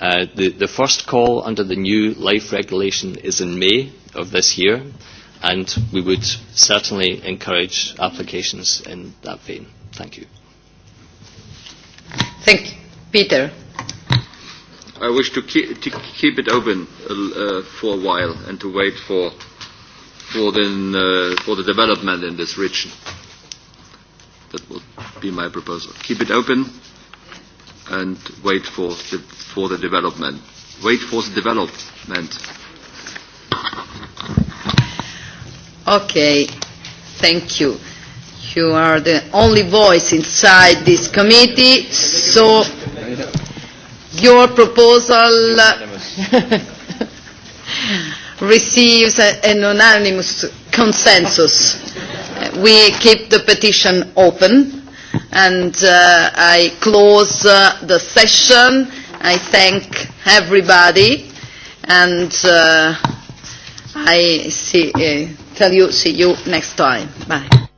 Uh, the, the first call under the new LIFE regulation is in May of this year. Uh, and we would certainly encourage applications in that vein. Thank you. Thank you. Peter. I wish to keep, to keep it open uh, uh, for a while and to wait for, for, the, uh, for the development in this region. That would be my proposal. Keep it open and wait for the, for the development. Wait for the development. Okay, thank you. You are the only voice inside this committee, so your proposal uh, receives an unanimous consensus. We keep the petition open, and uh, I close uh, the session. I thank everybody, and uh, I see. Uh, tell you, see you next time. Bye.